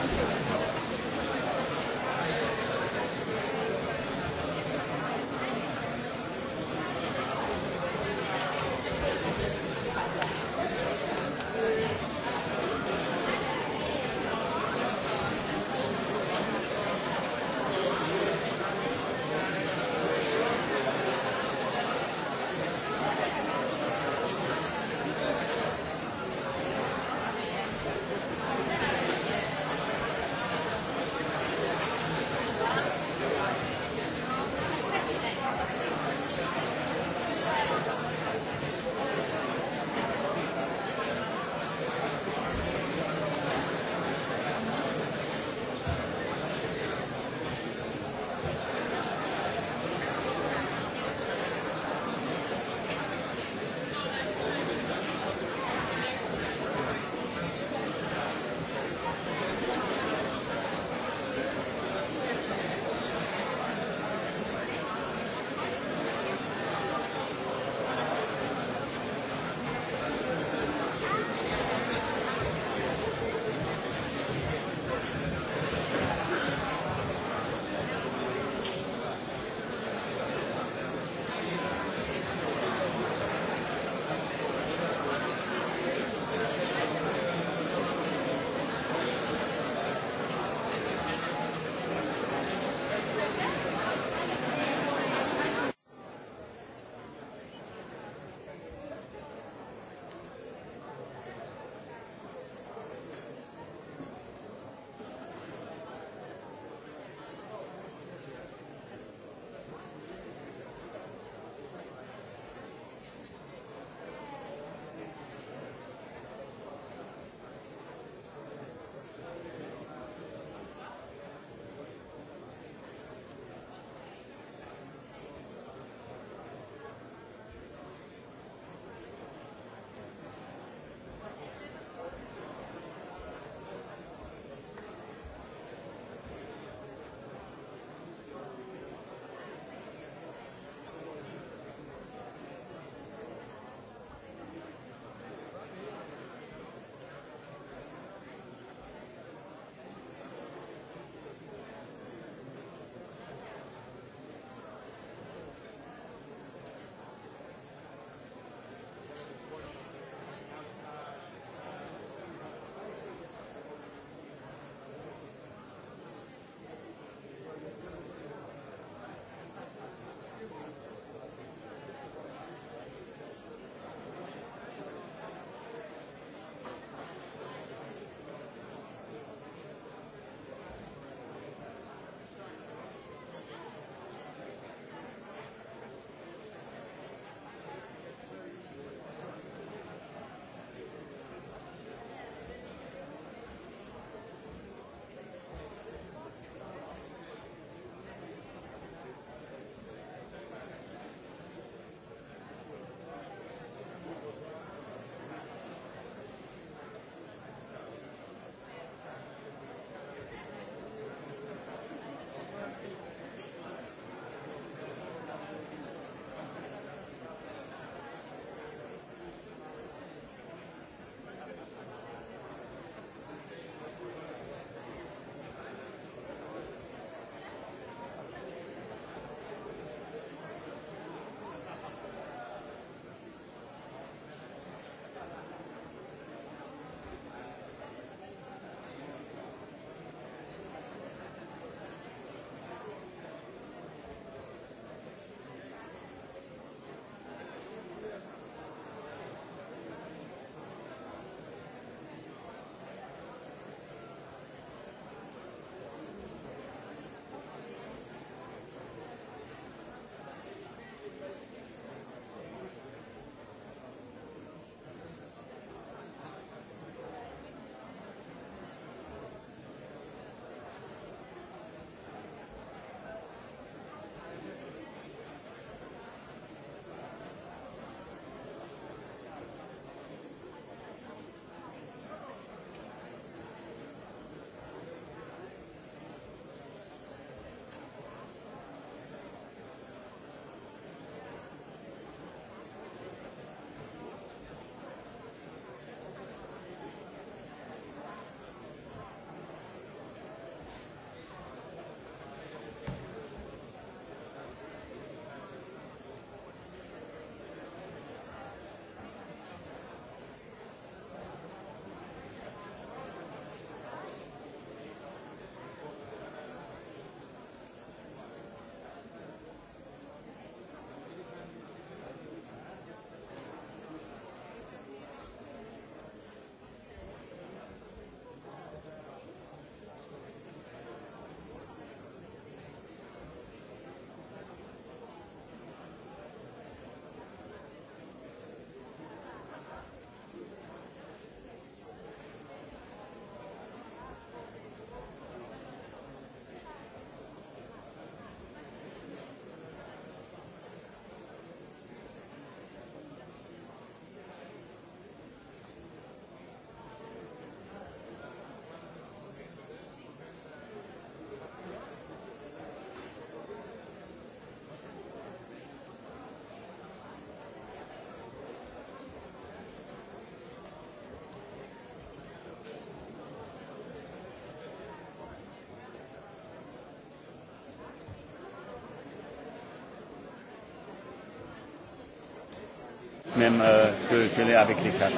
S1: même euh, que, que les, avec les cartes.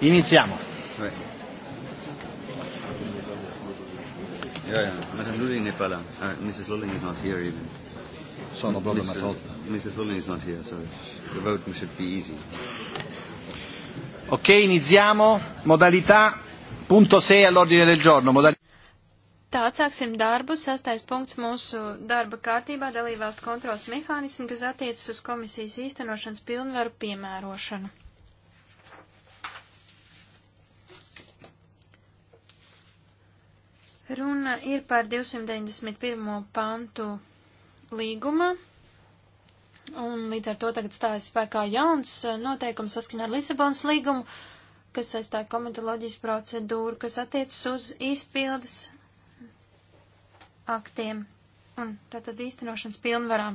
S1: Iniziamo. Ouais. Yeah, yeah. Madame Lulling n'est pas là. Uh, Mrs. Lulling is not here even. So no problem Mrs. at uh, all. Mrs. Lulling is not here, so the vote should be easy. Ok, iniziamo. Modalità punto 6 all'ordine del giorno. Modalità
S4: Sāksim darbu. Sastais punkts mūsu darba kārtībā - dalībvalstu kontrols mehānismi, kas attiecas uz komisijas īstenošanas pilnvaru piemērošanu. Runa ir par 291. pantu līguma, un līdz ar to tagad stājas spēkā jauns eh, noteikums saskaņā ar Lisabonas līgumu, kas saistāja komitoloģijas procedūru, kas attiecas uz izpildes aktiem un tātad īstenošanas pilnvarām.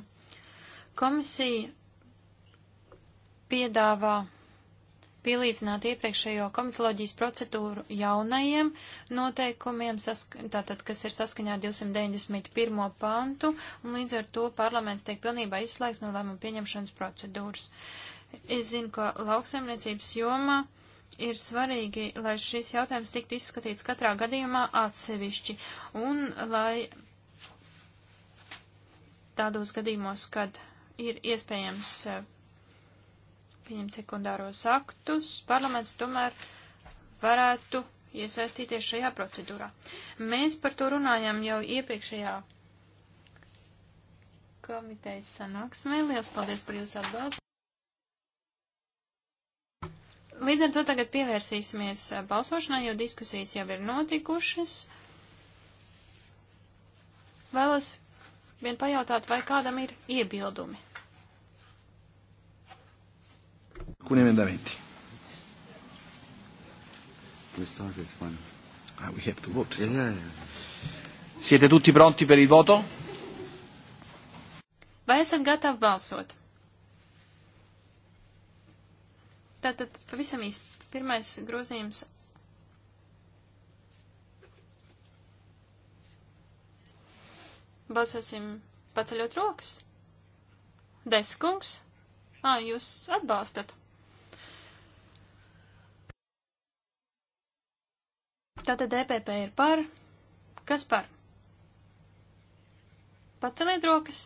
S4: Komisija piedāvā pielīdzināt iepriekšējo komitoloģijas procedūru jaunajiem noteikumiem, tātad, kas ir saskaņā ar 291. pantu, un līdz ar to parlaments tiek pilnībā izslēgts no lēmumu pieņemšanas procedūras. Es zinu, ka lauksaimniecības jomā uh, ir svarīgi, lai šis jautājums tiktu izskatīts katrā gadījumā atsevišķi un lai tādos gadījumos, kad ir iespējams eh, pieņemt sekundāros aktus, parlaments tomēr varētu iesaistīties šajā procedūrā. Mēs par to runājām jau iepriekšējā komitejas sanāksmē. Lielas paldies par jūsu atbalstu. Līdz ar to tagad pievērsīsimies balsošanai, jo diskusijas jau ir notikušas. Vēlos vien pajautāt, vai kādam ir iebildumi.
S1: Alcuni emendamenti. We start with one. Ah, we have to vote. Yeah, yeah, yeah. Siete tutti pronti per il voto?
S4: Vai esat gatavi balsot? Tātad pavisam īsti pirmais grozījums. Balsosim paceļot rokas. Deskungs. Ā, jūs atbalstat. Tātad EPP ir par. Kas par? Paceliet rokas.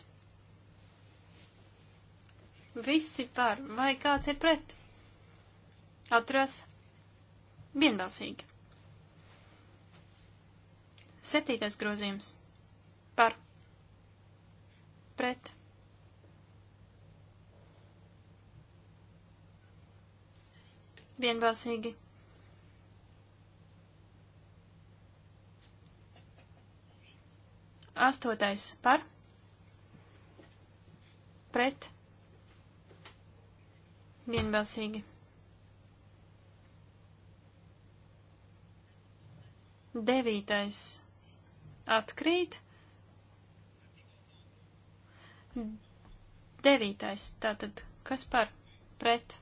S4: Visi par. Vai kāds ir pret? atturās vienbalsīgi. Septītais grozījums par pret. Vienbalsīgi. Astotais par pret. Vienbalsīgi. Devītais atkrīt. Devītais, tātad, kas par pret?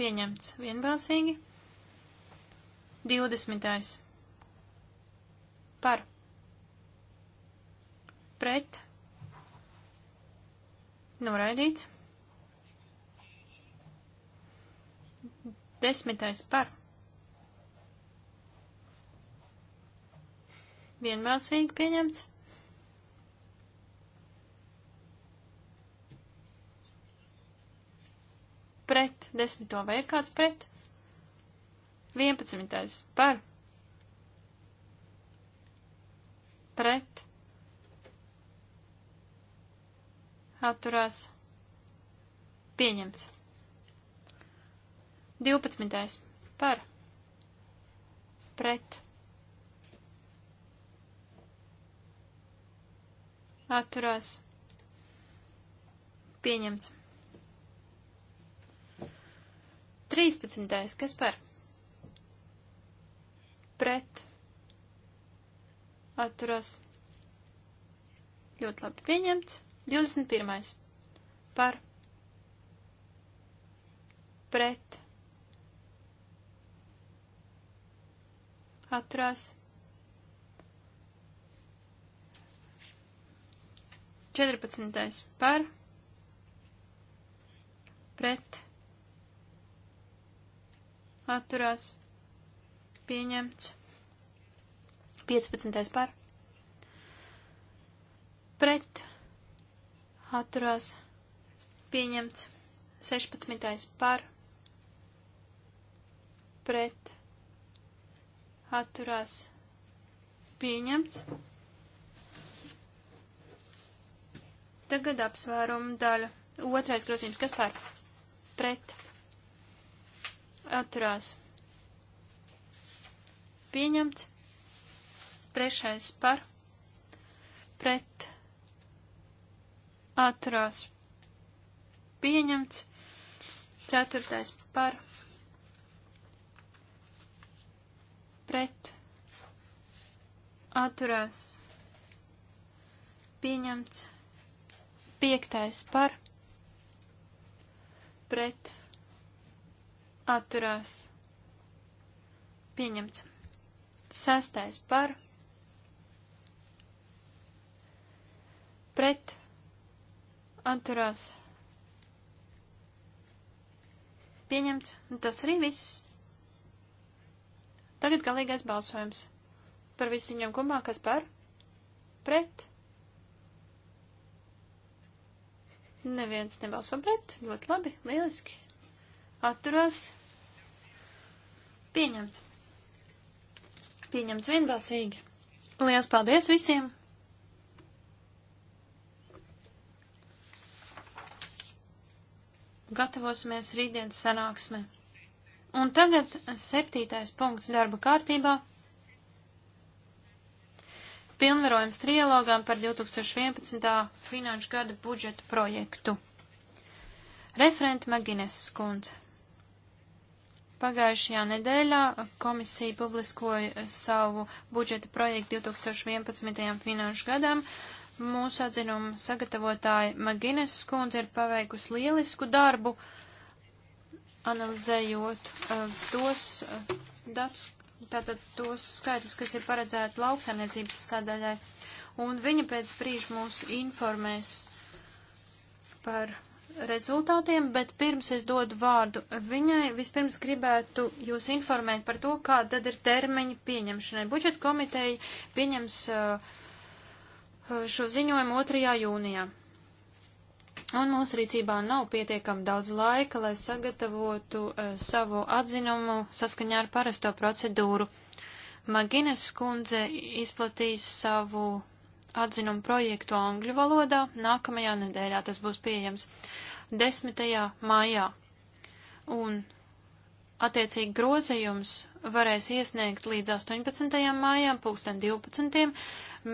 S4: Pieņemts vienbalsīgi. Divdesmitais par pret noraidīts. Desmitais par. Vienbalsīgi pieņemts. Pret. Desmito vai ir kāds pret? Vienpadsmitais par. Pret. Atturās. Pieņemts. 12. par pret atturās pieņemts. 13. kas par pret atturās ļoti labi pieņemts. 21. par pret atturās. 14. par pret atturās pieņemts. 15. par pret atturās pieņemts. 16. par pret atturās pieņemts. Tagad apsvērumu daļa. Otrais grozījums, kas pār pret atturās pieņemts. Trešais par pret atturās pieņemts. Ceturtais par pret pret, atturās, pieņemts, piektais par, pret, atturās, pieņemts, sastais par, pret, atturās, pieņemts, un tas arī viss. Tagad galīgais balsojums. Par visu viņam kopumā, kas par? Pret? Neviens nebalso pret. Ļoti labi, lieliski. Atturos. Pieņemts. Pieņemts vienbalsīgi. Lielas paldies visiem! Gatavosimies rītdienas sanāksmē. Un tagad septītais punkts darba kārtībā. Pilnvarojums trilogām par 2011. finanšu gada budžetu projektu. Referenti Magines skundze. Pagājušajā nedēļā komisija publiskoja savu budžeta projektu 2011. finanšu gadam. Mūsu atzinuma sagatavotāja Magines skundze ir paveikusi lielisku darbu. Uh, analizējot uh, tos uh, eh, datus, tātad tos skaitļus, kas ir paredzēti lauksaimniecības sadaļai, un viņa pēc brīža mūs informēs par rezultātiem, bet pirms es dodu vārdu viņai, vispirms gribētu jūs informēt par to, kāda tad ir termiņa pieņemšanai. Budžeta komiteja pieņems uh, šo ziņojumu 2. jūnijā un mūsu rīcībā nav pietiekami daudz laika, lai sagatavotu uh, savu atzinumu saskaņā ar parasto procedūru. Magines skundze izplatīs savu atzinumu projektu angļu valodā, nākamajā nedēļā tas būs pieejams 10. maijā. Un attiecīgi grozījums varēs iesniegt līdz 18. mājām, pulksten 12.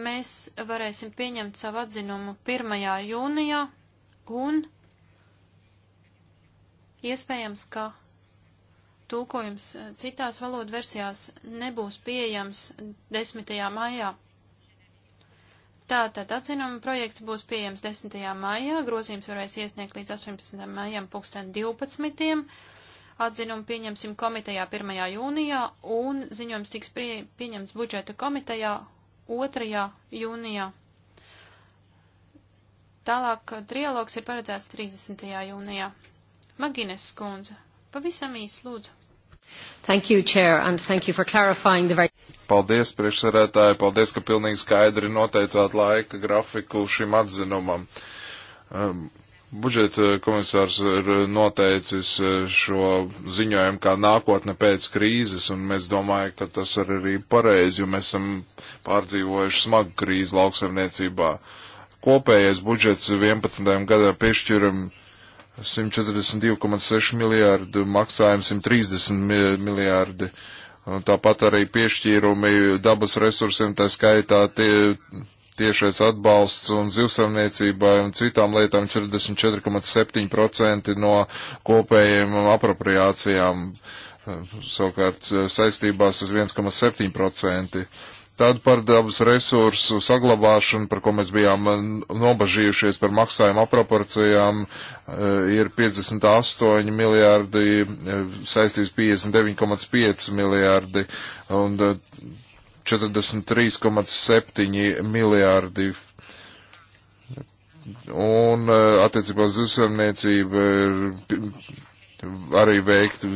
S4: Mēs varēsim pieņemt savu atzinumu 1. jūnijā, un iespējams, ka tulkojums eh, citās valodu versijās nebūs pieejams 10. maijā. Tātad atzinuma projekts būs pieejams 10. maijā, grozījums varēs iesniegt līdz 18. maijam 2012. Atzinumu pieņemsim komitejā 1. jūnijā un ziņojums tiks pie, pieņemts budžeta komitejā 2. jūnijā. Tālāk trialogs ir paredzēts 30. jūnijā. Magines skundze, pavisam īsi lūdzu.
S3: Thank you, Chair, and thank you for clarifying the very... Paldies, priekšsarētāji, paldies, ka pilnīgi skaidri noteicāt laika grafiku šim atzinumam. Um, Budžeta uh, komisārs ir noteicis uh, šo ziņojumu kā nākotne pēc krīzes, un mēs domājam, ka tas ir arī pareizi, jo mēs esam pārdzīvojuši smagu krīzi lauksaimniecībā. Uh, Kopējais budžets 11. gadā piešķiram 142,6 miljārdu, maksājumi 130 miljārdi. Un tāpat arī piešķīrumi dabas resursiem, tā skaitā tie, tiešais atbalsts un zivsaimniecībai un citām lietām 44,7% no kopējiem apropriācijām, savukārt saistībās uz 1,7%. Tad par dabas resursu saglabāšanu, par ko mēs bijām eh, nobažījušies par maksājuma aproporcijām, eh, ir 58 miljārdi, eh, saistības 59,5 miljārdi un 43,7 miljārdi. Un attiecībā uz uzsaimniecību ir arī veikt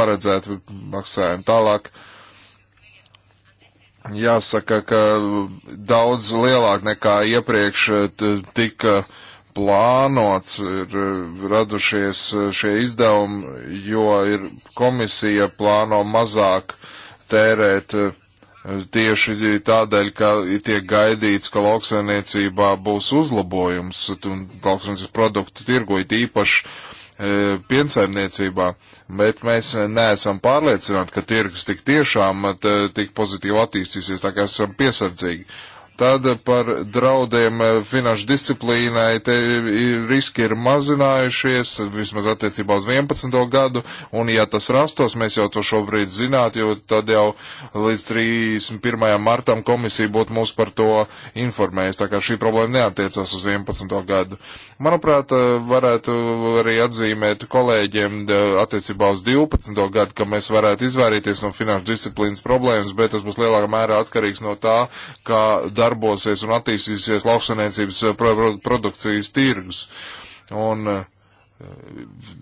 S3: paredzētu maksājumu tālāk. Uh, jāsaka, ka daudz lielāk nekā iepriekš eh, tika plānots, ir eh, radušies eh, šie izdevumi, jo ir komisija plāno mazāk tērēt tieši tādēļ, ka tiek gaidīts, ka lauksainiecībā būs uzlabojums un lauksainiecības produktu tirgoji īpaši E, piensaimniecībā, bet mēs neesam pārliecināti, ka tirgus tik tiešām e, tik pozitīvi attīstīsies, tā kā esam piesardzīgi. Uh, Tad par draudiem eh, finanšu disciplīnai te riski ir mazinājušies, vismaz attiecībā uz 11. gadu, un ja tas rastos, mēs jau to šobrīd zinātu, jo tad jau līdz 31. martam komisija būtu mūs par to informējusi, tā kā šī problēma neatiecās uz 11. gadu. Manuprāt, eh, varētu arī atzīmēt kolēģiem eh, attiecībā uz 12. gadu, ka mēs varētu izvairīties no finanšu disciplīnas problēmas, bet tas būs lielākā mērā atkarīgs no tā, kā darbosies un attīstīsies lauksanēcības eh, produkcijas tirgus. Un eh,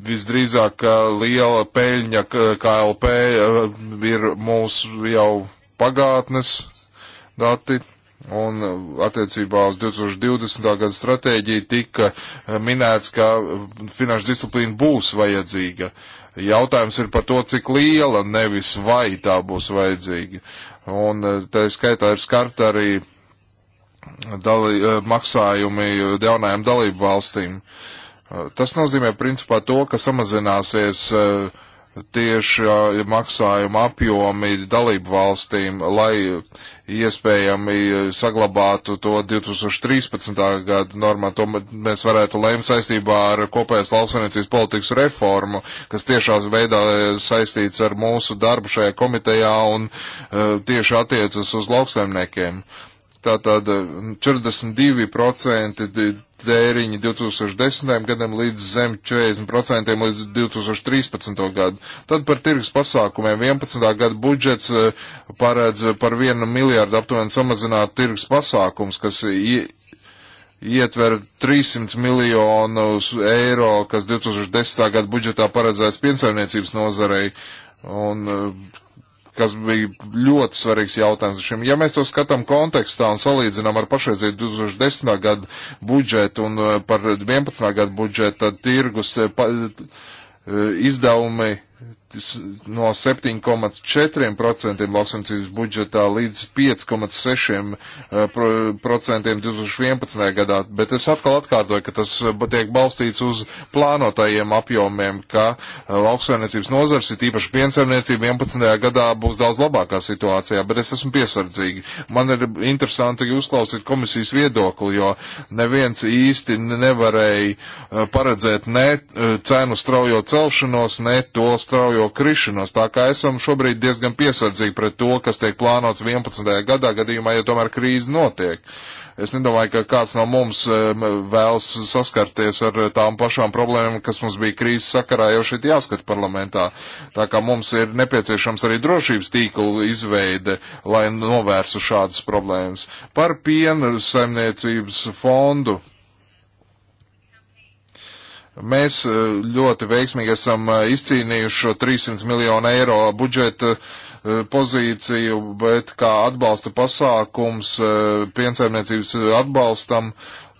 S3: visdrīzāk, ka liela peļņa KLP eh, ir mūsu jau pagātnes dati. Un attiecībā uz 2020. gada stratēģiju tika minēts, ka finanšu disciplīna būs vajadzīga. Jautājums ir par to, cik liela, nevis vai tā būs vajadzīga. Un tā skaitā ir skarta arī dali, eh, maksājumi jaunajām dalību valstīm. Eh, tas nozīmē principā to, ka samazināsies eh, tieši maksājuma apjomi dalību valstīm, lai iespējami saglabātu to 2013. gada normā. To mēs varētu lēmt saistībā ar kopējas lauksainiecības politikas reformu, kas tiešās veidā saistīts ar mūsu darbu šajā komitejā un tieši attiecas uz lauksaimniekiem. Uh, Tātad 42% tēriņi 2010. gadam līdz zem 40% līdz 2013. gadu. Tad par tirgus pasākumiem 11. gada budžets e, paredz par 1 miljārdu aptuveni samazināt tirgus pasākums, kas ietver 300 miljonus eiro, kas 2010. gada budžetā paredzēts piensaimniecības nozarei. Un e, kas bija ļoti svarīgs jautājums šim. Ja mēs to skatām kontekstā un salīdzinām ar pašreizēju 2010. gadu budžetu un eh, par 11. gadu budžetu, tad tirgus eh, pa, eh, izdevumi no 7,4% lauksaimniecības budžetā līdz 5,6% 2011. Eh, gadā, bet es atkal atkārtoju, ka tas eh, tiek balstīts uz plānotajiem apjomiem, ka eh, lauksaimniecības nozars, ir īpaši piensaimniecība, 11. gadā būs daudz labākā situācijā, bet es esmu piesardzīgi. Man ir interesanti uzklausīt komisijas viedokli, jo neviens īsti nevarēja paredzēt ne cenu straujo celšanos, ne to straujo straujo krišanos, tā kā esam šobrīd diezgan piesardzīgi pret to, kas tiek plānots 11. gadā gadījumā, ja tomēr krīze notiek. Es nedomāju, ka kāds no mums vēlas saskarties ar tām pašām problēmām, kas mums bija krīzes sakarā jau šeit jāskata parlamentā. Tā kā mums ir nepieciešams arī drošības tīkla izveide, lai novērstu šādas problēmas. Par piena saimniecības fondu Mēs eh, ļoti veiksmīgi esam eh, izcīnījuši šo 300 miljonu eiro budžeta eh, pozīciju, bet kā atbalsta pasākums piensaimniecības atbalstam,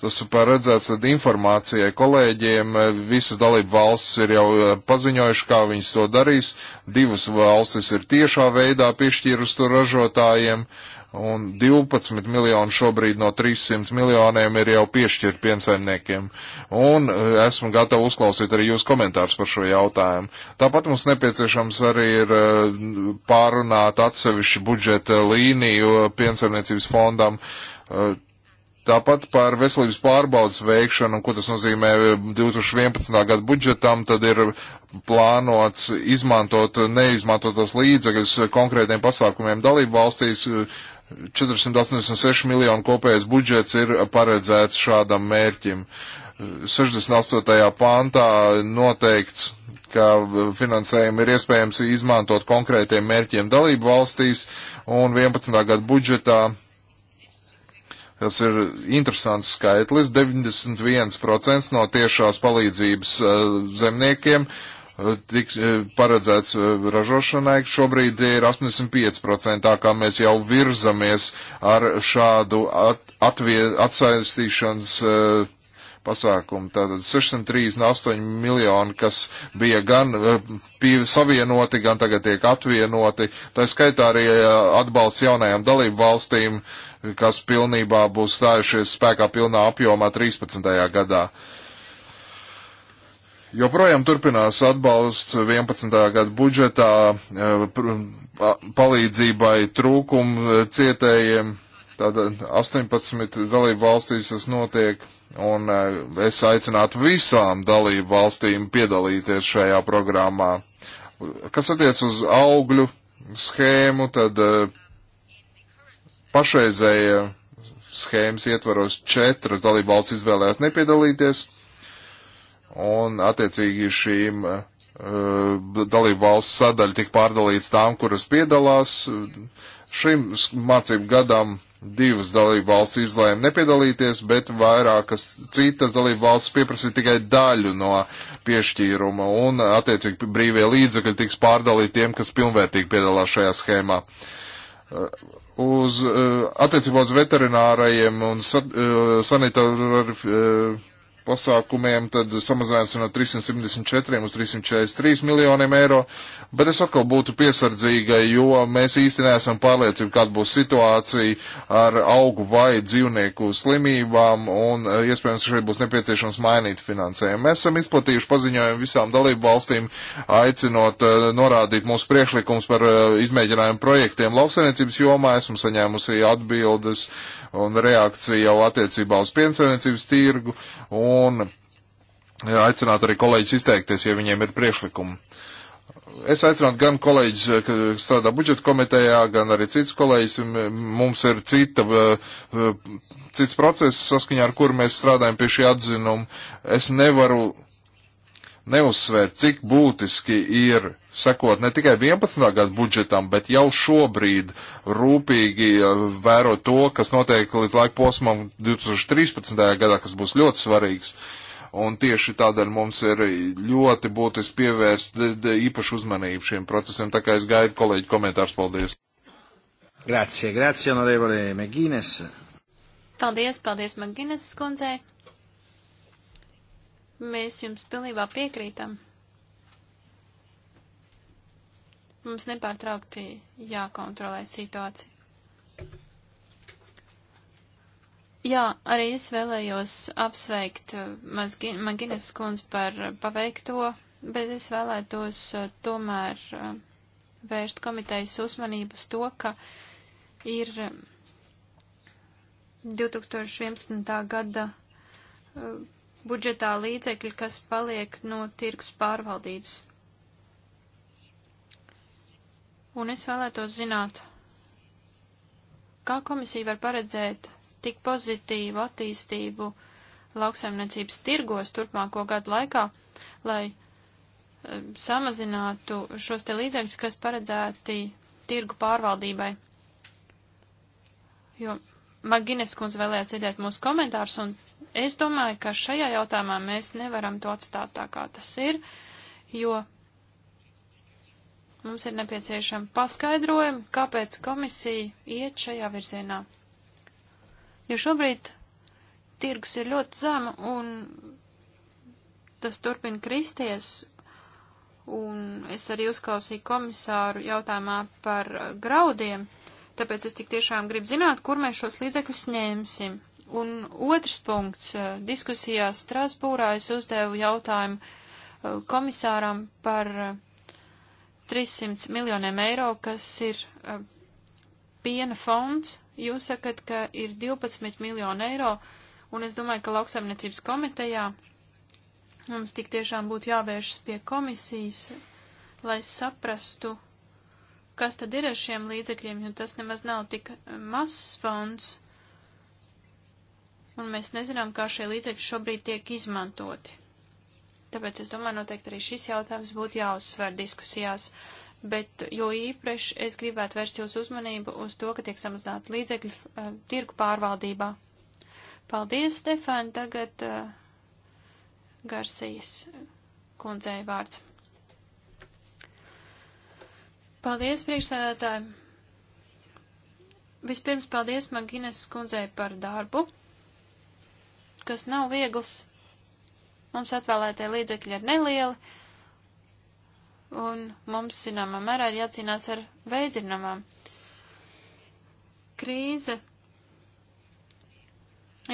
S3: tas paredzēts informācijai kolēģiem. Visas dalību valstis ir jau paziņojuši, kā viņas to darīs. Divas valstis ir tiešā veidā piešķīrus to ražotājiem. Uh, un 12 miljoni šobrīd no 300 miljoniem ir jau piešķirt piensaimniekiem. Un e, esmu gatavs uzklausīt arī jūs komentārus par šo jautājumu. Tāpat mums nepieciešams arī ir e, pārunāt atsevišķu budžeta līniju piensaimniecības fondam. E, tāpat par veselības pārbaudas veikšanu, ko tas nozīmē 2011. gada budžetam, tad ir plānots izmantot neizmantotos līdzekļus konkrētiem pasākumiem dalību valstīs, 486 miljonu kopējais budžets ir paredzēts šādam mērķim. 68. pāntā noteikts, ka finansējumu ir iespējams izmantot konkrētiem mērķiem dalību valstīs un 11. gada budžetā. Tas ir interesants skaitlis - 91% no tiešās palīdzības eh, zemniekiem uh, tiks eh, paredzēts eh, ražošanai. Šobrīd ir 85%, tā kā mēs jau virzamies ar šādu at, atvie, atsaistīšanas uh, pasākumu. Tātad 638 miljoni, kas bija gan savienoti, gan tagad tiek atvienoti. Tā skaitā arī atbalsts jaunajām dalību valstīm, kas pilnībā būs stājušies spēkā pilnā apjomā 13. gadā. Uh, Joprojām turpinās atbalsts 11. gada budžetā eh, palīdzībai trūkumu eh, cietējiem. Tāda eh, 18 dalību valstīs tas notiek, un es aicinātu visām dalību valstīm piedalīties šajā programmā. Kas attiec uz augļu schēmu, tad pašreizēja schēmas ietvaros četras dalību valsts izvēlējās nepiedalīties un attiecīgi šīm uh, dalību valsts sadaļa tika pārdalīts tām, kuras piedalās. Šim mācību gadam divas dalību valsts izlēma nepiedalīties, bet vairākas citas dalību valsts pieprasīja tikai daļu no piešķīruma, un attiecīgi brīvie līdzekļi tiks pārdalīti tiem, kas pilnvērtīgi piedalās šajā schēmā. Uh, uz, uh, attiecībā uz veterinārajiem un sa, sanitāru pasākumiem, tad samazināts no 374 uz 343 miljoniem eiro, bet es atkal būtu piesardzīga, jo mēs īsti neesam pārliecība, kāda būs situācija ar augu vai dzīvnieku slimībām, un eh, iespējams šeit būs nepieciešams mainīt finansējumu. Mēs esam izplatījuši paziņojumu visām dalību valstīm, aicinot eh, norādīt mūsu priekšlikums par eh, izmēģinājumu projektiem lauksainiecības jomā, esam saņēmusi atbildes un reakciju jau attiecībā uz piensainiecības tirgu. Un un e, aicināt arī kolēģis izteikties, ja viņiem ir priekšlikumi. Es aicinātu gan kolēģis, e, kas strādā budžeta komitejā, gan arī cits kolēģis. Mums ir cita, e, cits process, saskaņā ar kuru mēs strādājam pie šī atzinuma. Es nevaru neuzsvērt, cik būtiski ir sekot ne tikai 11. gadu budžetam, bet jau šobrīd rūpīgi eh, vērot to, kas notiek līdz laika posmam 2013. gadā, kas būs ļoti svarīgs. Un tieši tādēļ mums ir ļoti būtiski pievērst īpašu uzmanību šiem procesiem, tā kā es gaidu kolēģi komentārus. Paldies! Grazie, grazie, onorevole Megines.
S4: Paldies, paldies, Megines skundzei. Mēs jums pilnībā piekrītam. Mums nepārtraukti jākontrolē situācija. Jā, arī es vēlējos apsveikt uh, Maginas kundz par uh, paveikto, bet es vēlētos uh, tomēr vērst komitejas uzmanību uz to, ka ir 2011. Um, gada budžetā līdzekļi, kas paliek no tirgus pārvaldības. Un es vēlētos zināt, kā komisija var paredzēt tik pozitīvu attīstību lauksaimniecības tirgos turpmāko gadu laikā, lai eh, samazinātu šos te līdzekļus, kas paredzēti tirgu pārvaldībai. Jo Magines kundze vēlējās dzirdēt mūsu komentārus, un Es domāju, ka šajā jautājumā mēs nevaram to atstāt tā, kā tas ir, jo mums ir nepieciešama paskaidrojuma, kāpēc komisija iet šajā virzienā. Jo šobrīd tirgus ir ļoti zema un tas turpina kristies, un es arī uzklausīju komisāru jautājumā par graudiem, tāpēc es tik tiešām gribu zināt, kur mēs šos līdzekļus ņēmsim. Un otrs punkts. Eh, diskusijā Strasbūrā es uzdevu jautājumu eh, komisāram par 300 eh, miljoniem eiro, kas ir piena fonds. Jūs sakat, ka ir 12 miljoni eiro, un es domāju, ka lauksaimniecības komitejā mums tik tiešām būtu jāvēršas pie komisijas, lai saprastu, kas tad ir ar šiem līdzekļiem, jo tas nemaz nav tik mazs fonds un mēs nezinām, kā šie līdzekļi šobrīd tiek izmantoti. Tāpēc es domāju, noteikti arī šis jautājums būtu jāuzsver diskusijās, bet jo īpaši es gribētu vērst jūsu uzmanību uz to, ka tiek samazināti līdzekļi uh, eh, tirku pārvaldībā. Paldies, Stefan, tagad uh, Garsijas kundzei vārds. Paldies, priekšsēdētāji! Vispirms paldies Maginas kundzei par darbu kas nav viegls. Mums atvēlētie līdzekļi ir nelieli, un mums, zināmā mērā, ir jācīnās ar veidzinamām. Krīze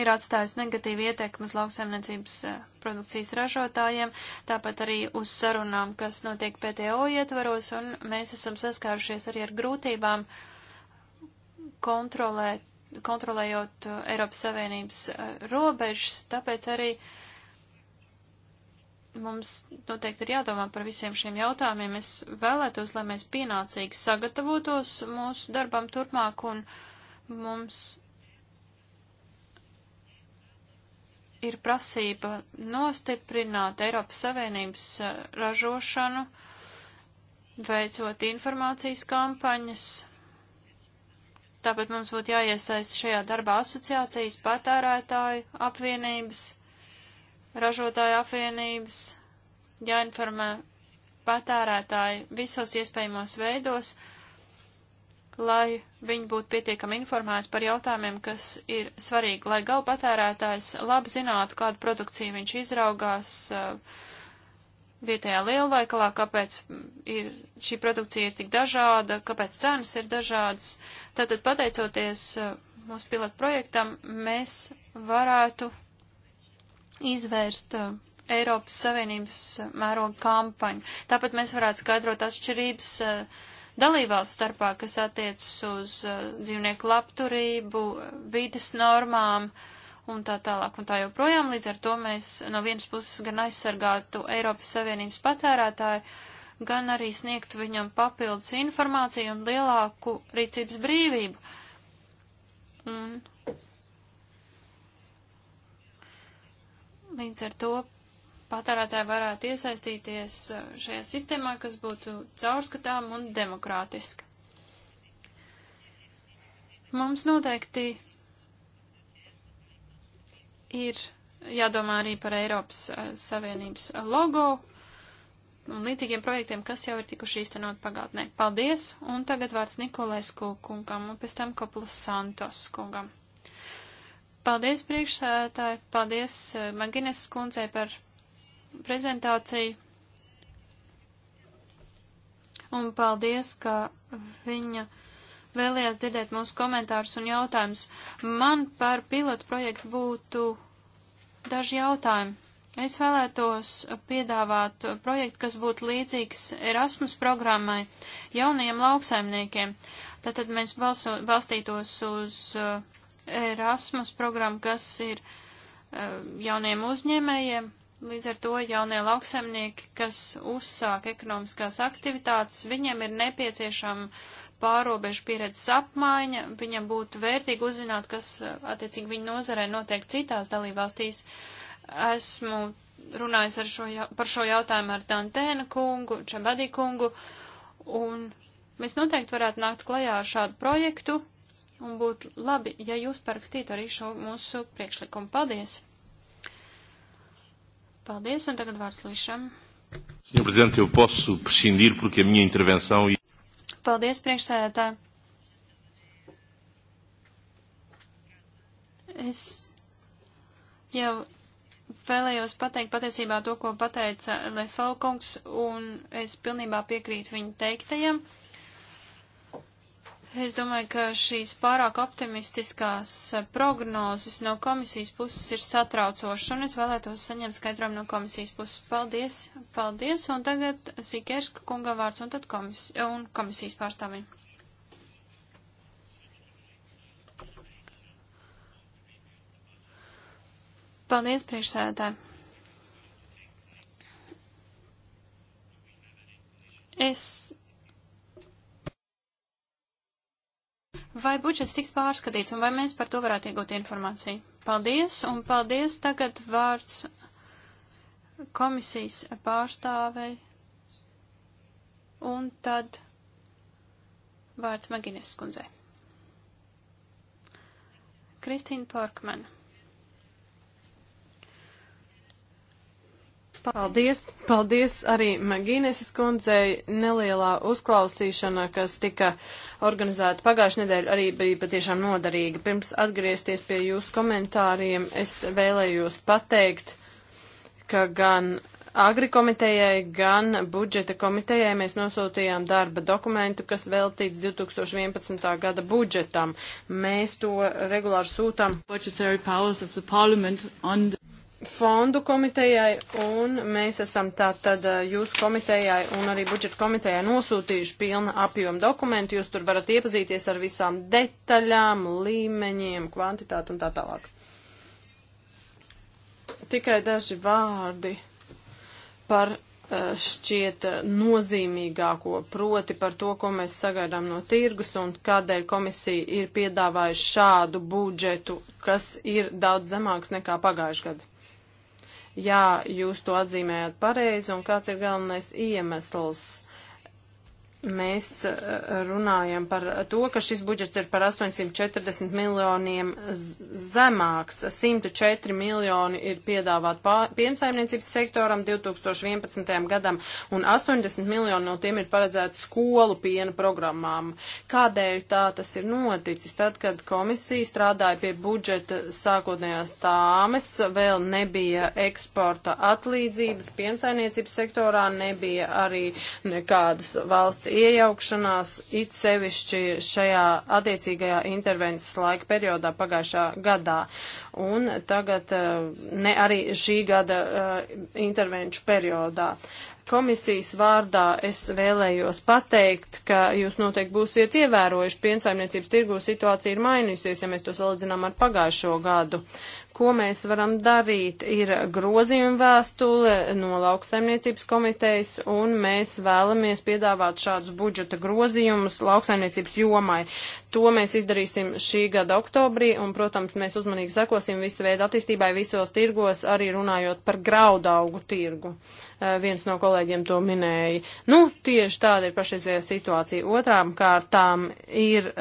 S4: ir atstājusi negatīvu ietekmes lauksaimniecības eh, produkcijas ražotājiem, tāpat arī uz sarunām, kas notiek PTO ietvaros, un mēs esam saskārušies arī ar grūtībām kontrolēt kontrolējot uh, Eiropas Savienības uh, robežas, tāpēc arī mums noteikti ir jādomā par visiem šiem jautājumiem. Es vēlētos, lai mēs pienācīgi sagatavotos mūsu darbam turpmāk un mums ir prasība nostiprināt Eiropas Savienības uh, ražošanu, veicot informācijas kampaņas, Tāpēc mums būtu jāiesaist šajā darbā asociācijas, patērētāju apvienības, ražotāju apvienības, jāinformē patērētāji visos iespējamos veidos, lai viņi būtu pietiekami informēti par jautājumiem, kas ir svarīgi, lai gal patērētājs labi zinātu, kādu produkciju viņš izraugās, uh, vietējā lielveikalā, kāpēc ir, šī produkcija ir tik dažāda, kāpēc cenas ir dažādas. Tātad, pateicoties eh, mūsu pilotu projektam, mēs varētu izvērst eh, Eiropas Savienības eh, mēroga kampaņu. Tāpat mēs varētu skaidrot atšķirības dalībvalstu starpā, kas attiecas uz dzīvnieku labturību, vides normām, uh, un tā tālāk un tā joprojām. Līdz ar to mēs no vienas puses gan aizsargātu Eiropas Savienības patērētāju, gan arī sniegtu viņam papildus informāciju un lielāku rīcības brīvību. Un līdz ar to patērētāji varētu iesaistīties uh, šajā sistēmā, kas būtu caurskatām un demokrātiska. Mums noteikti Ir jādomā arī par Eiropas eh, Savienības eh, logo un līdzīgiem projektiem, kas jau ir tikuši īstenot pagātnē. Paldies, un tagad vārds Nikolēsku kungam, un pēc tam Koplas Santos kungam. Paldies priekšsētāji, paldies eh, Magines kundzei par prezentāciju, un paldies, ka viņa vēlējās dzirdēt mūsu komentārus un jautājumus. Man par pilotu projektu būtu daži jautājumi. Es vēlētos piedāvāt projektu, kas būtu līdzīgs Erasmus programmai jaunajiem lauksaimniekiem. Tātad mēs balso, balstītos uz uh, Erasmus programmu, kas ir uh, jauniem uzņēmējiem, Līdz ar to jaunie lauksaimnieki, kas uzsāk ekonomiskās aktivitātes, viņiem ir nepieciešama pārobežu pieredzes apmaiņa, viņam būtu vērtīgi uzzināt, kas eh, attiecīgi viņa nozarē notiek citās dalībvalstīs. Esmu runājis ar šo, par šo jautājumu ar Dantēna kungu, Čabadī kungu, un mēs noteikti varētu nākt klajā ar šādu projektu, un būtu labi, ja jūs parakstītu arī šo mūsu priekšlikumu. Paldies! Paldies, un tagad vārds Luišam.
S3: Senhor Presidente, eu posso prescindir porque a minha intervenção. E
S4: Paldies, priekšsēdētāji! Es jau vēlējos pateikt patiesībā to, ko pateica Lefaukungs, un es pilnībā piekrītu viņa teiktajam. Uh, Es domāju, ka šīs pārāk optimistiskās eh, prognozes no komisijas puses ir satraucošas, un es vēlētos saņemt skaidrojumu no komisijas puses. Paldies, paldies, un tagad Sikerska kunga vārds, un tad komis, un komisijas pārstāvim. Paldies, priekšsēdētāji. Es Vai budžets tiks pārskatīts un vai mēs par to varētu iegūt informāciju? Paldies un paldies. Tagad vārds komisijas pārstāvei un tad vārds Maginies skundzei. Kristīna Porkmana.
S2: Paldies, paldies arī Magīneses kundzei. Nelielā uzklausīšana, kas tika organizēta pagājušajā nedēļā, arī bija patiešām noderīga. Pirms atgriezties pie jūsu komentāriem, es vēlējos pateikt, ka gan Agri komitejai, gan budžeta komitejai mēs nosūtījām darba dokumentu, kas veltīts 2011. gada budžetam. Mēs to regulāri sūtām. The fondu komitejai, un mēs esam tātad jūsu komitejai un arī budžeta komitejai nosūtījuši pilna apjoma dokumentu. Jūs tur varat iepazīties ar visām detaļām, līmeņiem, kvantitātu un tā tālāk. Tikai daži vārdi par šķiet nozīmīgāko, proti par to, ko mēs sagaidām no tirgus un kādēļ komisija ir piedāvājusi šādu budžetu, kas ir daudz zemāks nekā pagājušajā gadā. Jā, jūs to atzīmējat pareizi, un kāds ir galvenais iemesls? mēs eh, runājam par to, ka šis budžets ir par 840 miljoniem zemāks. 104 miljoni ir piedāvāt piensaimniecības sektoram 2011. gadam, un 80 miljoni no tiem ir paredzēti skolu piena programmām. Kādēļ tā tas ir noticis? Tad, kad komisija strādāja pie budžeta sākotnējās tāmes, vēl nebija eksporta atlīdzības piensaimniecības sektorā, nebija arī nekādas valsts iejaukšanās it sevišķi šajā attiecīgajā intervences laika periodā pagājušā gadā. Un tagad eh, ne arī šī gada eh, intervenču periodā. Komisijas vārdā es vēlējos pateikt, ka jūs noteikti būsiet ievērojuši piensaimniecības tirgū situācija ir mainījusies, ja mēs to salīdzinām ar pagājušo gadu. Ko mēs varam darīt? Ir grozījuma vēstule no lauksaimniecības komitejas, un mēs vēlamies piedāvāt šādus budžeta grozījumus lauksaimniecības jomai. To mēs izdarīsim šī gada oktobrī, un, protams, mēs uzmanīgi sekosim visu veidu attīstībai visos tirgos, arī runājot par graudaugu tirgu. Uh, viens no kolēģiem to minēja. Nu, tieši tāda ir pašreizējā situācija. Otrām kārtām ir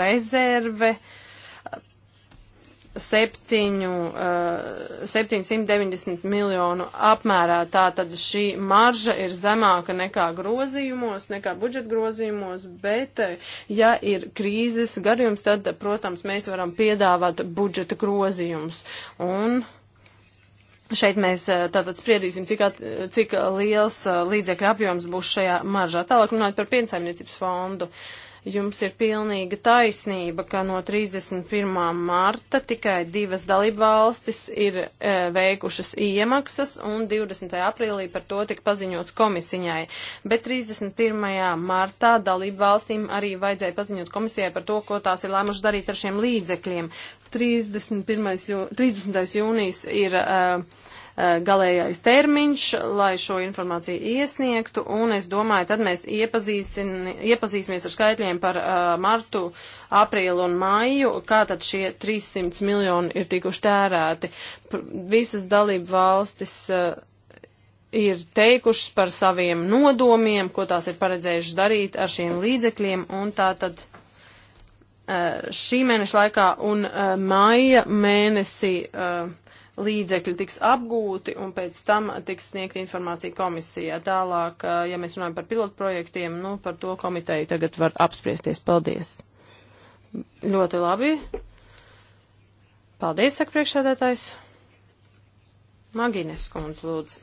S2: rezerve. Uh, 7, uh, 790 miljonu apmērā. Tātad šī marža ir zemāka nekā grozījumos, nekā budžeta grozījumos, bet eh, ja ir krīzes garjums, tad, protams, mēs varam piedāvāt budžeta grozījumus. Un šeit mēs eh, tātad spriedīsim, cik, at, cik liels eh, līdzekļu apjoms būs šajā maržā. Tālāk runājot par piensaimniecības fondu. Uh, Jums ir pilnīga taisnība, ka no 31. marta tikai divas dalībvalstis ir e, veikušas iemaksas un 20. aprīlī par to tika paziņots komisijai. Bet 31. martā dalībvalstīm arī vajadzēja paziņot komisijai par to, ko tās ir lēmušas darīt ar šiem līdzekļiem. 31. Jū, 30. jūnijas ir. E, Eh, galējais termiņš, lai šo informāciju iesniegtu, un es domāju, tad mēs iepazīsimies ar skaitļiem par uh, martu, aprīlu un maiju, kā tad šie 300 miljoni ir tikuši tērēti. P visas dalību valstis. Uh, ir teikušas par saviem nodomiem, ko tās ir paredzējušas darīt ar šiem līdzekļiem, un tā tad šī mēneša laikā un uh, maija mēnesī uh, līdzekļi tiks apgūti un pēc tam tiks sniegta informācija komisijā. Tālāk, ja mēs runājam par pilotprojektiem, nu, par to komiteju tagad var apspriesties. Paldies! Ļoti labi. Paldies, saka priekšsēdētājs. Magīnes skundz lūdzu.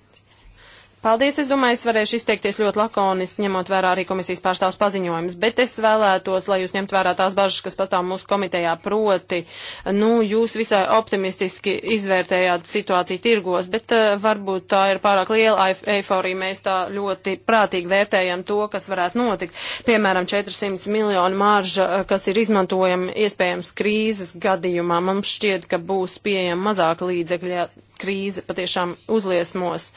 S2: Paldies, es domāju, es varēšu izteikties ļoti lakoniski, ņemot vērā arī komisijas pārstāvs paziņojums, bet es vēlētos, lai jūs ņemt vērā tās bažas, kas pastāv mūsu komitejā proti. Nu, jūs visai optimistiski izvērtējāt situāciju tirgos, bet uh, varbūt tā ir pārāk liela eiforija, mēs tā ļoti prātīgi vērtējam to, kas varētu notikt. Piemēram, 400 miljonu marža, eh, kas ir izmantojama iespējams krīzes gadījumā, mums šķiet, ka būs pieejama mazāk līdzekļu krīze patiešām uzliesmos.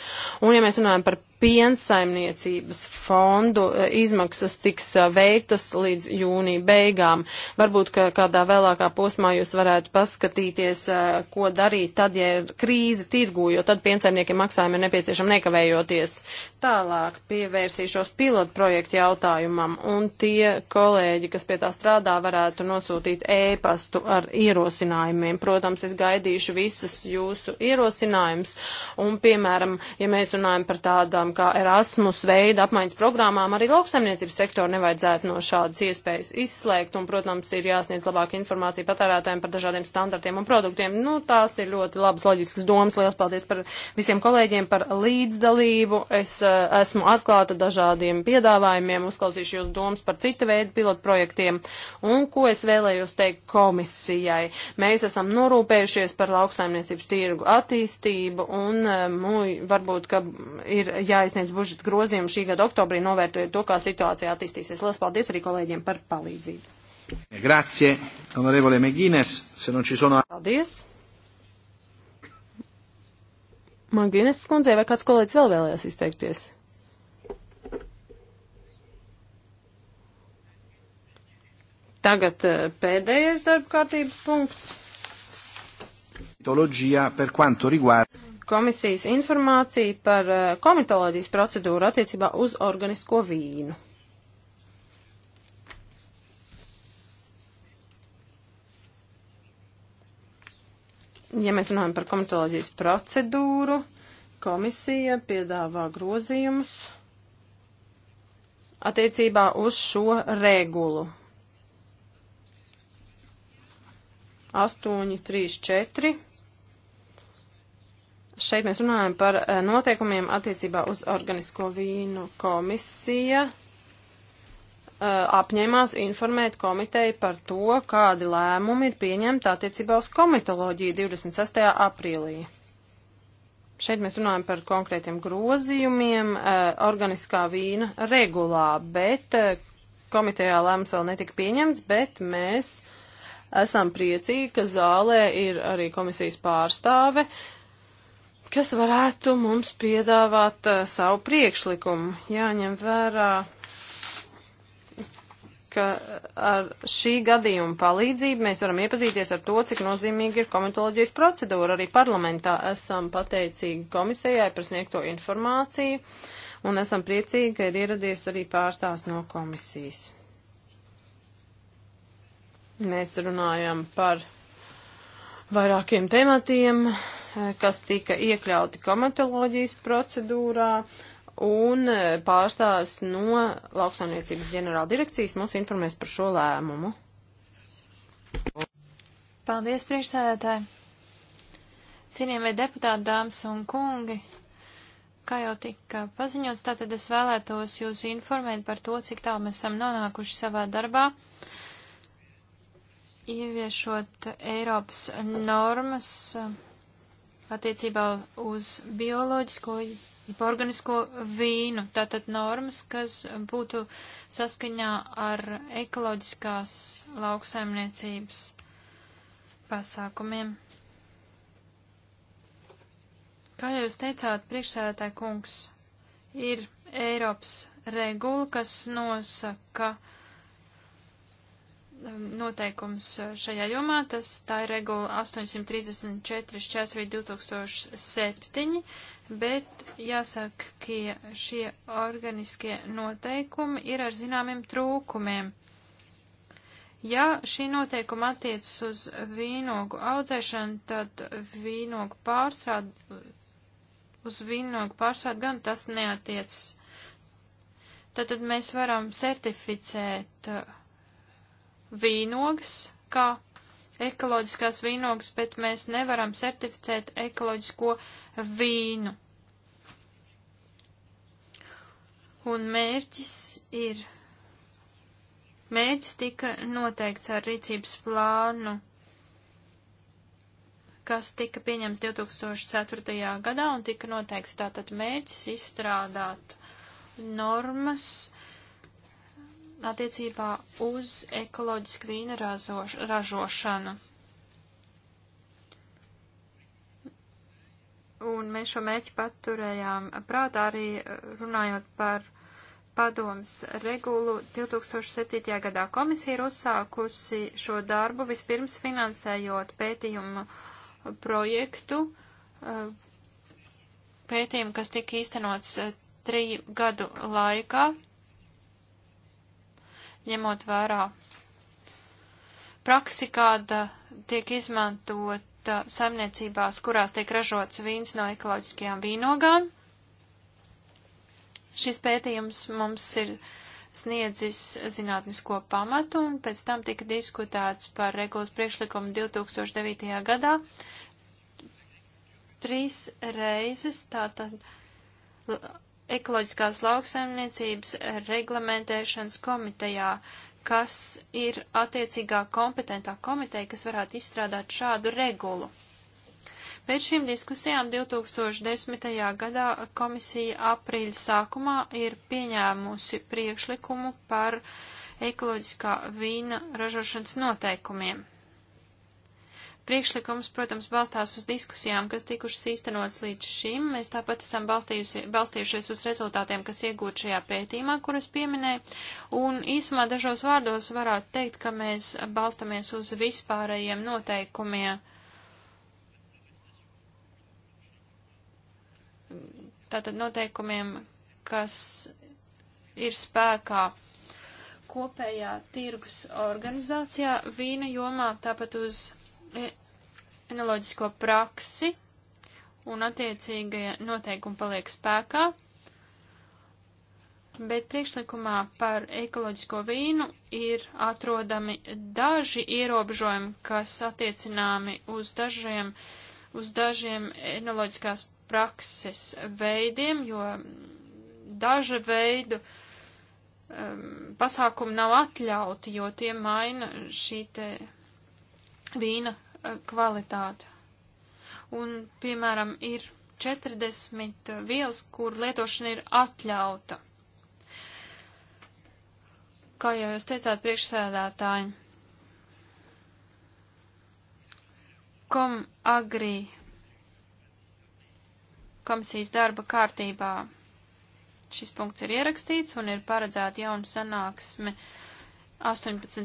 S2: Un ja mēs runājam par piensaimniecības fondu e, izmaksas tiks e, veiktas līdz jūnija beigām. Varbūt, ka kādā vēlākā posmā jūs varētu paskatīties, e, ko darīt tad, ja ir krīze tirgū, jo tad piensaimniekiem maksājumi ir nepieciešami nekavējoties. Tālāk pievērsīšos pilotu projektu jautājumam, un tie kolēģi, kas pie tā strādā, varētu nosūtīt ēpastu e ar ierosinājumiem. Protams, es gaidīšu visus jūsu ierosinājumus, un, piemēram, ja mēs runājam par tādām programmām, kā Erasmus veida apmaiņas programmām, arī lauksaimniecības sektoru nevajadzētu no šādas iespējas izslēgt, un, protams, ir jāsniedz labāka informācija patērētājiem par dažādiem standartiem un produktiem. Nu, tās ir ļoti labas loģiskas domas. Lielas paldies par visiem kolēģiem par līdzdalību. Es uh, esmu atklāta dažādiem piedāvājumiem, uzklausīšu jūs domas par cita veida pilotprojektiem, un ko es vēlējos teikt komisijai. Mēs esam norūpējušies par lauksaimniecības tirgu attīstību, un, nu, varbūt, ka ir jā jāizniedz budžeta grozījumi šī gada oktobrī, novērtējot to, kā situācija attīstīsies. Lielas paldies arī kolēģiem par palīdzību.
S1: Grazie, onorevole Megines, se non ci sono... Paldies.
S2: Magines skundzē, vai kāds kolēģis vēl vēlējās izteikties? Tagad eh, pēdējais darba kārtības punkts.
S1: Mitoloģijā par kvantu riguārdu
S2: komisijas informāciju par eh, komitoloģijas procedūru attiecībā uz organisko vīnu. Ja mēs runājam par komitoloģijas procedūru, komisija piedāvā grozījumus attiecībā uz šo regulu. 8, 3, 4. Šeit mēs runājam par eh, noteikumiem attiecībā uz organisko vīnu komisija eh, apņēmās informēt komiteju par to, kādi lēmumi ir pieņemti attiecībā uz komitoloģiju 26. aprīlī. Šeit mēs runājam par konkrētiem grozījumiem eh, organiskā vīna regulā, bet komitejā lēmums vēl netika pieņemts, bet mēs esam priecīgi, ka zālē ir arī komisijas pārstāve. Uh, kas varētu mums piedāvāt uh, savu priekšlikumu. Jāņem vērā, ka eh, ar šī gadījuma palīdzību mēs varam iepazīties ar to, cik nozīmīgi ir komitoloģijas procedūra. Arī parlamentā esam pateicīgi komisijai par sniegto informāciju un esam priecīgi, ka ir ieradies arī pārstāvs no komisijas. Mēs runājam par vairākiem tematiem, eh, kas tika iekļauti komatoloģijas procedūrā un eh, pārstāvis no lauksaimniecības ģenerāla direkcijas mūs informēs par šo lēmumu.
S4: Paldies, priekšsēdētāji! Cienījamie deputāti, dāmas un kungi! Kā jau tika paziņots, tātad es vēlētos jūs informēt par to, cik tālu mēs esam nonākuši savā darbā ieviešot Eiropas normas uh, attiecībā uz bioloģisko, organisko vīnu. Tātad normas, kas būtu saskaņā ar ekoloģiskās lauksaimniecības pasākumiem. Kā jūs teicāt, priekšsēdētāji kungs, ir Eiropas regula, kas nosaka, ka Um, noteikums uh, šajā jomā. Tas tā ir regula 834 šķērsvīt 2007, bet jāsaka, ka šie organiskie noteikumi ir ar zināmiem trūkumiem. Ja šī noteikuma attiecas uz vīnogu audzēšanu, tad vīnogu pārstrādi, uz vīnogu pārstrādi gan tas neatiecas. Tātad mēs varam certificēt uh, vīnogas kā ekoloģiskās vīnogas, bet mēs nevaram certificēt ekoloģisko vīnu. Un mērķis ir. Mērķis tika noteikts ar rīcības plānu, kas tika pieņems 2004. gadā un tika noteikts tātad mērķis izstrādāt normas, attiecībā uz ekoloģisku vīna razoš, ražošanu. Un mēs šo mērķi paturējām prātā arī eh, runājot par padomas regulu 2007. gadā. Komisija ir uzsākusi šo darbu vispirms finansējot pētījumu projektu, eh, pētījumu, kas tika īstenots eh, triju gadu laikā, ņemot vērā praksi, kāda tiek izmantota saimniecībās, kurās tiek ražots vīns no ekoloģiskajām vīnogām. Šis pētījums mums ir sniedzis zinātnisko pamatu, un pēc tam tika diskutēts par regulas priekšlikumu 2009. gadā. Trīs reizes tātad ekoloģiskās lauksaimniecības reglamentēšanas komitejā, kas ir attiecīgā kompetentā komiteja, kas varētu izstrādāt šādu regulu. Pēc šīm diskusijām 2010. gadā komisija aprīļa sākumā ir pieņēmusi priekšlikumu par ekoloģiskā vīna ražošanas noteikumiem. Priekšlikums, protams, balstās uz diskusijām, kas tikušas īstenotas līdz šim. Mēs tāpat esam balstījušies uz rezultātiem, kas iegūt šajā pētījumā, kuras pieminēju. Un īsumā dažos vārdos varētu teikt, ka mēs balstamies uz vispārējiem noteikumiem. Tātad noteikumiem, kas ir spēkā kopējā tirgus organizācijā vīna jomā, tāpat uz E, enoloģisko praksi un attiecīgie noteikumi paliek spēkā, bet priekšlikumā par ekoloģisko vīnu ir atrodami daži ierobežojumi, kas attiecināmi uz dažiem, uz dažiem enoloģiskās prakses veidiem, jo dažu veidu um, pasākumi nav atļauti, jo tie maina šī te vīna kvalitāti. Un, piemēram, ir 40 vielas, kur lietošana ir atļauta. Kā jau jūs teicāt, priekšsēdētāji, kom agrī komisijas darba kārtībā šis punkts ir ierakstīts un ir paredzēta jauna sanāksme uh, 18.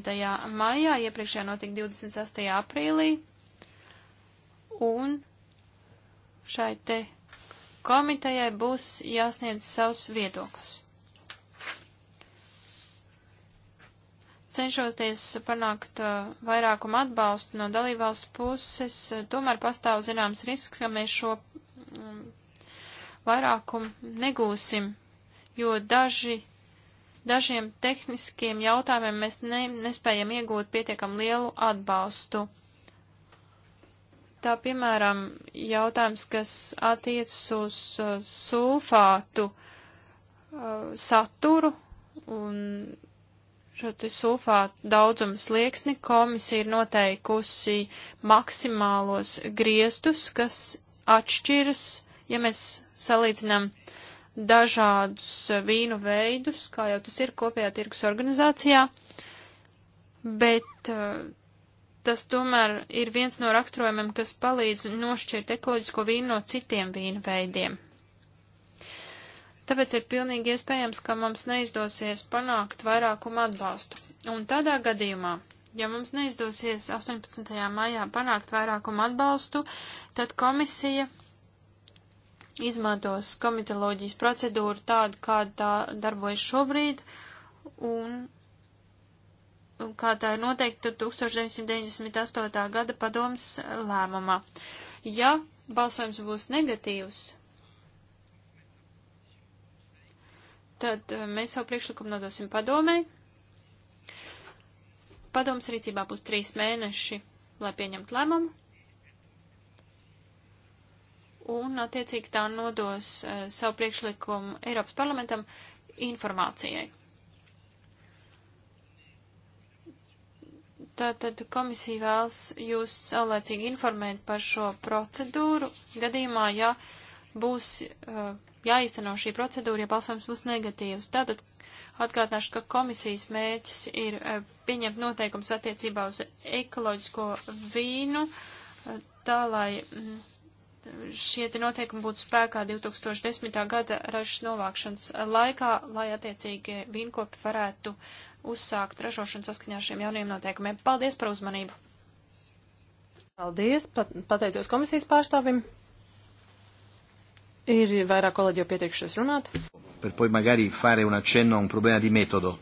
S4: maijā, iepriekšējā notika 28. aprīlī, un šai te komitejai būs jāsniedz savs viedoklis. Cenšoties panākt uh, vairākumu atbalstu no dalībvalstu puses, uh, tomēr pastāv zināms risks, ka mēs šo mm, vairākumu negūsim, jo daži dažiem tehniskiem jautājumiem mēs ne, nespējam iegūt pietiekam lielu atbalstu. Tā piemēram jautājums, kas attiecas uz uh, sulfātu uh, saturu un šo te sulfātu daudzumu slieksni komisija ir noteikusi maksimālos griestus, kas atšķiras, ja mēs salīdzinām uh, dažādus vīnu veidus, kā jau tas ir kopējā tirgus organizācijā, bet eh, tas tomēr ir viens no raksturojumiem, kas palīdz nošķirt ekoloģisko vīnu no citiem vīnu veidiem. Tāpēc ir pilnīgi iespējams, ka mums neizdosies panākt vairākumu atbalstu. Un tādā gadījumā, ja mums neizdosies 18. maijā panākt vairākumu atbalstu, tad komisija izmantos komitoloģijas procedūru tādu, kāda tā darbojas šobrīd, un, un kā tā ir noteikta 1998. gada padomas lēmumā. Ja balsojums būs negatīvs, tad eh, mēs savu priekšlikumu nodosim padomē. Padomas rīcībā būs trīs mēneši, lai pieņemtu lēmumu un, attiecīgi, tā nodos uh, savu priekšlikumu Eiropas parlamentam informācijai. Tātad komisija vēlas jūs saulēcīgi informēt par šo procedūru gadījumā, ja būs uh, jāizteno šī procedūra, ja balsojums būs negatīvs. Tātad atgādināšu, ka komisijas mērķis ir uh, pieņemt noteikums attiecībā uz ekoloģisko vīnu, uh, tā lai. Mm, šie te noteikumi būtu spēkā 2010. gada ražas novākšanas laikā, lai attiecīgi vīnkopi varētu uzsākt ražošanu saskaņā ar šiem jauniem noteikumiem. Paldies par uzmanību! Paldies! Pat, pateicos komisijas pārstāvim. Ir vairāk kolēģi jau pieteikušies
S2: runāt.
S1: Per poi magari fare un accenno a un problema di metodo.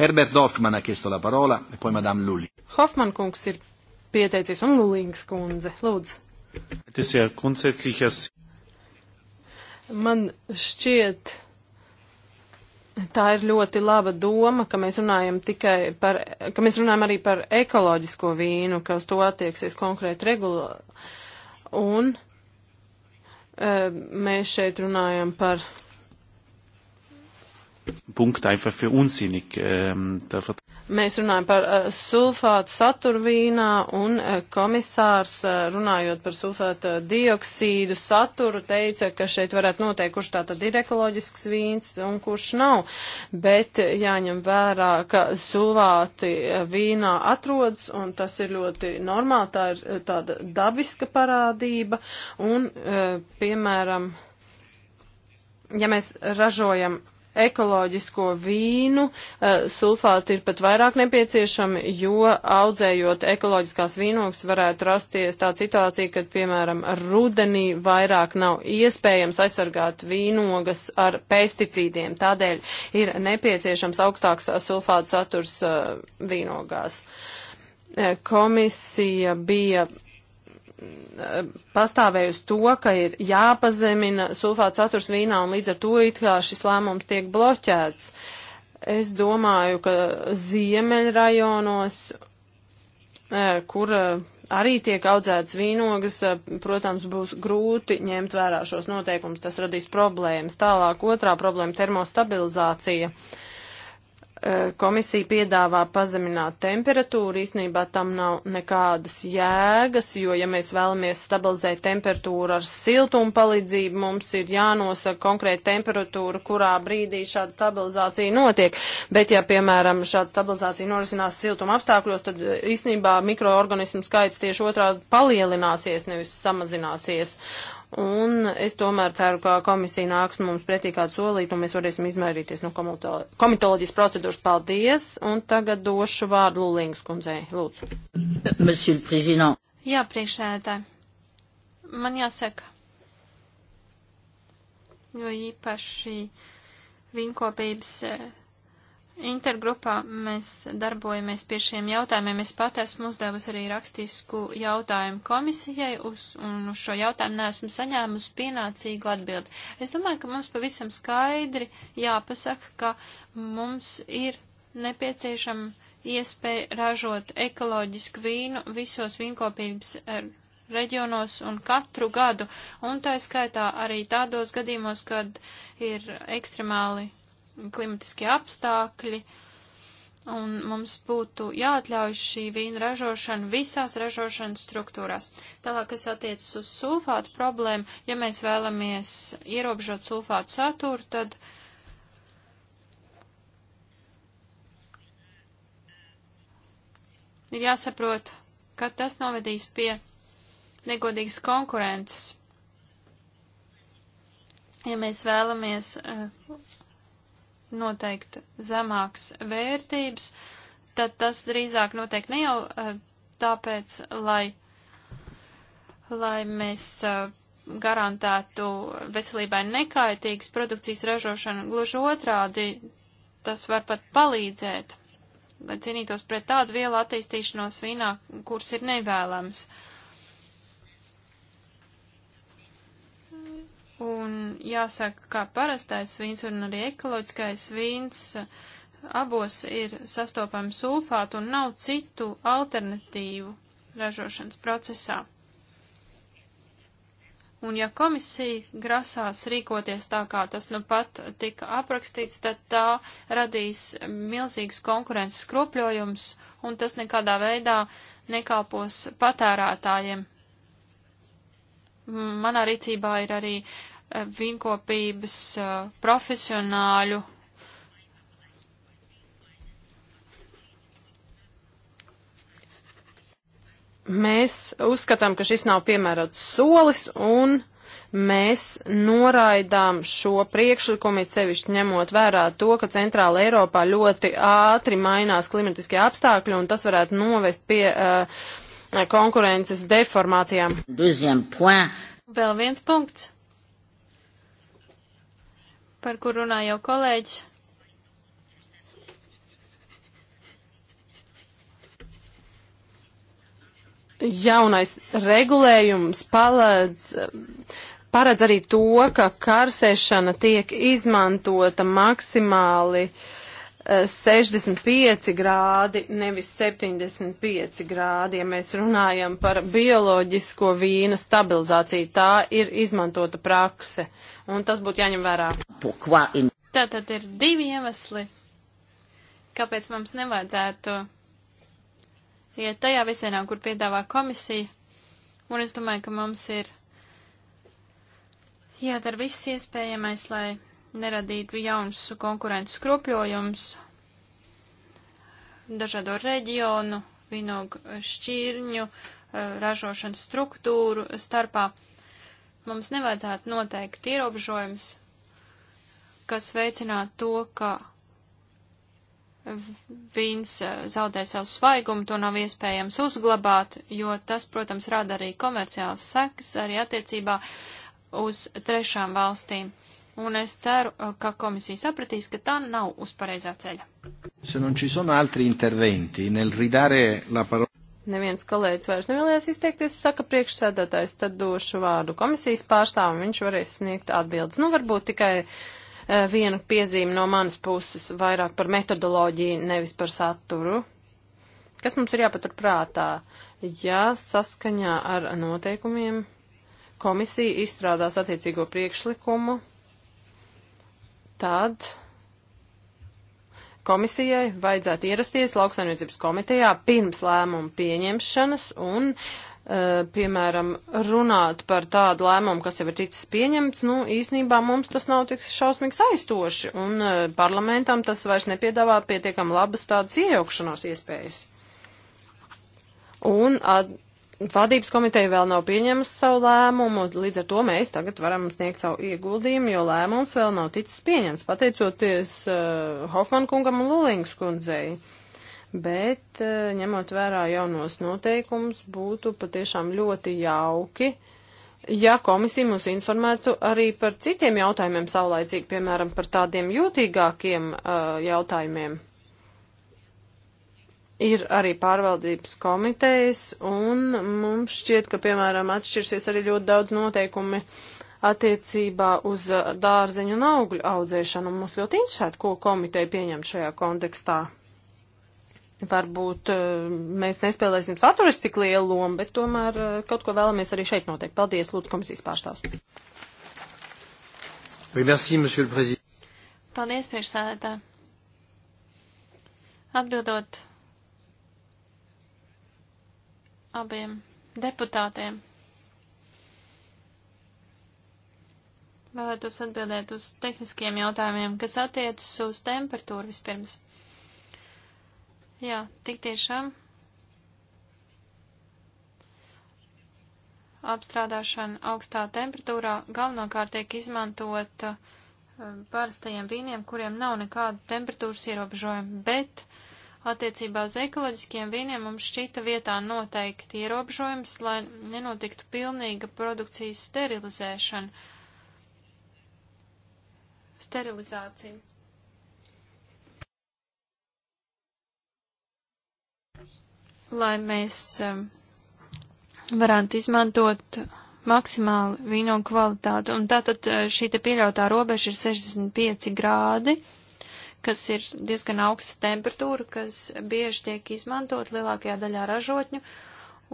S1: Herbert Hoffman ha chiesto la parola e poi Madame Lulli.
S2: Hoffman kungs ir pieteicies un Lulings kundze.
S4: Lūdzu.
S1: Tas ir koncepcijas.
S2: Man šķiet, tā ir ļoti laba doma, ka mēs runājam tikai par, ka mēs runājam arī par ekoloģisko vīnu, ka uz to attieksies konkrēti regula. Un e, mēs šeit runājam par
S3: Punkt einfach für unsinnig. Ähm,
S2: Mēs runājam par uh, sulfātu saturu vīnā, un uh, komisārs, uh, runājot par sulfātu dioksīdu saturu, teica, ka šeit varētu noteikt, kurš tā tad ir ekoloģisks vīns un kurš nav. Bet jāņem vērā, ka sulfāti vīnā atrodas, un tas ir ļoti normāli, tā ir tāda dabiska parādība, un, uh, piemēram, ja mēs ražojam ekoloģisko vīnu. Eh, sulfāti ir pat vairāk nepieciešami, jo audzējot ekoloģiskās vīnogas varētu rasties tā situācija, kad, piemēram, rudenī vairāk nav iespējams aizsargāt vīnogas ar pesticīdiem. Tādēļ ir nepieciešams augstāks sulfāta saturs eh, vīnogās. Eh, komisija bija pastāvējusi to, ka ir jāpazemina sulfāts saturs vīnā un līdz ar to it kā šis lēmums tiek bloķēts. Es domāju, ka ziemeļrajonos, eh, kur eh, arī tiek audzētas vīnogas, eh, protams, būs grūti ņemt vērā šos noteikumus, tas radīs problēmas. Tālāk otrā problēma - termostabilizācija. Uh, Eh, komisija piedāvā pazemināt temperatūru, īsnībā tam nav nekādas jēgas, jo, ja mēs vēlamies stabilizēt temperatūru ar siltumu palīdzību, mums ir jānosaka konkrēta temperatūra, kurā brīdī šāda stabilizācija notiek. Bet, ja, piemēram, šāda stabilizācija norisinās siltuma apstākļos, tad eh, īsnībā mikroorganismu skaits tieši otrādi palielināsies, nevis samazināsies. Un es tomēr ceru, ka komisija nāks mums pretī kādu solīt, un mēs varēsim izmērīties no komitoloģijas procedūras. Paldies! Un tagad došu vārdu Lulīngas kundzei. Lūdzu.
S4: Jā, priekšsēdētāji. Man jāsaka, jo īpaši viņkopības eh, Intergrupā mēs darbojamies pie šiem jautājumiem. Es pat esmu uzdevusi arī rakstisku jautājumu komisijai, uz, un uz šo jautājumu neesmu saņēmusi pienācīgu atbildi. Es domāju, ka mums pavisam skaidri jāpasaka, ka mums ir nepieciešama iespēja ražot ekoloģisku vīnu visos vīnkopības eh, reģionos un katru gadu, un tā skaitā arī tādos gadījumos, kad ir ekstremāli klimatiskie apstākļi, un mums būtu jāatļauj šī vīna ražošana visās ražošanas struktūrās. Tālāk, kas attiecas uz sulfātu problēmu, ja mēs vēlamies ierobežot sulfātu saturu, tad. Ir jāsaprot, ka tas novedīs pie negodīgas konkurences. Ja mēs vēlamies uh, noteikti zemāks vērtības, tad tas drīzāk notiek ne jau eh, tāpēc, lai, lai mēs eh, garantētu veselībai nekaitīgas produkcijas ražošanu, gluži otrādi tas var pat palīdzēt, lai cīnītos pret tādu vielu attīstīšanos vīnā, kuras ir nevēlams. Uh, Un jāsaka, kā parastais vīns un arī ekoloģiskais vīns abos ir sastopami sulfāti un nav citu alternatīvu ražošanas procesā. Un ja komisija grasās rīkoties tā, kā tas nu pat tika aprakstīts, tad tā radīs milzīgas konkurences skropļojums, un tas nekādā veidā nekalpos patērētājiem, manā rīcībā ir arī vīnkopības profesionāļu.
S2: Mēs uzskatām, ka šis nav piemērots solis un mēs noraidām šo priekšlikumu, it sevišķi ņemot vērā to, ka Centrāla Eiropā ļoti ātri mainās klimatiskie apstākļi, un tas varētu novest pie uh, konkurences deformācijām.
S4: Vēl viens punkts par kur runā jau kolēģis.
S2: Jaunais regulējums paledz paredz arī to, ka karsēšana tiek izmantota maksimāli uh, 65 grādi, nevis 75 grādi, ja mēs runājam par bioloģisko vīna stabilizāciju. Tā ir izmantota prakse, un tas būtu jāņem vērā.
S4: Tā tad ir divi iemesli, kāpēc mums nevajadzētu iet ja tajā visienā, kur piedāvā komisija, un es domāju, ka mums ir jādara viss iespējamais, lai neradītu jauns konkurences skropļojums dažādo reģionu, vinogu šķirņu, eh, ražošanas struktūru starpā. Mums nevajadzētu noteikt ierobežojums, kas veicinātu to, ka vīns eh, zaudē savu svaigumu, to nav iespējams uzglabāt, jo tas, protams, rada arī komerciāls sekas arī attiecībā uz trešām valstīm un es ceru, uh, ka komisija sapratīs, ka tā nav uz pareizā ceļa. Neviens kolēģis vairs nevēlies izteikties, saka priekšsēdētājs,
S2: tad došu vārdu komisijas pārstāvam, viņš varēs sniegt atbildes. Nu, varbūt tikai uh, viena piezīme no manas puses vairāk par metodoloģiju, nevis par saturu. Kas mums ir jāpatur prātā? Ja saskaņā ar noteikumiem komisija izstrādās attiecīgo priekšlikumu, tad komisijai vajadzētu ierasties lauksaimniecības komitejā pirms lēmumu pieņemšanas un uh, piemēram, runāt par tādu lēmumu, kas jau ir ticis pieņemts, nu, īsnībā mums tas nav tik šausmīgi saistoši, un eh, parlamentam tas vairs nepiedāvā pietiekam labas tādas iejaukšanās iespējas. Un at, Vadības komiteja vēl nav pieņēmusi savu lēmumu, līdz ar to mēs tagad varam sniegt savu ieguldījumu, jo lēmums vēl nav ticis pieņemts, pateicoties uh, Hofman kungam un Lulings kundzei. Bet, uh, ņemot vērā jaunos noteikumus, būtu patiešām ļoti jauki, ja komisija mūs informētu arī par citiem jautājumiem saulaicīgi, piemēram, par tādiem jūtīgākiem uh, jautājumiem ir arī pārvaldības komitejas, un mums šķiet, ka, piemēram, atšķirsies arī ļoti daudz noteikumi attiecībā uz uh, dārzeņu un augļu audzēšanu. Mums ļoti interesētu, ko komiteja pieņem šajā kontekstā. Varbūt uh, mēs nespēlēsim saturis tik lielu lomu, bet tomēr uh, kaut ko vēlamies arī
S4: šeit noteikt. Paldies, lūdzu, komisijas pārstāvs. Oui, merci, Paldies, priekšsēdētāji. Atbildot abiem deputātiem. Vēlētos atbildēt uz tehniskiem jautājumiem, kas attiecas uz temperatūru vispirms. Jā, tik tiešām. Apstrādāšana augstā temperatūrā galvenokārt tiek izmantota eh, parastajiem vīniem, kuriem nav nekādu temperatūras ierobežojumu, bet Attiecībā uz ekoloģiskiem vīniem mums šķita vietā noteikti ierobežojums, lai nenotiktu pilnīga produkcijas sterilizēšana. Sterilizācija. Lai mēs um, varētu izmantot maksimāli vīno kvalitāti. Un tātad uh, šī te pieļautā robeža ir 65 grādi kas ir diezgan augsta temperatūra, kas bieži tiek izmantot lielākajā daļā ražotņu,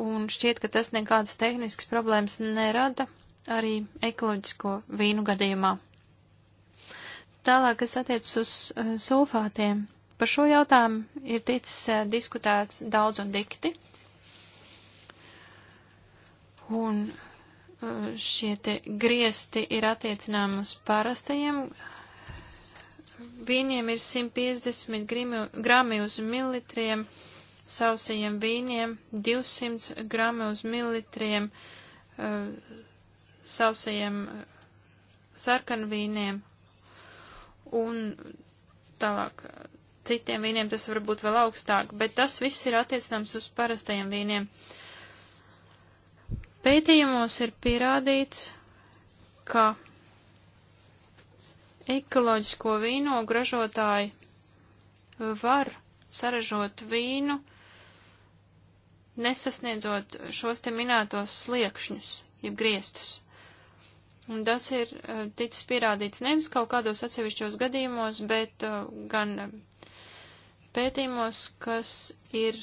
S4: un šķiet, ka tas nekādas tehniskas problēmas nerada arī ekoloģisko vīnu gadījumā. Tālāk, kas attiecas uz uh, sulfātiem, par šo jautājumu ir ticis uh, diskutēts daudz un dikti. Un eh, šie griezti ir attiecinām uz parastajiem vīniem ir 150 grimi, grami uz militriem, sausajiem vīniem 200 grami uz militriem, uh, sausajiem eh, sarkanvīniem un tālāk citiem vīniem tas var būt vēl augstāk, bet tas viss ir attiecināms uz parastajiem vīniem. Pētījumos ir pierādīts, ka ekoloģisko vīnogu ražotāji var saražot vīnu, nesasniedzot šos te minētos sliekšņus, jeb griestus. Un tas ir eh, ticis pierādīts nevis kaut kādos atsevišķos gadījumos, bet eh, gan eh, pētījumos, kas ir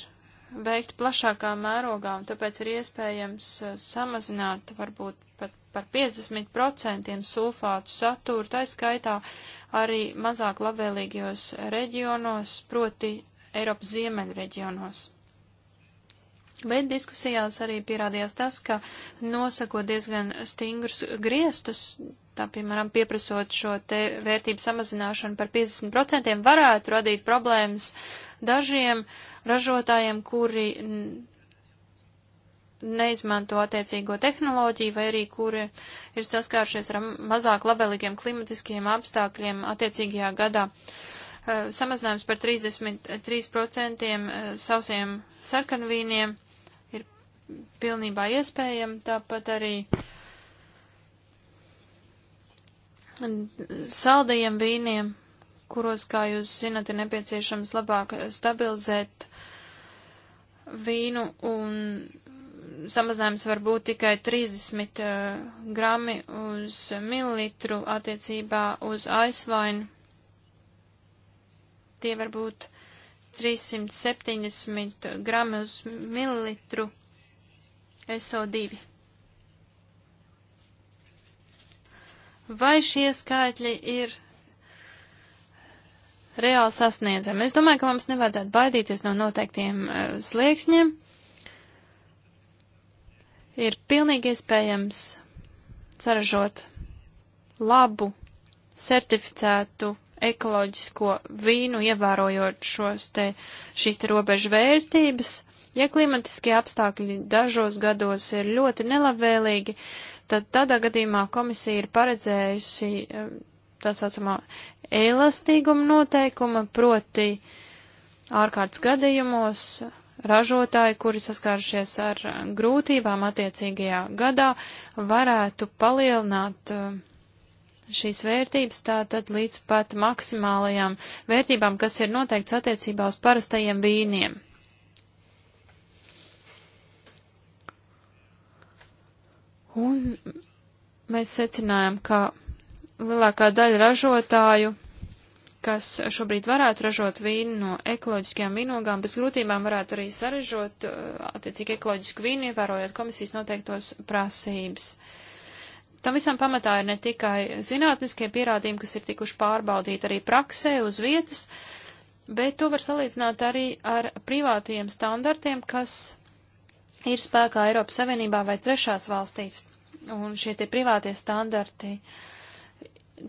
S4: veikti plašākā mērogā, un tāpēc ir iespējams samazināt varbūt pat par 50% sulfātu saturu, tā skaitā arī mazāk labvēlīgajos reģionos, proti Eiropas ziemeļu reģionos. Bet diskusijās arī pierādījās tas, ka nosako diezgan stingrus griestus, tā piemēram pieprasot šo te vērtību samazināšanu par 50%, varētu radīt problēmas dažiem ražotājiem, kuri neizmanto attiecīgo tehnoloģiju vai arī kuri ir saskārušies ar mazāk labvēlīgiem klimatiskiem apstākļiem attiecīgajā gadā. Eh, samazinājums par 33% sausiem eh, sarkanvīniem ir pilnībā iespējams, tāpat arī saldajiem vīniem, kuros, kā jūs zinat, ir nepieciešams labāk stabilizēt vīnu un samazinājums var būt tikai 30 uh, eh, grami uz mililitru attiecībā uz aizvainu. Tie var būt 370 grami uz mililitru SO2. Vai šie skaitļi ir reāli sasniedzami? Es domāju, ka mums nevajadzētu baidīties no noteiktiem uh, sliekšņiem. Uh, ir pilnīgi iespējams saražot labu, certificētu ekoloģisko vīnu, ievērojot šos te, šīs te robežu vērtības. Ja klimatiskie apstākļi dažos gados ir ļoti nelabvēlīgi, tad tādā gadījumā komisija ir paredzējusi eh, tā saucamā elastīguma noteikuma, proti ārkārtas gadījumos ražotāji, kuri saskārušies ar grūtībām attiecīgajā gadā, varētu palielināt eh, šīs vērtības tātad līdz pat maksimālajām vērtībām, kas ir noteikts attiecībā uz parastajiem vīniem. Un mēs secinājām, ka lielākā daļa ražotāju kas šobrīd varētu ražot vīnu no ekoloģiskajām vīnogām, bez grūtībām varētu arī sarežot uh, attiecīgi ekoloģisku vīnu, ievērojot komisijas noteiktos prasības. Tam visam pamatā ir ne tikai zinātniskie pierādījumi, kas ir tikuši pārbaudīti arī praksē uz vietas, bet to var salīdzināt arī ar privātajiem standartiem, kas ir spēkā Eiropas Savienībā vai trešās valstīs. Un šie tie privātie standarti uh,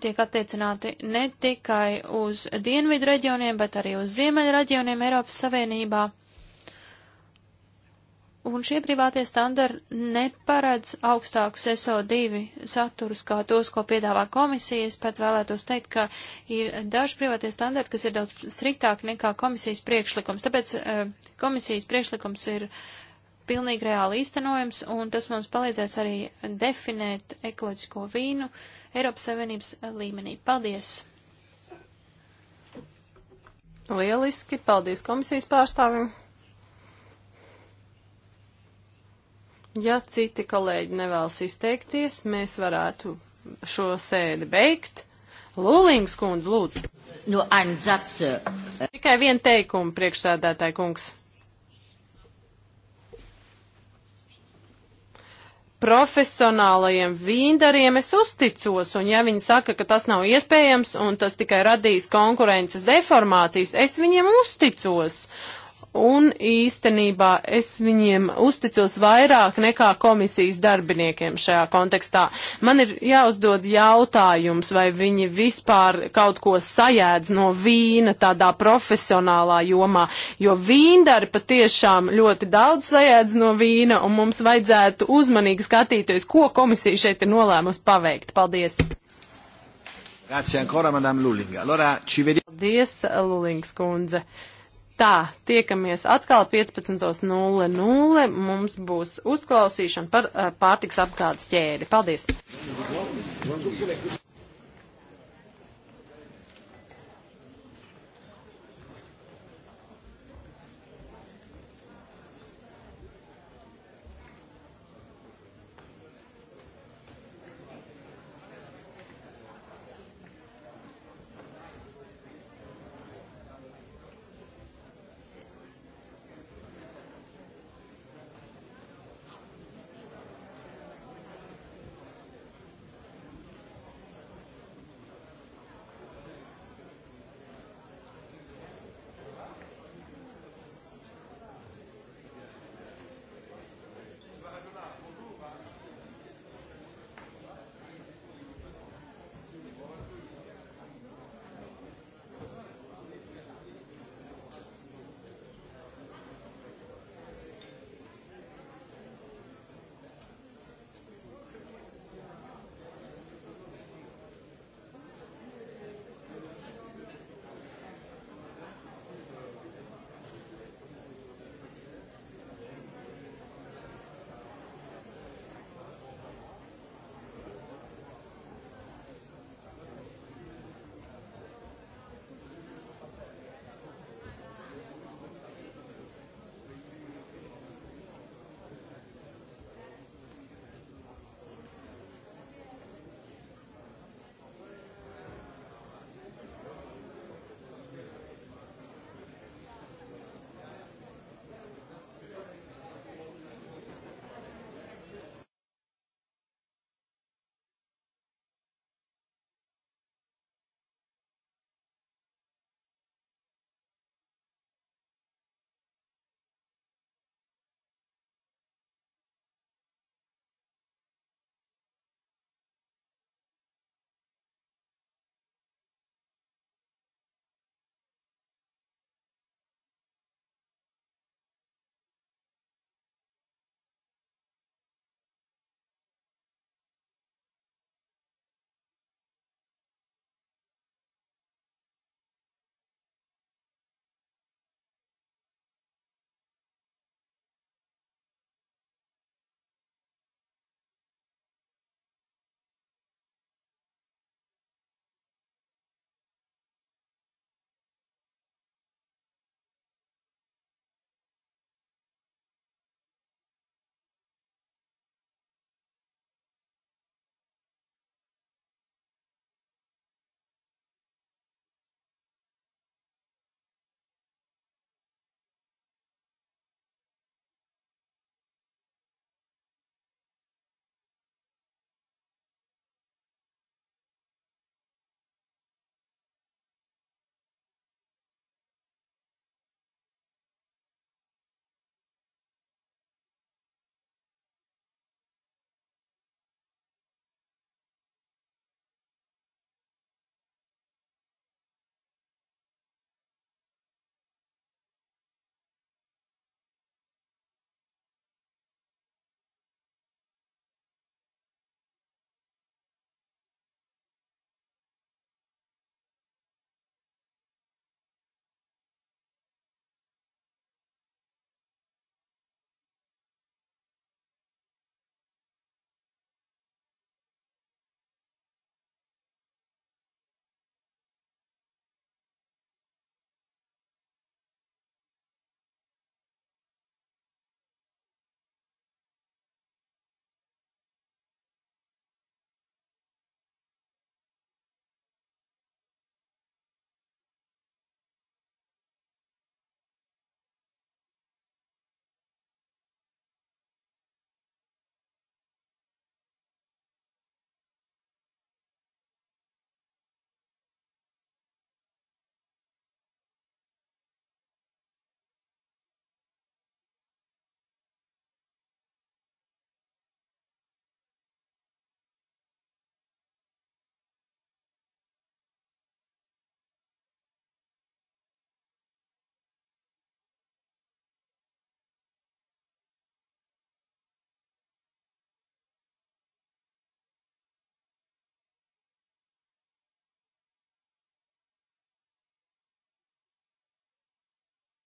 S4: tiek attiecināti ne tikai uz dienvidu reģioniem, bet arī uz ziemeļu reģioniem Eiropas Savienībā. Un šie privātie standarti neparedz augstākus SO2 saturus kā tos, ko piedāvā komisija. Es pat vēlētos teikt, ka ir daži privātie standarti, kas ir daudz striktāki nekā komisijas priekšlikums. Tāpēc eh, komisijas priekšlikums ir pilnīgi reāli īstenojams, un tas mums palīdzēs arī definēt ekoloģisko vīnu uh, Eiropas Savienības eh, līmenī. Paldies!
S2: Lieliski, paldies komisijas pārstāvim. Ja citi kolēģi nevēlas izteikties, mēs varētu šo sēdi beigt. Lūlīngas kundze, lūdzu. No nu, Tikai vienu teikumu, priekšsēdētāji kungs. profesionālajiem vīndariem es uzticos, un ja viņi saka, ka tas nav iespējams un tas tikai radīs konkurences deformācijas, es viņiem uzticos un īstenībā es viņiem uzticos vairāk nekā komisijas darbiniekiem šajā kontekstā. Man ir jāuzdod jautājums, vai viņi vispār kaut ko sajēdz no vīna tādā profesionālā jomā, jo vīndari patiešām ļoti daudz sajēdz no vīna, un mums vajadzētu uzmanīgi skatīties, ko komisija šeit ir nolēmusi paveikt. Paldies!
S1: Grazie ancora, Madame Lulling. Allora, ci vediamo.
S2: Paldies, Lulings kundze. Tā, tiekamies atkal 15.00. Mums būs uzklausīšana par eh, pārtiks apgādes
S4: ķēdi. Paldies!